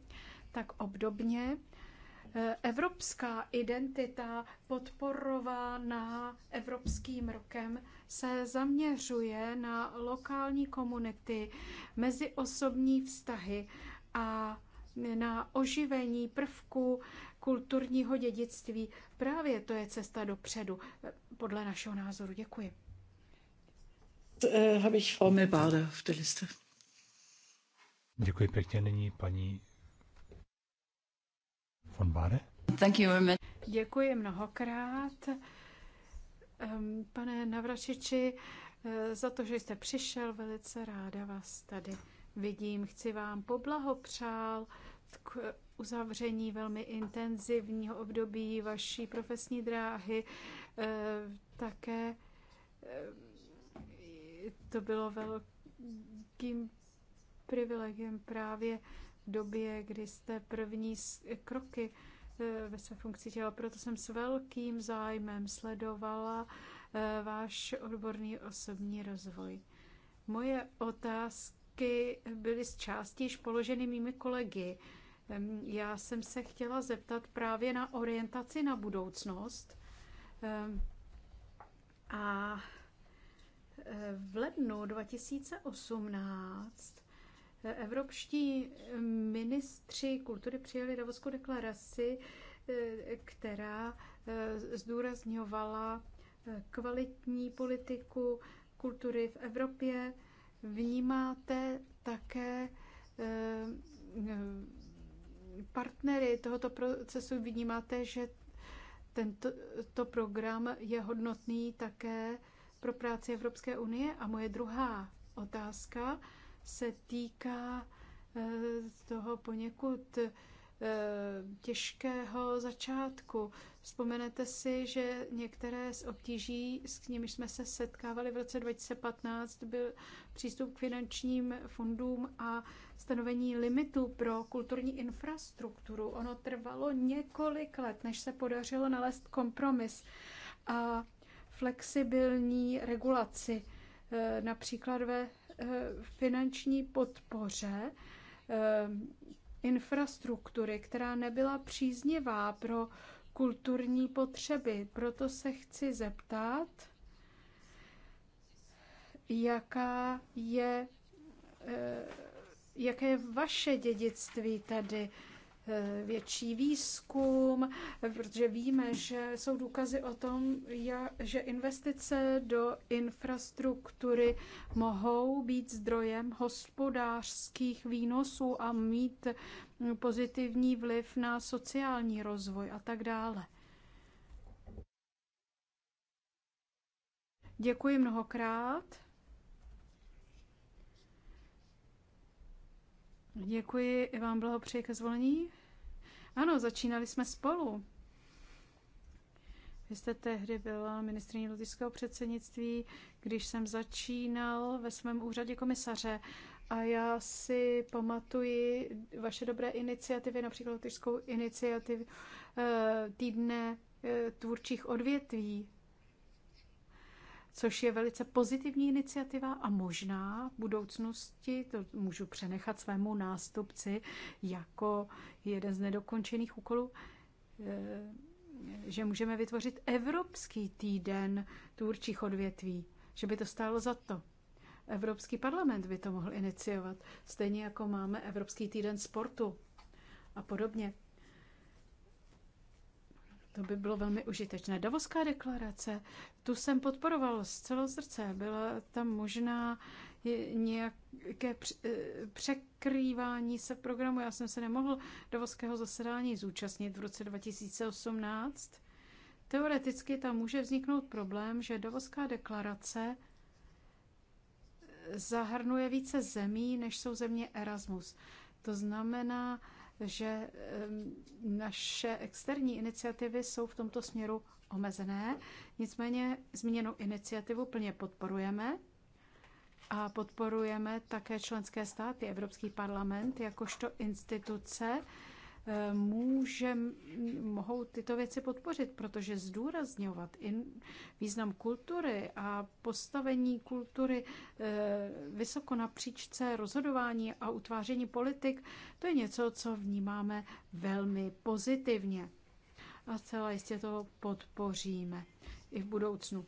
tak obdobně eh, evropská identita podporovaná Evropským rokem se zaměřuje na lokální komunity, meziosobní vztahy a na oživení prvku kulturního dědictví. Právě to je cesta dopředu, podle našeho názoru. Děkuji. Eh, Děkuji pěkně. Nyní paní von Bade. Thank you very much. Děkuji mnohokrát. Ehm, pane Navračiči, eh, za to, že jste přišel, velice ráda vás tady vidím. Chci vám poblahopřál k uzavření velmi intenzivního období vaší profesní dráhy. Eh, také eh, to bylo velkým privilegiem právě v době, kdy jste první eh, kroky ve své funkci těla. Proto jsem s velkým zájmem sledovala váš odborný osobní rozvoj. Moje otázka otázky byly z části již položeny mými kolegy. Já jsem se chtěla zeptat právě na orientaci na budoucnost. A eh, v lednu 2018 eh, evropští ministři kultury přijali Davoskou deklaraci, eh, která zdůrazňovala kvalitní politiku kultury v Evropě, vnímáte také eh, eh, partnery tohoto procesu, vnímáte, že tento to program je hodnotný také pro práci Evropské unie? A moje druhá otázka se týká eh, toho poněkud Eh, těžkého začátku. Vzpomenete si, že některé z obtíží, s nimi jsme se setkávali v roce 2015, byl přístup k finančním fondům a stanovení limitu pro kulturní infrastrukturu. Ono trvalo několik let, než se podařilo nalézt kompromis a flexibilní regulaci, eh, například ve eh, finanční podpoře infrastruktury, která nebyla příznivá pro kulturní potřeby. Proto se chci zeptat, jaká je, eh, jaké je vaše dědictví tady Eh, větší výzkum, protože víme, že jsou důkazy o tom, že investice do infrastruktury mohou být zdrojem hospodářských výnosů a mít pozitivní vliv na sociální rozvoj a tak dále. Děkuji mnohokrát. Děkuji i vám blahopřeji ke zvolení. Ano, začínali jsme spolu. Vy jste tehdy byla ministriní lotyšského předsednictví, když jsem začínal ve svém úřadě komisaře. A já si pamatuji vaše dobré iniciativy, například lotyšskou iniciativu eh, týdne eh, tvůrčích odvětví což je velice pozitivní iniciativa a možná v budoucnosti to můžu přenechat svému nástupci jako jeden z nedokončených úkolů, eh, že můžeme vytvořit Evropský týden tvůrčích odvětví, že by to stálo za to. Evropský parlament by to mohl iniciovat, stejně jako máme Evropský týden sportu a podobně. To by bylo velmi užitečné. Davoská deklarace, tu jsem podporoval z celého srdce. Byla tam možná nějaké eh, překrývání se programu. Já jsem se nemohl Davoského zasedání zúčastnit v roce 2018. Teoreticky tam může vzniknout problém, že davoská deklarace eh, zahrnuje více zemí, než jsou země Erasmus. To znamená, že naše externí iniciativy jsou v tomto směru omezené. Nicméně zmíněnou iniciativu plně podporujeme a podporujeme také členské státy, Evropský parlament, jakožto instituce, Eh, může, mohou tyto věci podpořit, protože zdůrazňovat in, význam kultury a postavení kultury eh, vysoko na příčce rozhodování a utváření politik, to je něco, co vnímáme velmi pozitivně. A celá jistě to podpoříme i v budoucnu.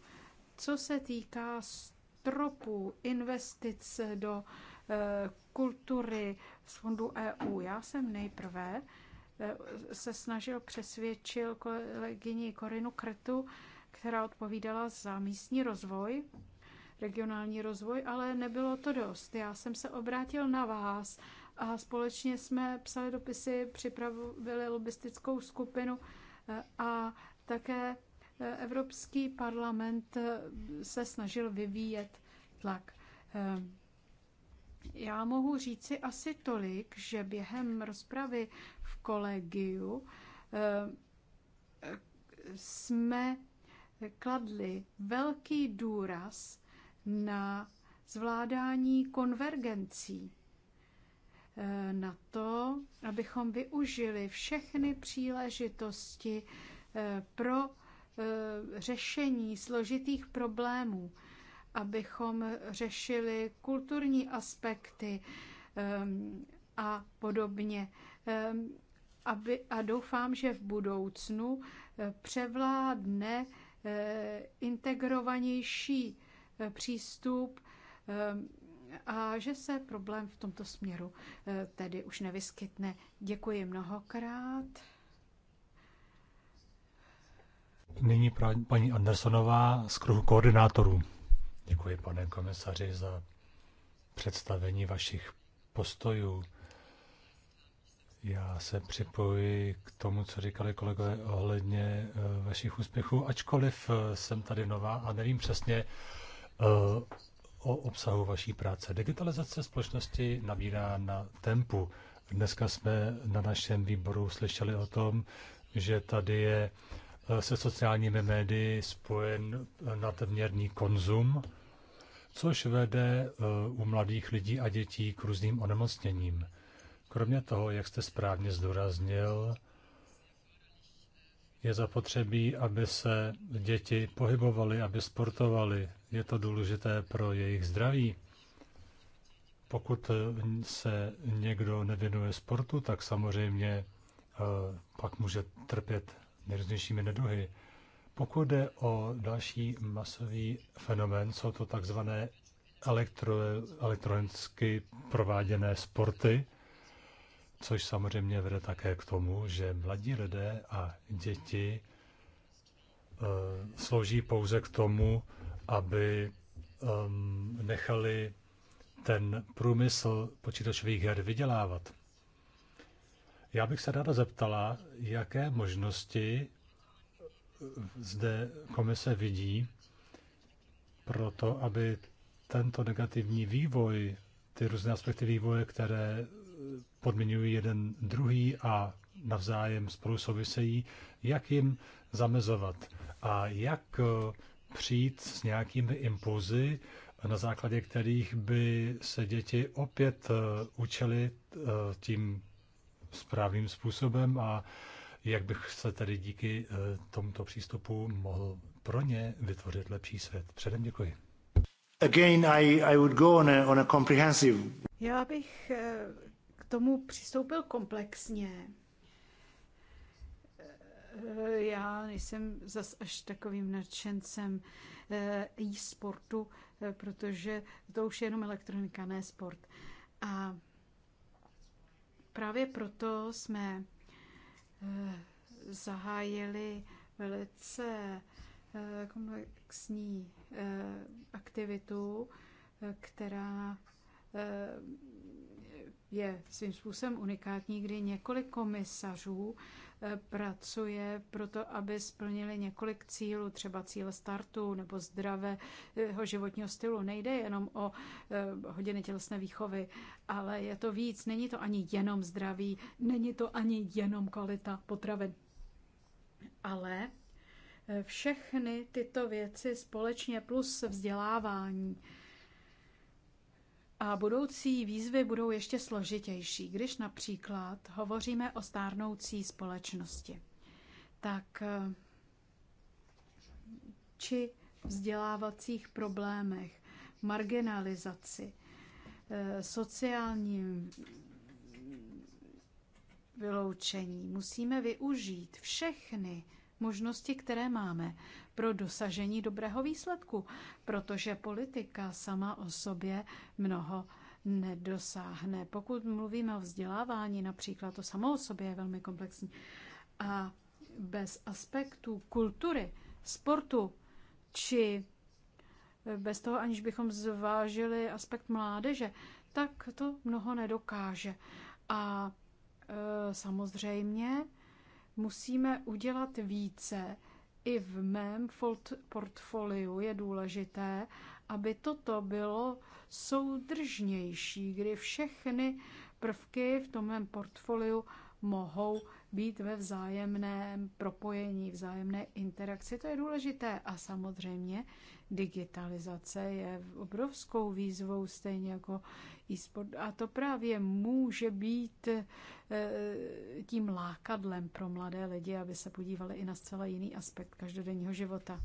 Co se týká stropu investic do eh, kultury z fondu EU, já jsem nejprve Eh, se snažil přesvědčil kolegyni Korinu Kretu, která odpovídala za místní rozvoj, regionální rozvoj, ale nebylo to dost. Já jsem se obrátil na vás a společně jsme psali dopisy, připravili lobistickou skupinu eh, a také eh, Evropský parlament se snažil vyvíjet tlak. Já mohu říci asi tolik, že během rozpravy v kolegiu eh, jsme kladli velký důraz na zvládání konvergencí, eh, na to, abychom využili všechny příležitosti eh, pro řešení složitých problémů abychom řešili kulturní aspekty ehm, a podobně. Ehm, aby, a doufám, že v budoucnu eh, převládne eh, integrovanější eh, přístup ehm, a že se problém v tomto směru tedy už nevyskytne. Děkuji mnohokrát. Nyní paní Andersonová z kruhu koordinátorů. Děkuji, pane komisaři, za představení vašich postojů. Já se připojuji k tomu, co říkali kolegové ohledně eh, vašich úspěchů, ačkoliv eh, jsem tady nová a nevím přesně eh, o obsahu vaší práce. Digitalizace společnosti nabírá na tempu. Dneska jsme na našem výboru slyšeli o tom, že tady je Eh, se sociálními médii spojen eh, nadměrný konzum, což vede eh, u mladých lidí a dětí k různým onemocněním. Kromě toho, jak jste správně zdůraznil, je zapotřebí, aby se děti pohybovaly, aby sportovaly. Je to důležité pro jejich zdraví. Pokud se někdo nevěnuje sportu, tak samozřejmě pak může trpět nejrůznějšími neduhy. Pokud jde o další masový fenomén, jsou to takzvané elektro, elektronicky prováděné sporty, což samozřejmě vede také k tomu, že mladí lidé a děti eh, slouží pouze k tomu, aby ehm, nechali ten průmysl počítačových her vydělávat. Já bych se ráda zeptala, jaké možnosti zde komise vidí pro to, aby tento negativní vývoj, ty různé aspekty vývoje, které podmiňují jeden druhý a navzájem spolu souvisejí, jak jim zamezovat a jak eh, přijít s nějakými impulzy, na základě kterých by se děti opět eh, učili eh, tím správným způsobem a jak bych se tedy díky eh, tomuto přístupu mohl pro ně vytvořit lepší svět. Předem děkuji. Again, I, I would go on a, on a comprehensive... Já bych eh, k tomu přistoupil komplexně. Eh, já nejsem zas až takovým nadšencem e-sportu, protože to už je jenom elektronika, ne sport. A Právě proto jsme eh, zahájili velice eh, komplexní eh, aktivitu, která je svým způsobem unikátní, kdy několik komisařů eh, pracuje pro to, aby splnili několik cílů, třeba cíle startu nebo zdravého životního stylu. Nejde jenom o eh, hodiny tělesné výchovy, ale je to víc. Není to ani jenom zdraví, není to ani jenom kvalita potravin. Ale eh, všechny tyto věci společně plus vzdělávání a budoucí výzvy budou ještě složitější, když například hovoříme o stárnoucí společnosti. Tak eh, či vzdělávacích problémech, marginalizaci, eh, sociálním vyloučení. Musíme využít všechny možnosti, které máme pro dosažení dobrého výsledku, protože politika sama o sobě mnoho nedosáhne. Pokud mluvíme o vzdělávání, například to samo o sobě je velmi komplexní. A bez aspektů kultury, sportu či bez toho, aniž bychom zvážili aspekt mládeže, tak to mnoho nedokáže. A e, samozřejmě musíme udělat více. I v mém portfoliu je důležité, aby toto bylo soudržnější, kdy všechny prvky v tom mém portfoliu mohou být ve vzájemném propojení, vzájemné interakci, to je důležité. A samozřejmě digitalizace je obrovskou výzvou, stejně jako e-sport. A to právě může být e, tím lákadlem pro mladé lidi, aby se podívali i na zcela jiný aspekt každodenního života.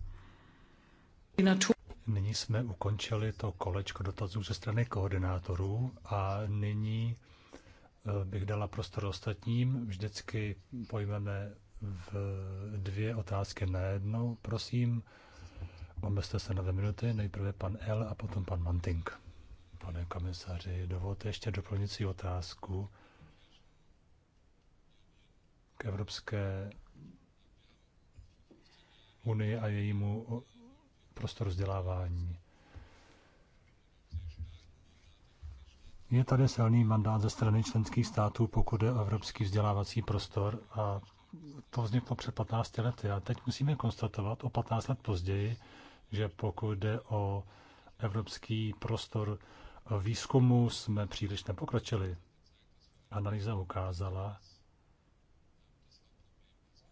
Nyní jsme ukončili to kolečko dotazů ze strany koordinátorů a nyní Eh, bych dala prostor ostatním. Vždycky pojmeme v dvě otázky na jednou. Prosím, omezte se na dvě minuty. Nejprve pan L a potom pan Manting. Pane komisaři, dovolte ještě doplňující otázku k Evropské unii a jejímu prostoru vzdělávání. Je tady silný mandát ze strany členských států, pokud je o evropský vzdělávací prostor a to vzniklo před 15 lety. A teď musíme konstatovat o 15 let později, že pokud jde o evropský prostor výzkumu, jsme příliš nepokročili. Analýza ukázala,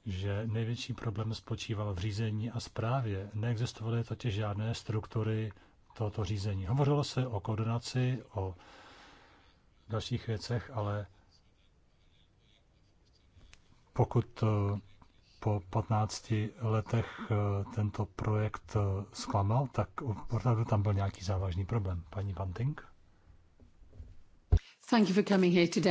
že největší problém spočíval v řízení a správě. Neexistovaly totiž žádné struktury tohoto řízení. Hovořilo se o koordinaci, o dalších věcech, ale pokud eh, po 15 letech eh, tento projekt eh, zklamal, tak opravdu tam byl nějaký závažný problém. Paní Banting?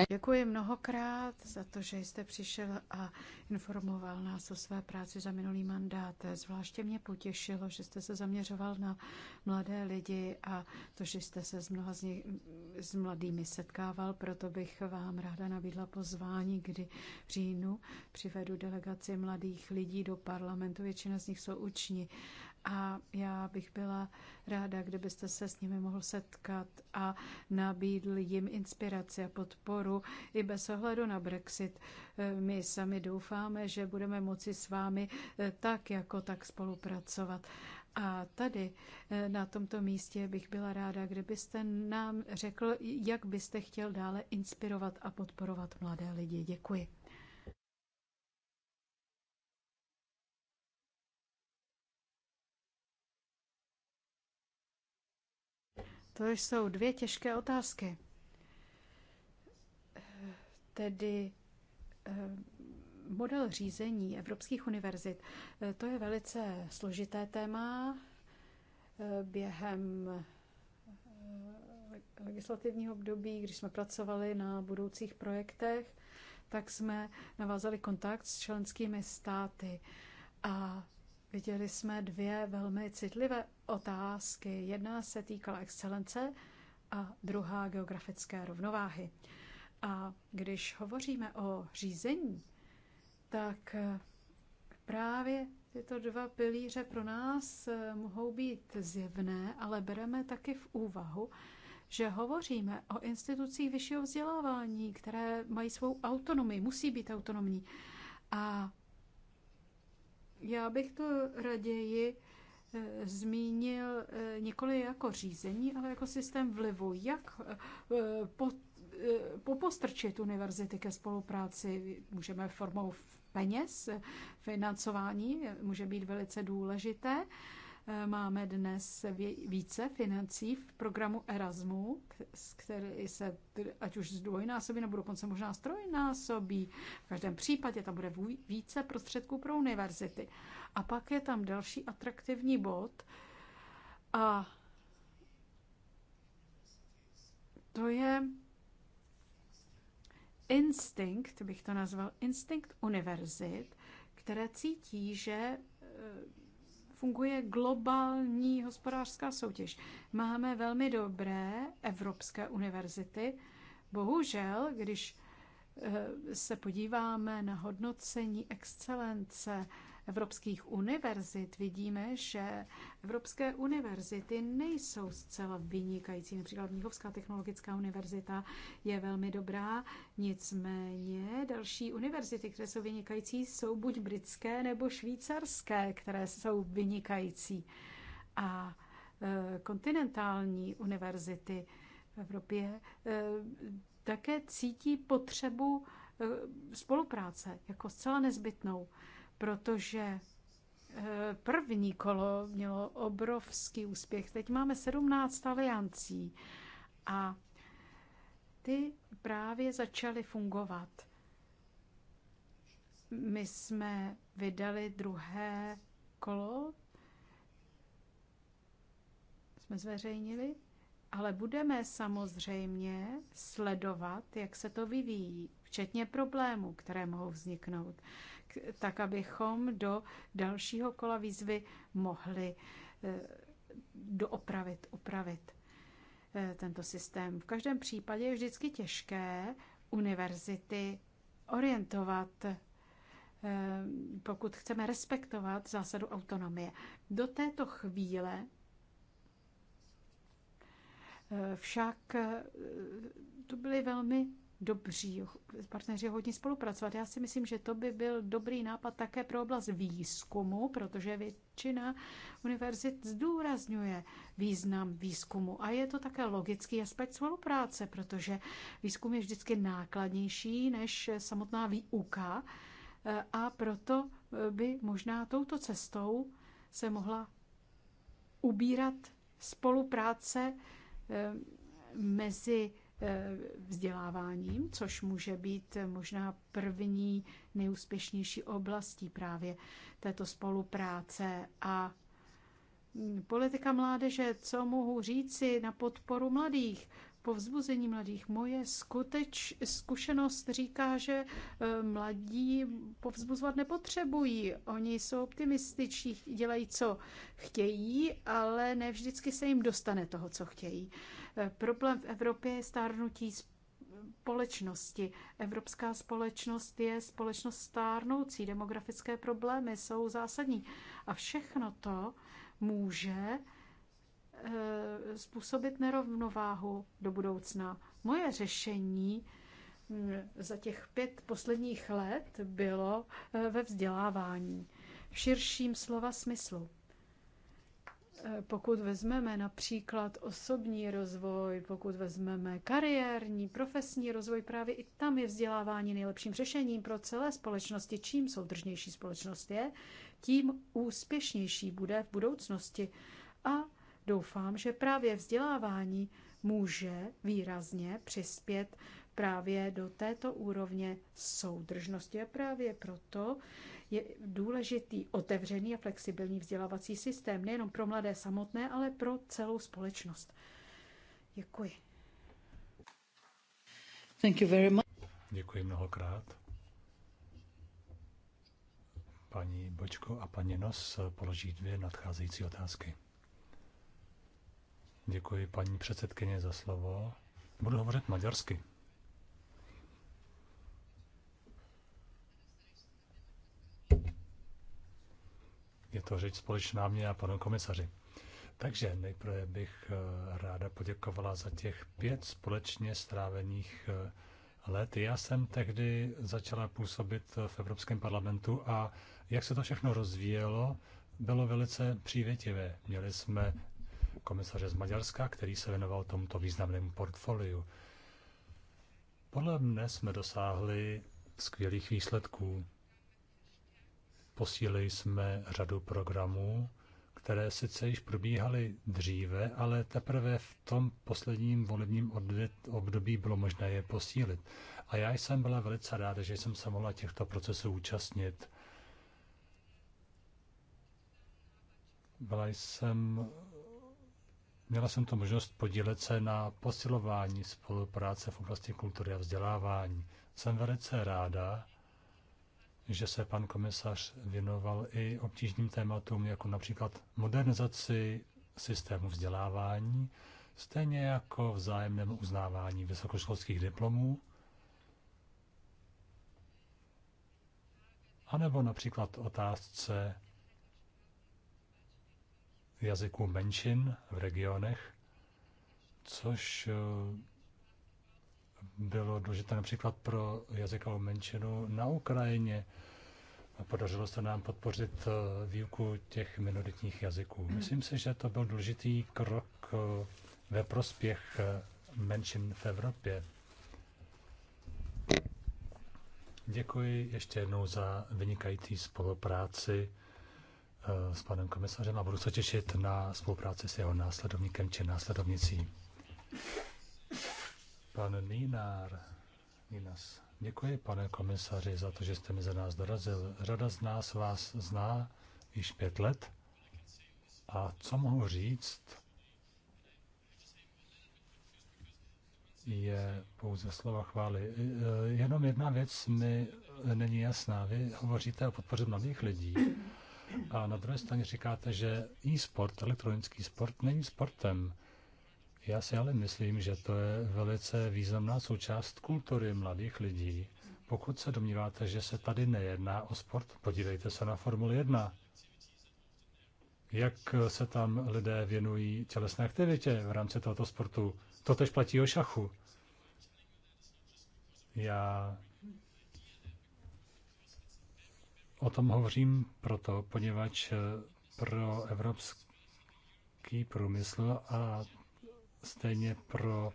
Děkuji mnohokrát za to, že jste přišel a informoval nás o své práci za minulý mandát. Zvláště mě potěšilo, že jste se zaměřoval na mladé lidi a to, že jste se s mnoha z nich, s mladými setkával. Proto bych vám ráda nabídla pozvání, kdy v říjnu přivedu delegaci mladých lidí do parlamentu. Většina z nich jsou uční a já bych byla ráda, kdybyste se s nimi mohl setkat a nabídl jim inspiraci a podporu i bez ohledu na Brexit. E, my sami doufáme, že budeme moci s vámi e, tak jako tak spolupracovat. A tady e, na tomto místě bych byla ráda, kdybyste nám řekl, jak byste chtěl dále inspirovat a podporovat mladé lidi. Děkuji. To jsou dvě těžké otázky. Tedy eh, model řízení evropských univerzit, eh, to je velice složité téma. Eh, během legislativního období, když jsme pracovali na budoucích projektech, tak jsme navázali kontakt s členskými státy. A Viděli jsme dvě velmi citlivé otázky. Jedna se týkala excelence a druhá geografické rovnováhy. A když hovoříme o řízení, tak právě tyto dva pilíře pro nás eh, mohou být zjevné, ale bereme taky v úvahu, že hovoříme o institucích vyššího vzdělávání, které mají svou autonomii, musí být autonomní. A já bych to raději eh, zmínil eh, nikoli jako řízení, ale jako systém vlivu. Jak eh, po, popostrčit univerzity ke spolupráci? Můžeme formou peněz, financování může být velice důležité. Máme dnes více financí v programu Erasmu, který se ať už zdvojnásobí nebo dokonce možná strojnásobí. V každém případě tam bude více prostředků pro univerzity. A pak je tam další atraktivní bod. A to je instinkt, bych to nazval, instinkt univerzit, které cítí, že eh, funguje globální hospodářská soutěž. Máme velmi dobré evropské univerzity. Bohužel, když eh, se podíváme na hodnocení excelence evropských univerzit vidíme, že evropské univerzity nejsou zcela vynikající. Například Mnichovská technologická univerzita je velmi dobrá, nicméně další univerzity, které jsou vynikající, jsou buď britské nebo švýcarské, které jsou vynikající. A e, kontinentální univerzity v Evropě e, také cítí potřebu e, spolupráce jako zcela nezbytnou protože eh, první kolo mělo obrovský úspěch. Teď máme 17 aliancí a ty právě začaly fungovat. My jsme vydali druhé kolo, jsme zveřejnili, ale budeme samozřejmě sledovat, jak se to vyvíjí, včetně problémů, které mohou vzniknout tak abychom do dalšího kola výzvy mohli eh, doopravit, upravit eh, tento systém. V každém případě je vždycky těžké univerzity orientovat, eh, pokud chceme respektovat zásadu autonomie. Do této chvíle však to byly velmi dobří partneři hodně spolupracovat. Já si myslím, že to by byl dobrý nápad také pro oblast výzkumu, protože většina univerzit zdůrazňuje význam výzkumu. A je to také logický aspekt spolupráce, protože výzkum je vždycky nákladnější než samotná výuka a proto by možná touto cestou se mohla ubírat spolupráce eh, mezi Eh, vzděláváním, což může být možná první nejúspěšnější oblastí právě této spolupráce a mm, Politika mládeže, co mohu říci na podporu mladých, povzbuzení mladých. Moje skuteč, zkušenost říká, že eh, mladí povzbuzovat nepotřebují. Oni jsou optimističtí, dělají, co chtějí, ale ne vždycky se jim dostane toho, co chtějí. Problém v Evropě je stárnutí společnosti. Evropská společnost je společnost stárnoucí, demografické problémy jsou zásadní. A všechno to může eh, způsobit nerovnováhu do budoucna. Moje řešení hm, za těch pět posledních let bylo eh, ve vzdělávání v širším slova smyslu. Eh, pokud vezmeme například osobní rozvoj, pokud vezmeme kariérní, profesní rozvoj, právě i tam je vzdělávání nejlepším řešením pro celé společnosti. Čím soudržnější společnost je, tím úspěšnější bude v budoucnosti. A doufám, že právě vzdělávání může výrazně přispět právě do této úrovně soudržnosti. A právě proto je důležitý otevřený a flexibilní vzdělávací systém, nejenom pro mladé samotné, ale pro celou společnost. Děkuji. Thank you very much. Děkuji mnohokrát. Paní Bočko a paní Nos položí dvě nadcházející otázky. Děkuji paní předsedkyně za slovo. Budu hovořit maďarsky. je to řeč společná mě a panu komisaři. Takže nejprve bych eh, ráda poděkovala za těch pět společně strávených eh, let. Já jsem tehdy začala působit eh, v Evropském parlamentu a jak se to všechno rozvíjelo, bylo velice přívětivé. Měli jsme komisaře z Maďarska, který se věnoval tomuto významnému portfoliu. Podle mne jsme dosáhli skvělých výsledků. Posílili jsme řadu programů, které sice již probíhaly dříve, ale teprve v tom posledním volebním období bylo možné je posílit. A já jsem byla velice ráda, že jsem se mohla těchto procesů účastnit. Byla jsem, měla jsem tu možnost podílet se na posilování spolupráce v oblasti kultury a vzdělávání. Jsem velice ráda, že se pan komisař věnoval i obtížným tématům, jako například modernizaci systému vzdělávání, stejně jako vzájemnému uznávání vysokoškolských diplomů, anebo například otázce jazyků menšin v regionech, což bylo důležité například pro jazykovou menšinu na Ukrajině. Podařilo se nám podpořit eh, výuku těch minoritních jazyků. Mhm. Myslím si, že to byl důležitý krok eh, ve prospěch eh, menšin v Evropě. Děkuji ještě jednou za vynikající spolupráci s panem komisařem a budu se těšit na spolupráci s jeho následovníkem či následovnicí. Pan Nínár, Nínas, děkuji pane komisaři za to, že jste mi za nás dorazil. Řada z nás vás zná již pět let. A co mohu říct, je pouze slova chvály. Jenom jedna věc mi není jasná. Vy hovoříte o podpoře mladých lidí a na druhé straně říkáte, že e-sport, elektronický sport, není sportem. Já si ale myslím, že to je velice významná součást kultury mladých lidí. Pokud se domníváte, že se tady nejedná o sport, podívejte se na Formuli 1. Jak se tam lidé věnují tělesné aktivitě v rámci tohoto sportu? To tež platí o šachu. Já o tom hovořím proto, poněvadž pro evropský průmysl a stejně pro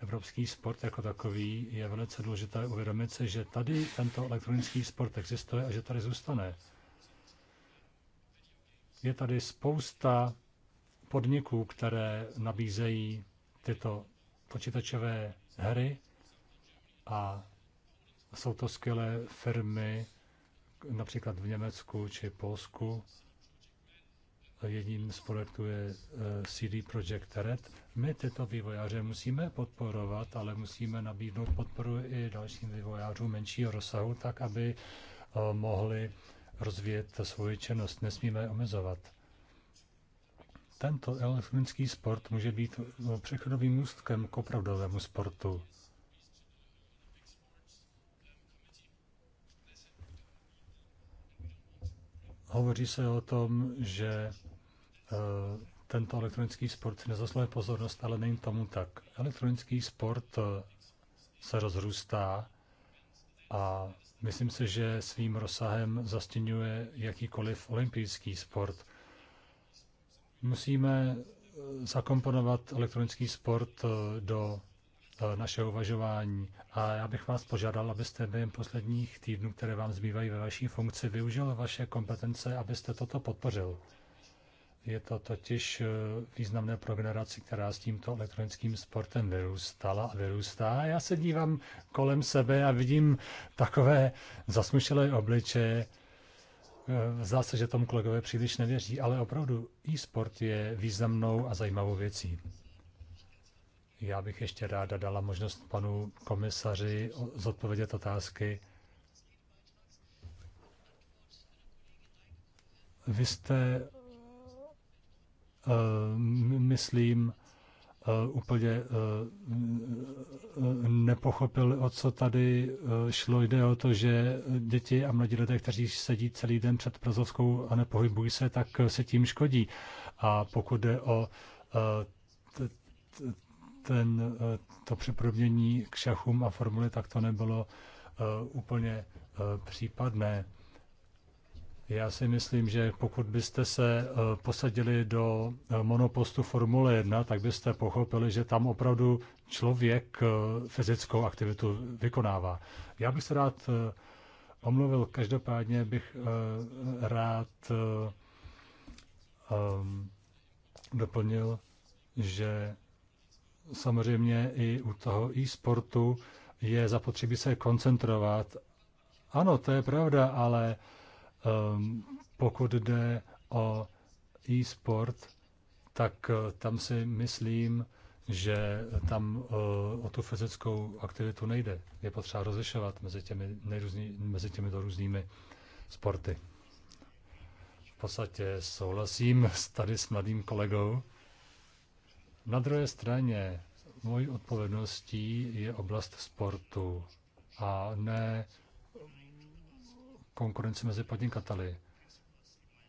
evropský sport jako takový, je velice důležité uvědomit se, že tady tento elektronický sport existuje a že tady zůstane. Je tady spousta podniků, které nabízejí tyto počítačové hry a jsou to skvělé firmy, například v Německu či Polsku, Jedním z projektů je eh, CD Projekt Red. My tyto vývojáře musíme podporovat, ale musíme nabídnout podporu i dalším vývojářům menšího rozsahu, tak aby eh, mohli rozvíjet svoji činnost. Nesmíme je omezovat. Tento elektronický sport může být eh, přechodovým ústkem k opravdovému sportu. Hovoří se o tom, že Eh, tento elektronický sport si nezasluje pozornost, ale není tomu tak. Elektronický sport eh, se rozrůstá a myslím si, že svým rozsahem zastěňuje jakýkoliv olympijský sport. Musíme eh, zakomponovat elektronický sport do našeho uvažování. A já bych vás požádal, abyste během posledních týdnů, které vám zbývají ve vaší funkci, využil vaše kompetence, abyste toto podpořil. Je to totiž eh, významné pro generaci, která s tímto elektronickým sportem vyrůstala a vyrůstá. Já se dívám kolem sebe a vidím takové zasmušelé obličeje. Eh, zdá se, že tomu kolegové příliš nevěří, ale opravdu e-sport je významnou a zajímavou věcí. Já bych ještě ráda dala možnost panu komisaři zodpovědět otázky. Vy jste Eh, myslím, eh, úplně eh, nepochopil, o co tady šlo. Jde o to, že děti a mladí lidé, kteří sedí celý den před Prazovskou a nepohybují se, tak se tím škodí. A pokud jde o ten, to připodobnění k šachům a formuli, tak to nebylo úplně případné. Já si myslím, že pokud byste se eh, posadili do eh, monopostu Formule 1, tak byste pochopili, že tam opravdu člověk eh, fyzickou aktivitu vykonává. Já bych se rád omluvil, každopádně bych rád ehm, doplnil, že samozřejmě i u toho e-sportu je zapotřebí se koncentrovat. Ano, to je pravda, ale Ehm, pokud jde o e-sport, tak eh, tam si myslím, že tam eh, o tu fyzickou aktivitu nejde. Je potřeba rozlišovat mezi, těmi nejrůzný, mezi těmito různými sporty. V podstatě souhlasím tady s mladým kolegou. Na druhé straně mojí odpovědností je oblast sportu a ne konkurenci mezi podnikateli.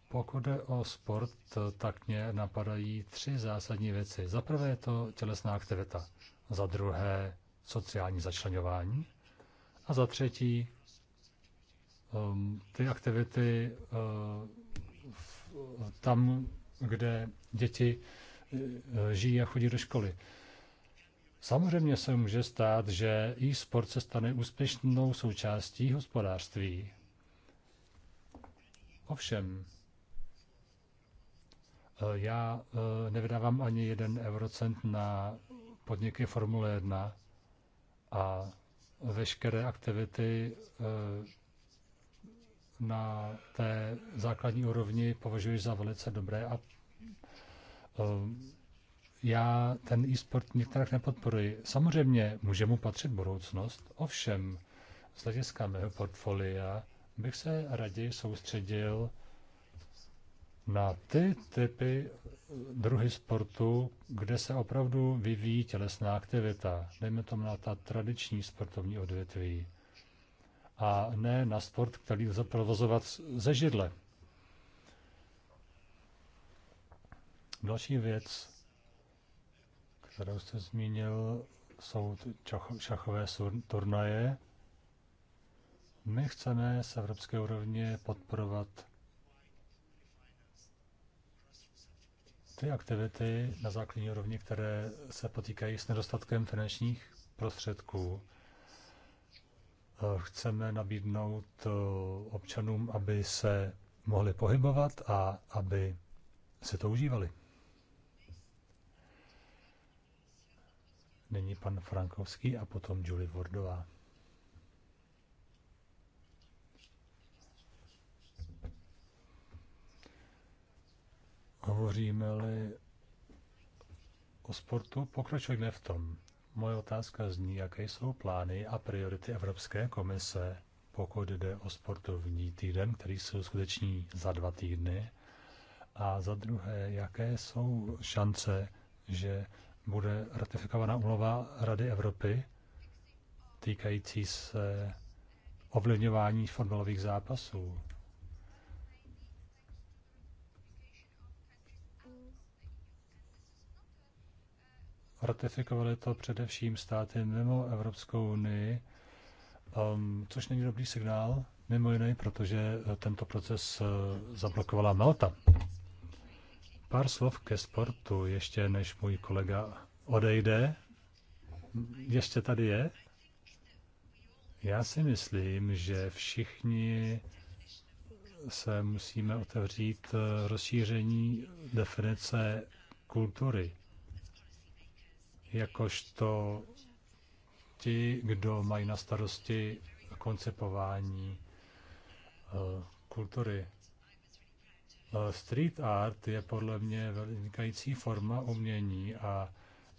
Pokud jde o sport, tak mě napadají tři zásadní věci. Za prvé je to tělesná aktivita, za druhé sociální začlenování a za třetí um, ty aktivity uh, tam, kde děti eh, žijí a chodí do školy. Samozřejmě se může stát, že e-sport se stane úspěšnou součástí hospodářství, Ovšem, eh, já eh, nevydávám ani jeden eurocent na podniky Formule 1 a veškeré aktivity eh, na té základní úrovni považuji za velice dobré a já ten e-sport některak nepodporuji. Samozřejmě může mu patřit budoucnost, ovšem z hlediska mého portfolia bych se raději soustředil na ty typy druhy sportu, kde se opravdu vyvíjí tělesná aktivita, dejme tomu na ta tradiční sportovní odvětví, a ne na sport, který lze provozovat ze židle. Další věc, kterou jste zmínil, jsou šachové turnaje. My chceme z evropské úrovně podporovat ty aktivity na základní úrovni, které se potýkají s nedostatkem finančních prostředků. Eh, chceme nabídnout eh, občanům, aby se mohli pohybovat a aby se to užívali. Nyní pan Frankovský a potom Julie Vordová. Hovoříme-li o sportu, pokračujeme v tom. Moje otázka zní, jaké jsou plány a priority Evropské komise, pokud jde o sportovní týden, který se uskuteční za dva týdny. A za druhé, jaké jsou šance, že bude ratifikovaná úmluva Rady Evropy týkající se ovlivňování fotbalových zápasů. ratifikovaly to především státy mimo Evropskou unii, um, což není dobrý signál, mimo jiné, protože eh, tento proces eh, zablokovala Malta. Pár slov ke sportu, ještě než můj kolega odejde. Ještě tady je? Já si myslím, že všichni se musíme otevřít eh, rozšíření definice kultury jakožto ti, kdo mají na starosti koncepování eh, kultury. Eh, street art je podle mě vynikající forma umění a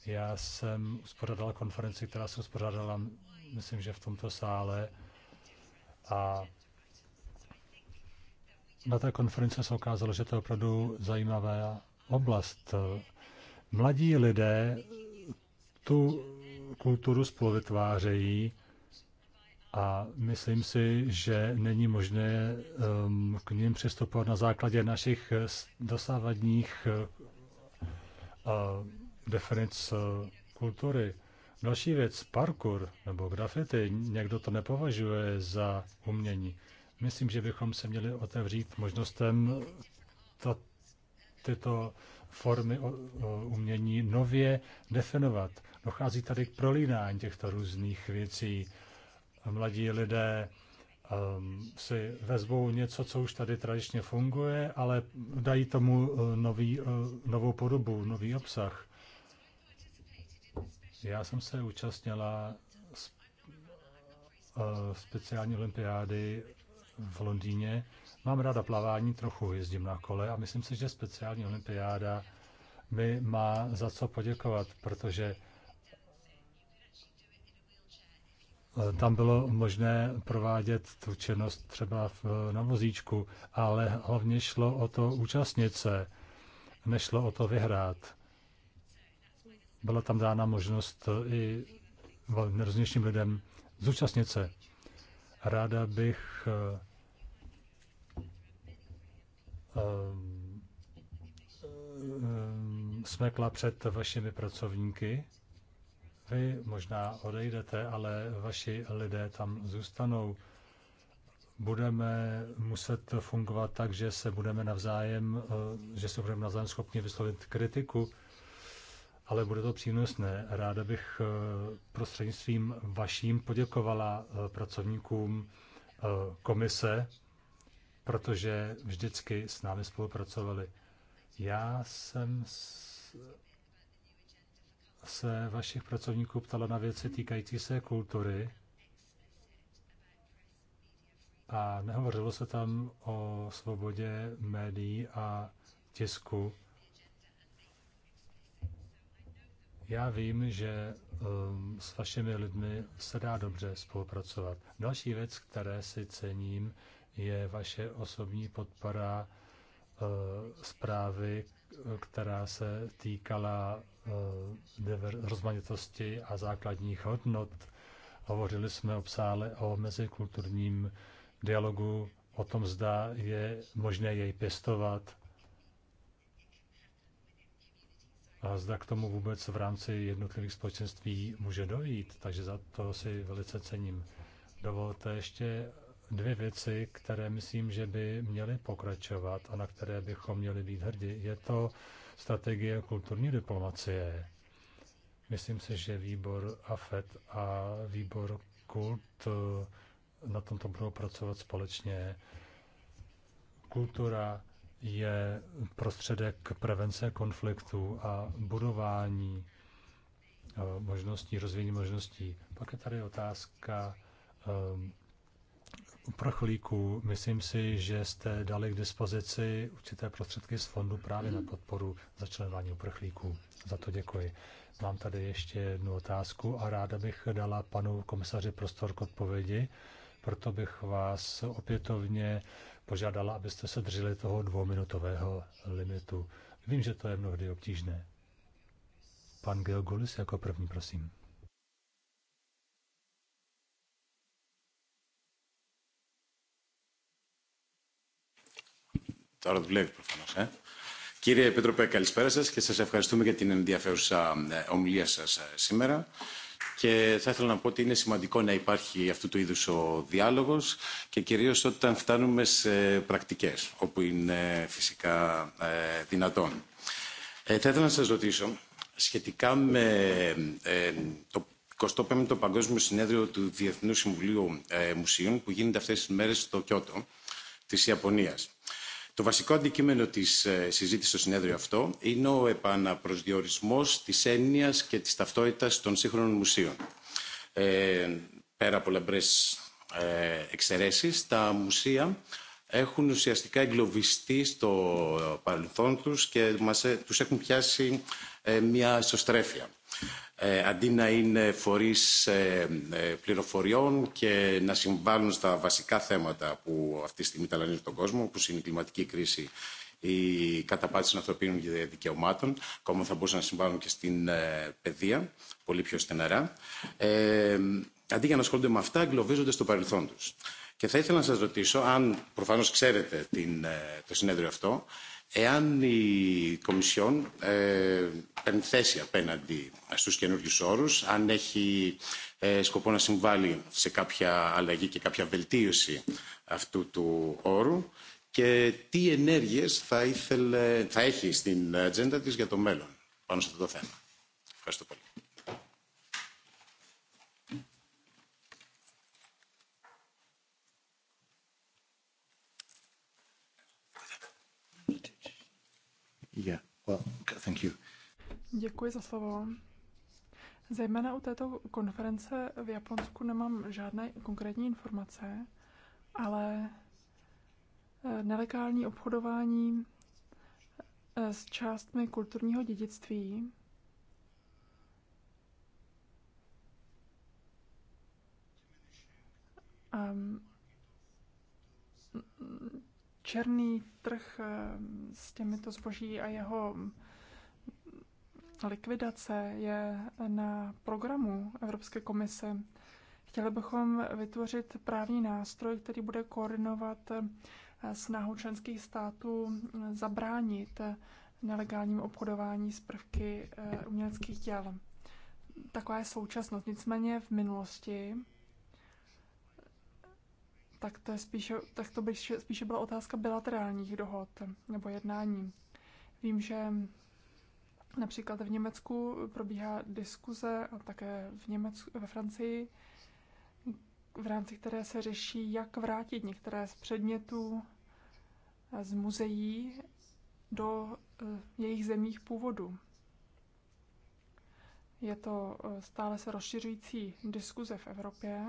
já jsem uspořádala konferenci, která se uspořádala, myslím, že v tomto sále. A na té konferenci se ukázalo, že to je opravdu zajímavá oblast. Mladí lidé tu kulturu spoluvytvářejí a myslím si, že není možné um, k ním přistupovat na základě našich eh, dosávadních eh, eh, definic kultury. Další věc, parkour nebo grafity, někdo to nepovažuje za umění. Myslím, že bychom se měli otevřít možnostem to, tyto formy umění nově definovat. Dochází tady k prolínání těchto různých věcí. Mladí lidé um, si vezmou něco, co už tady tradičně funguje, ale dají tomu eh, nový, eh, novou podobu, nový obsah. Já jsem se účastnila eh, speciální olympiády v Londýně. Mám ráda plavání, trochu jezdím na kole a myslím si, že speciální olympiáda mi má za co poděkovat, protože tam bylo možné provádět tu činnost třeba v, na vozíčku, ale hlavně šlo o to účastnit se, nešlo o to vyhrát. Byla tam dána možnost eh, i nerozněšným lidem zúčastnit se. Ráda bych eh, eh, smekla před vašimi pracovníky, vy možná odejdete, ale vaši lidé tam zůstanou. Budeme muset fungovat tak, že se budeme navzájem, eh, že se budeme navzájem schopni vyslovit kritiku, ale bude to přínosné. Ráda bych eh, prostřednictvím vaším poděkovala eh, pracovníkům komise, protože vždycky s námi spolupracovali. Já jsem se vašich pracovníků ptala na věci týkající se kultury a nehovořilo se tam o svobodě médií a tisku. Já vím, že um, s vašimi lidmi se dá dobře spolupracovat. Další věc, které si cením, je vaše osobní podpora uh, zprávy, která se týkala Eh, rozmanitosti a základních hodnot. Hovořili jsme obsále o mezikulturním dialogu, o tom, zda je možné jej pěstovat a zda k tomu vůbec v rámci jednotlivých společenství může dojít. Takže za to si velice cením. Dovolte ještě dvě věci, které myslím, že by měly pokračovat a na které bychom měli být hrdí. Je to strategie kulturní diplomacie. Myslím si, že výbor AFET a výbor KULT eh, na tomto budou pracovat společně. Kultura je prostředek prevence konfliktů a budování eh, možností, rozvíjení možností. Pak je tady otázka eh, uprchlíků. Myslím si, že jste dali k dispozici určité prostředky z fondu právě na podporu začlenování uprchlíků. Za to děkuji. Mám tady ještě jednu otázku a ráda bych dala panu komisaři prostor k odpovědi, proto bych vás opětovně požádala, abyste se drželi toho dvouminutového limitu. Vím, že to je mnohdy obtížné. Pan Georgulis jako první, prosím. Τώρα δουλεύει προφανώ. Ε. Κύριε Επίτροπε, καλησπέρα σα και σα ευχαριστούμε για την ενδιαφέρουσα ομιλία σα σήμερα. Και θα ήθελα να πω ότι είναι σημαντικό να υπάρχει αυτού του είδους ο διάλογος και κυρίως όταν φτάνουμε σε πρακτικές, όπου είναι φυσικά δυνατόν. Ε, θα ήθελα να σας ρωτήσω σχετικά με ε, το 25ο Παγκόσμιο Συνέδριο του Διεθνού Συμβουλίου ε, Μουσείων που γίνεται αυτές τις μέρες στο Κιώτο της Ιαπωνίας. Το βασικό αντικείμενο της συζήτησης στο συνέδριο αυτό είναι ο επαναπροσδιορισμός της έννοιας και της ταυτότητας των σύγχρονων μουσείων. Ε, πέρα από λαμπρές ε, εξαιρέσεις, τα μουσεία έχουν ουσιαστικά εγκλωβιστεί στο παρελθόν τους και μας, τους έχουν πιάσει ε, μια ισοστρέφεια αντί να είναι φορείς πληροφοριών και να συμβάλλουν στα βασικά θέματα που αυτή τη στιγμή ταλανίζουν τον κόσμο, όπως είναι η κλιματική κρίση, η καταπάτηση των ανθρωπίνων δικαιωμάτων, ακόμα θα μπορούσαν να συμβάλλουν και στην παιδεία, πολύ πιο στεναρά. Ε, αντί για να ασχολούνται με αυτά, εγκλωβίζονται στο παρελθόν τους. Και θα ήθελα να σας ρωτήσω, αν προφανώς ξέρετε την, το συνέδριο αυτό, εάν η Κομισιόν ε, παίρνει θέση απέναντι στους καινούριου όρους, αν έχει ε, σκοπό να συμβάλλει σε κάποια αλλαγή και κάποια βελτίωση αυτού του όρου και τι ενέργειες θα, ήθελε, θα έχει στην ατζέντα της για το μέλλον πάνω σε αυτό το θέμα. Ευχαριστώ πολύ. Yeah, well, thank you. Děkuji za slovo. Zejména u této konference v Japonsku nemám žádné konkrétní informace, ale eh, nelegální obchodování eh, s částmi kulturního dědictví a černý trh eh, s těmito zboží a jeho likvidace je na programu Evropské komise. Chtěli bychom vytvořit právní nástroj, který bude koordinovat eh, snahu členských států eh, zabránit nelegálním obchodování s prvky uměleckých děl. Taková je současnost. Nicméně v minulosti tak to, je spíše, tak to by spíše byla otázka bilaterálních dohod nebo jednání. Vím, že například v Německu probíhá diskuze a také v Německu, ve Francii, v rámci které se řeší, jak vrátit některé z předmětů z muzeí do eh, jejich zemích původu. Je to eh, stále se rozšiřující diskuze v Evropě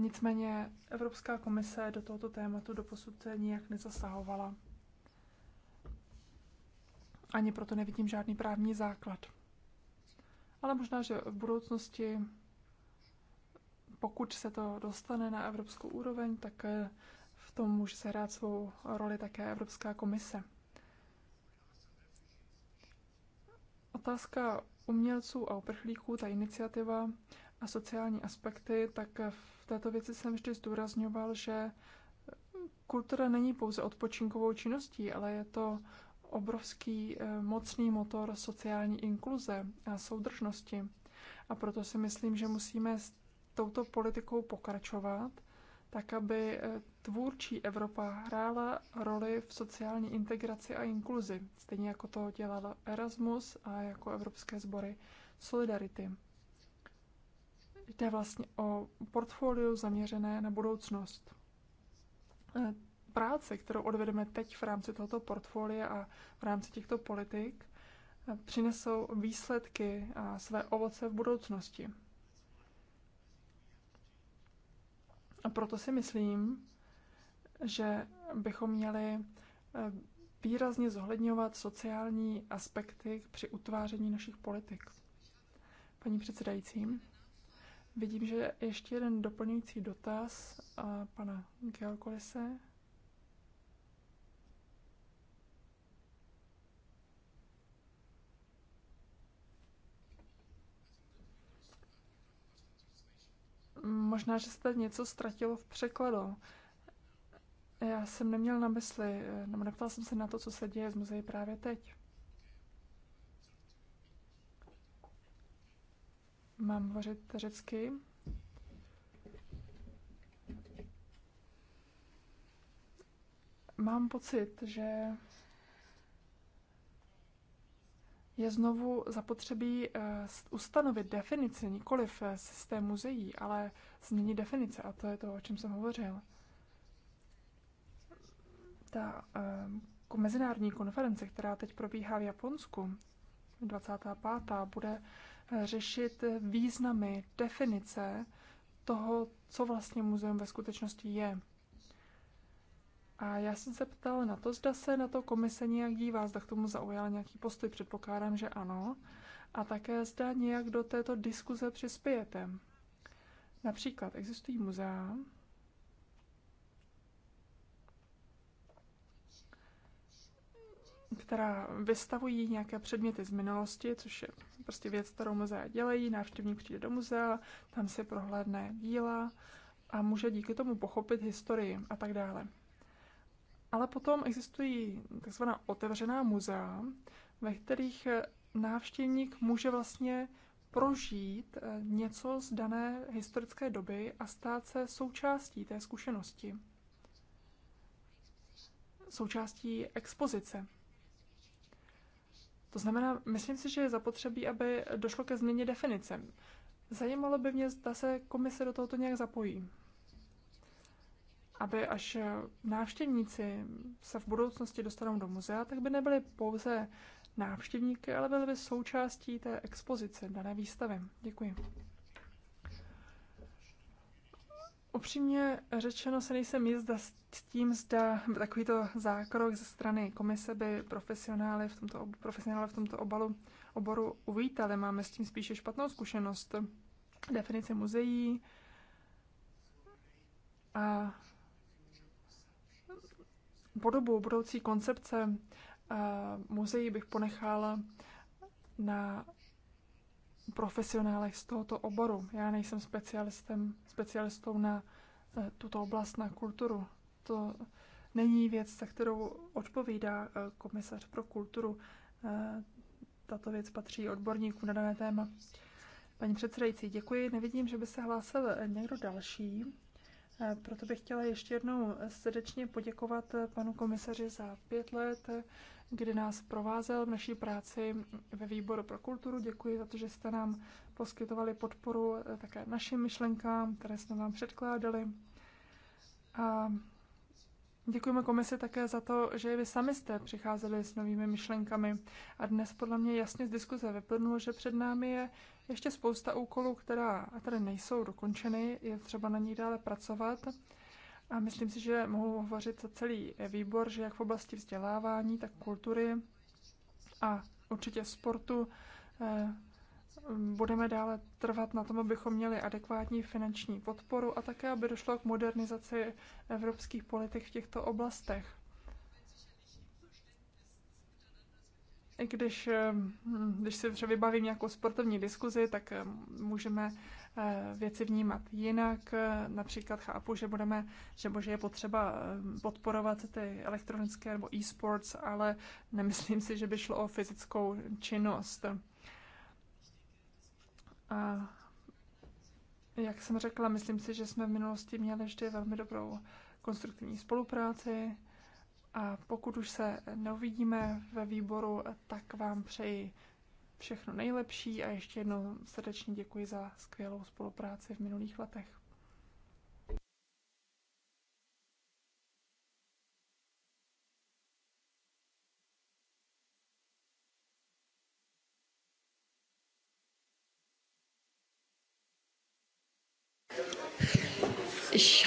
Nicméně Evropská komise do tohoto tématu doposud nijak nezasahovala. Ani proto nevidím žádný právní základ. Ale možná, že v budoucnosti, pokud se to dostane na evropskou úroveň, tak eh, v tom může se hrát svou roli také Evropská komise. Otázka umělců a uprchlíků, ta iniciativa, a sociální aspekty, tak v této věci jsem vždy zdůrazňoval, že kultura není pouze odpočinkovou činností, ale je to obrovský eh, mocný motor sociální inkluze a soudržnosti. A proto si myslím, že musíme s touto politikou pokračovat, tak aby eh, tvůrčí Evropa hrála roli v sociální integraci a inkluzi, stejně jako to dělal Erasmus a jako Evropské sbory Solidarity. Jde vlastně o portfolio zaměřené na budoucnost. Eh, práce, kterou odvedeme teď v rámci tohoto portfolia a v rámci těchto politik, eh, přinesou výsledky a své ovoce v budoucnosti. A proto si myslím, že bychom měli eh, výrazně zohledňovat sociální aspekty při utváření našich politik. Paní předsedající, Vidím, že ještě jeden doplňující dotaz a pana Georgolise. Možná, že jste něco ztratilo v překladu. Já jsem neměl na mysli, nebo neptal jsem se na to, co se děje z muzeí právě teď. Mám vařit řecky? Mám pocit, že je znovu zapotřebí eh, ustanovit definici v eh, systém muzeí, ale změnit definice a to je to, o čem jsem hovořil. Ta eh, mezinárodní konference, která teď probíhá v Japonsku, 25. bude řešit významy, definice toho, co vlastně muzeum ve skutečnosti je. A já jsem se ptala na to, zda se na to komise nějak dívá, zda k tomu zaujala nějaký postoj, předpokládám, že ano. A také zda nějak do této diskuze přispějete. Například existují muzea, která vystavují nějaké předměty z minulosti, což je prostě věc, kterou muzea dělají. Návštěvník přijde do muzea, tam si prohlédne díla a může díky tomu pochopit historii a tak dále. Ale potom existují takzvaná otevřená muzea, ve kterých návštěvník může vlastně prožít eh, něco z dané historické doby a stát se součástí té zkušenosti. Součástí expozice. To znamená, myslím si, že je zapotřebí, aby došlo ke změně definice. Zajímalo by mě, zda se komise do tohoto nějak zapojí. Aby až návštěvníci se v budoucnosti dostanou do muzea, tak by nebyly pouze návštěvníky, ale byly by součástí té expozice dané výstavy. Děkuji. Upřímně řečeno se nejsem jistá s tím, zda takovýto zákrok ze strany komise by profesionály v tomto, profesionály v tomto obalu, oboru uvítali. Máme s tím spíše špatnou zkušenost. Definice muzeí a podobu budoucí koncepce muzeí bych ponechala na profesionálech z tohoto oboru. Já nejsem specialistem, specialistou na eh, tuto oblast, na kulturu. To není věc, za kterou odpovídá eh, komisař pro kulturu. Eh, tato věc patří odborníkům na dané téma. Paní předsedající, děkuji. Nevidím, že by se hlásil někdo další. Proto bych chtěla ještě jednou srdečně poděkovat panu komisaři za pět let, kdy nás provázel v naší práci ve výboru pro kulturu. Děkuji za to, že jste nám poskytovali podporu také našim myšlenkám, které jsme vám předkládali. A Děkujeme komisi také za to, že vy sami jste přicházeli s novými myšlenkami a dnes podle mě jasně z diskuze vyplnulo, že před námi je ještě spousta úkolů, která tady nejsou dokončeny, je třeba na ní dále pracovat. A myslím si, že mohu hovořit za celý výbor, že jak v oblasti vzdělávání, tak kultury a určitě sportu eh, budeme dále trvat na tom, abychom měli adekvátní finanční podporu a také, aby došlo k modernizaci evropských politik v těchto oblastech. I když, eh, když si třeba vybavím nějakou sportovní diskuzi, tak eh, můžeme eh, věci vnímat jinak. Například chápu, že budeme, že bože je potřeba podporovat ty elektronické nebo e-sports, ale nemyslím si, že by šlo o fyzickou činnost. A jak jsem řekla, myslím si, že jsme v minulosti měli vždy velmi dobrou konstruktivní spolupráci. A pokud už se neuvidíme ve výboru, tak vám přeji všechno nejlepší a ještě jednou srdečně děkuji za skvělou spolupráci v minulých letech.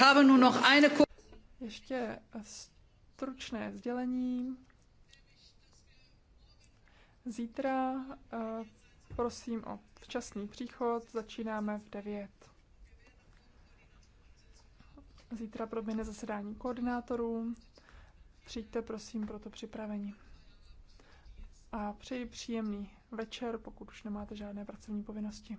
habe nur noch eine... Ještě stručné sdělení. Zítra eh, prosím o včasný příchod, začínáme v 9. Zítra proběhne zasedání koordinátorů. Přijďte prosím pro to připravení. A přeji příjemný večer, pokud už nemáte žádné pracovní povinnosti.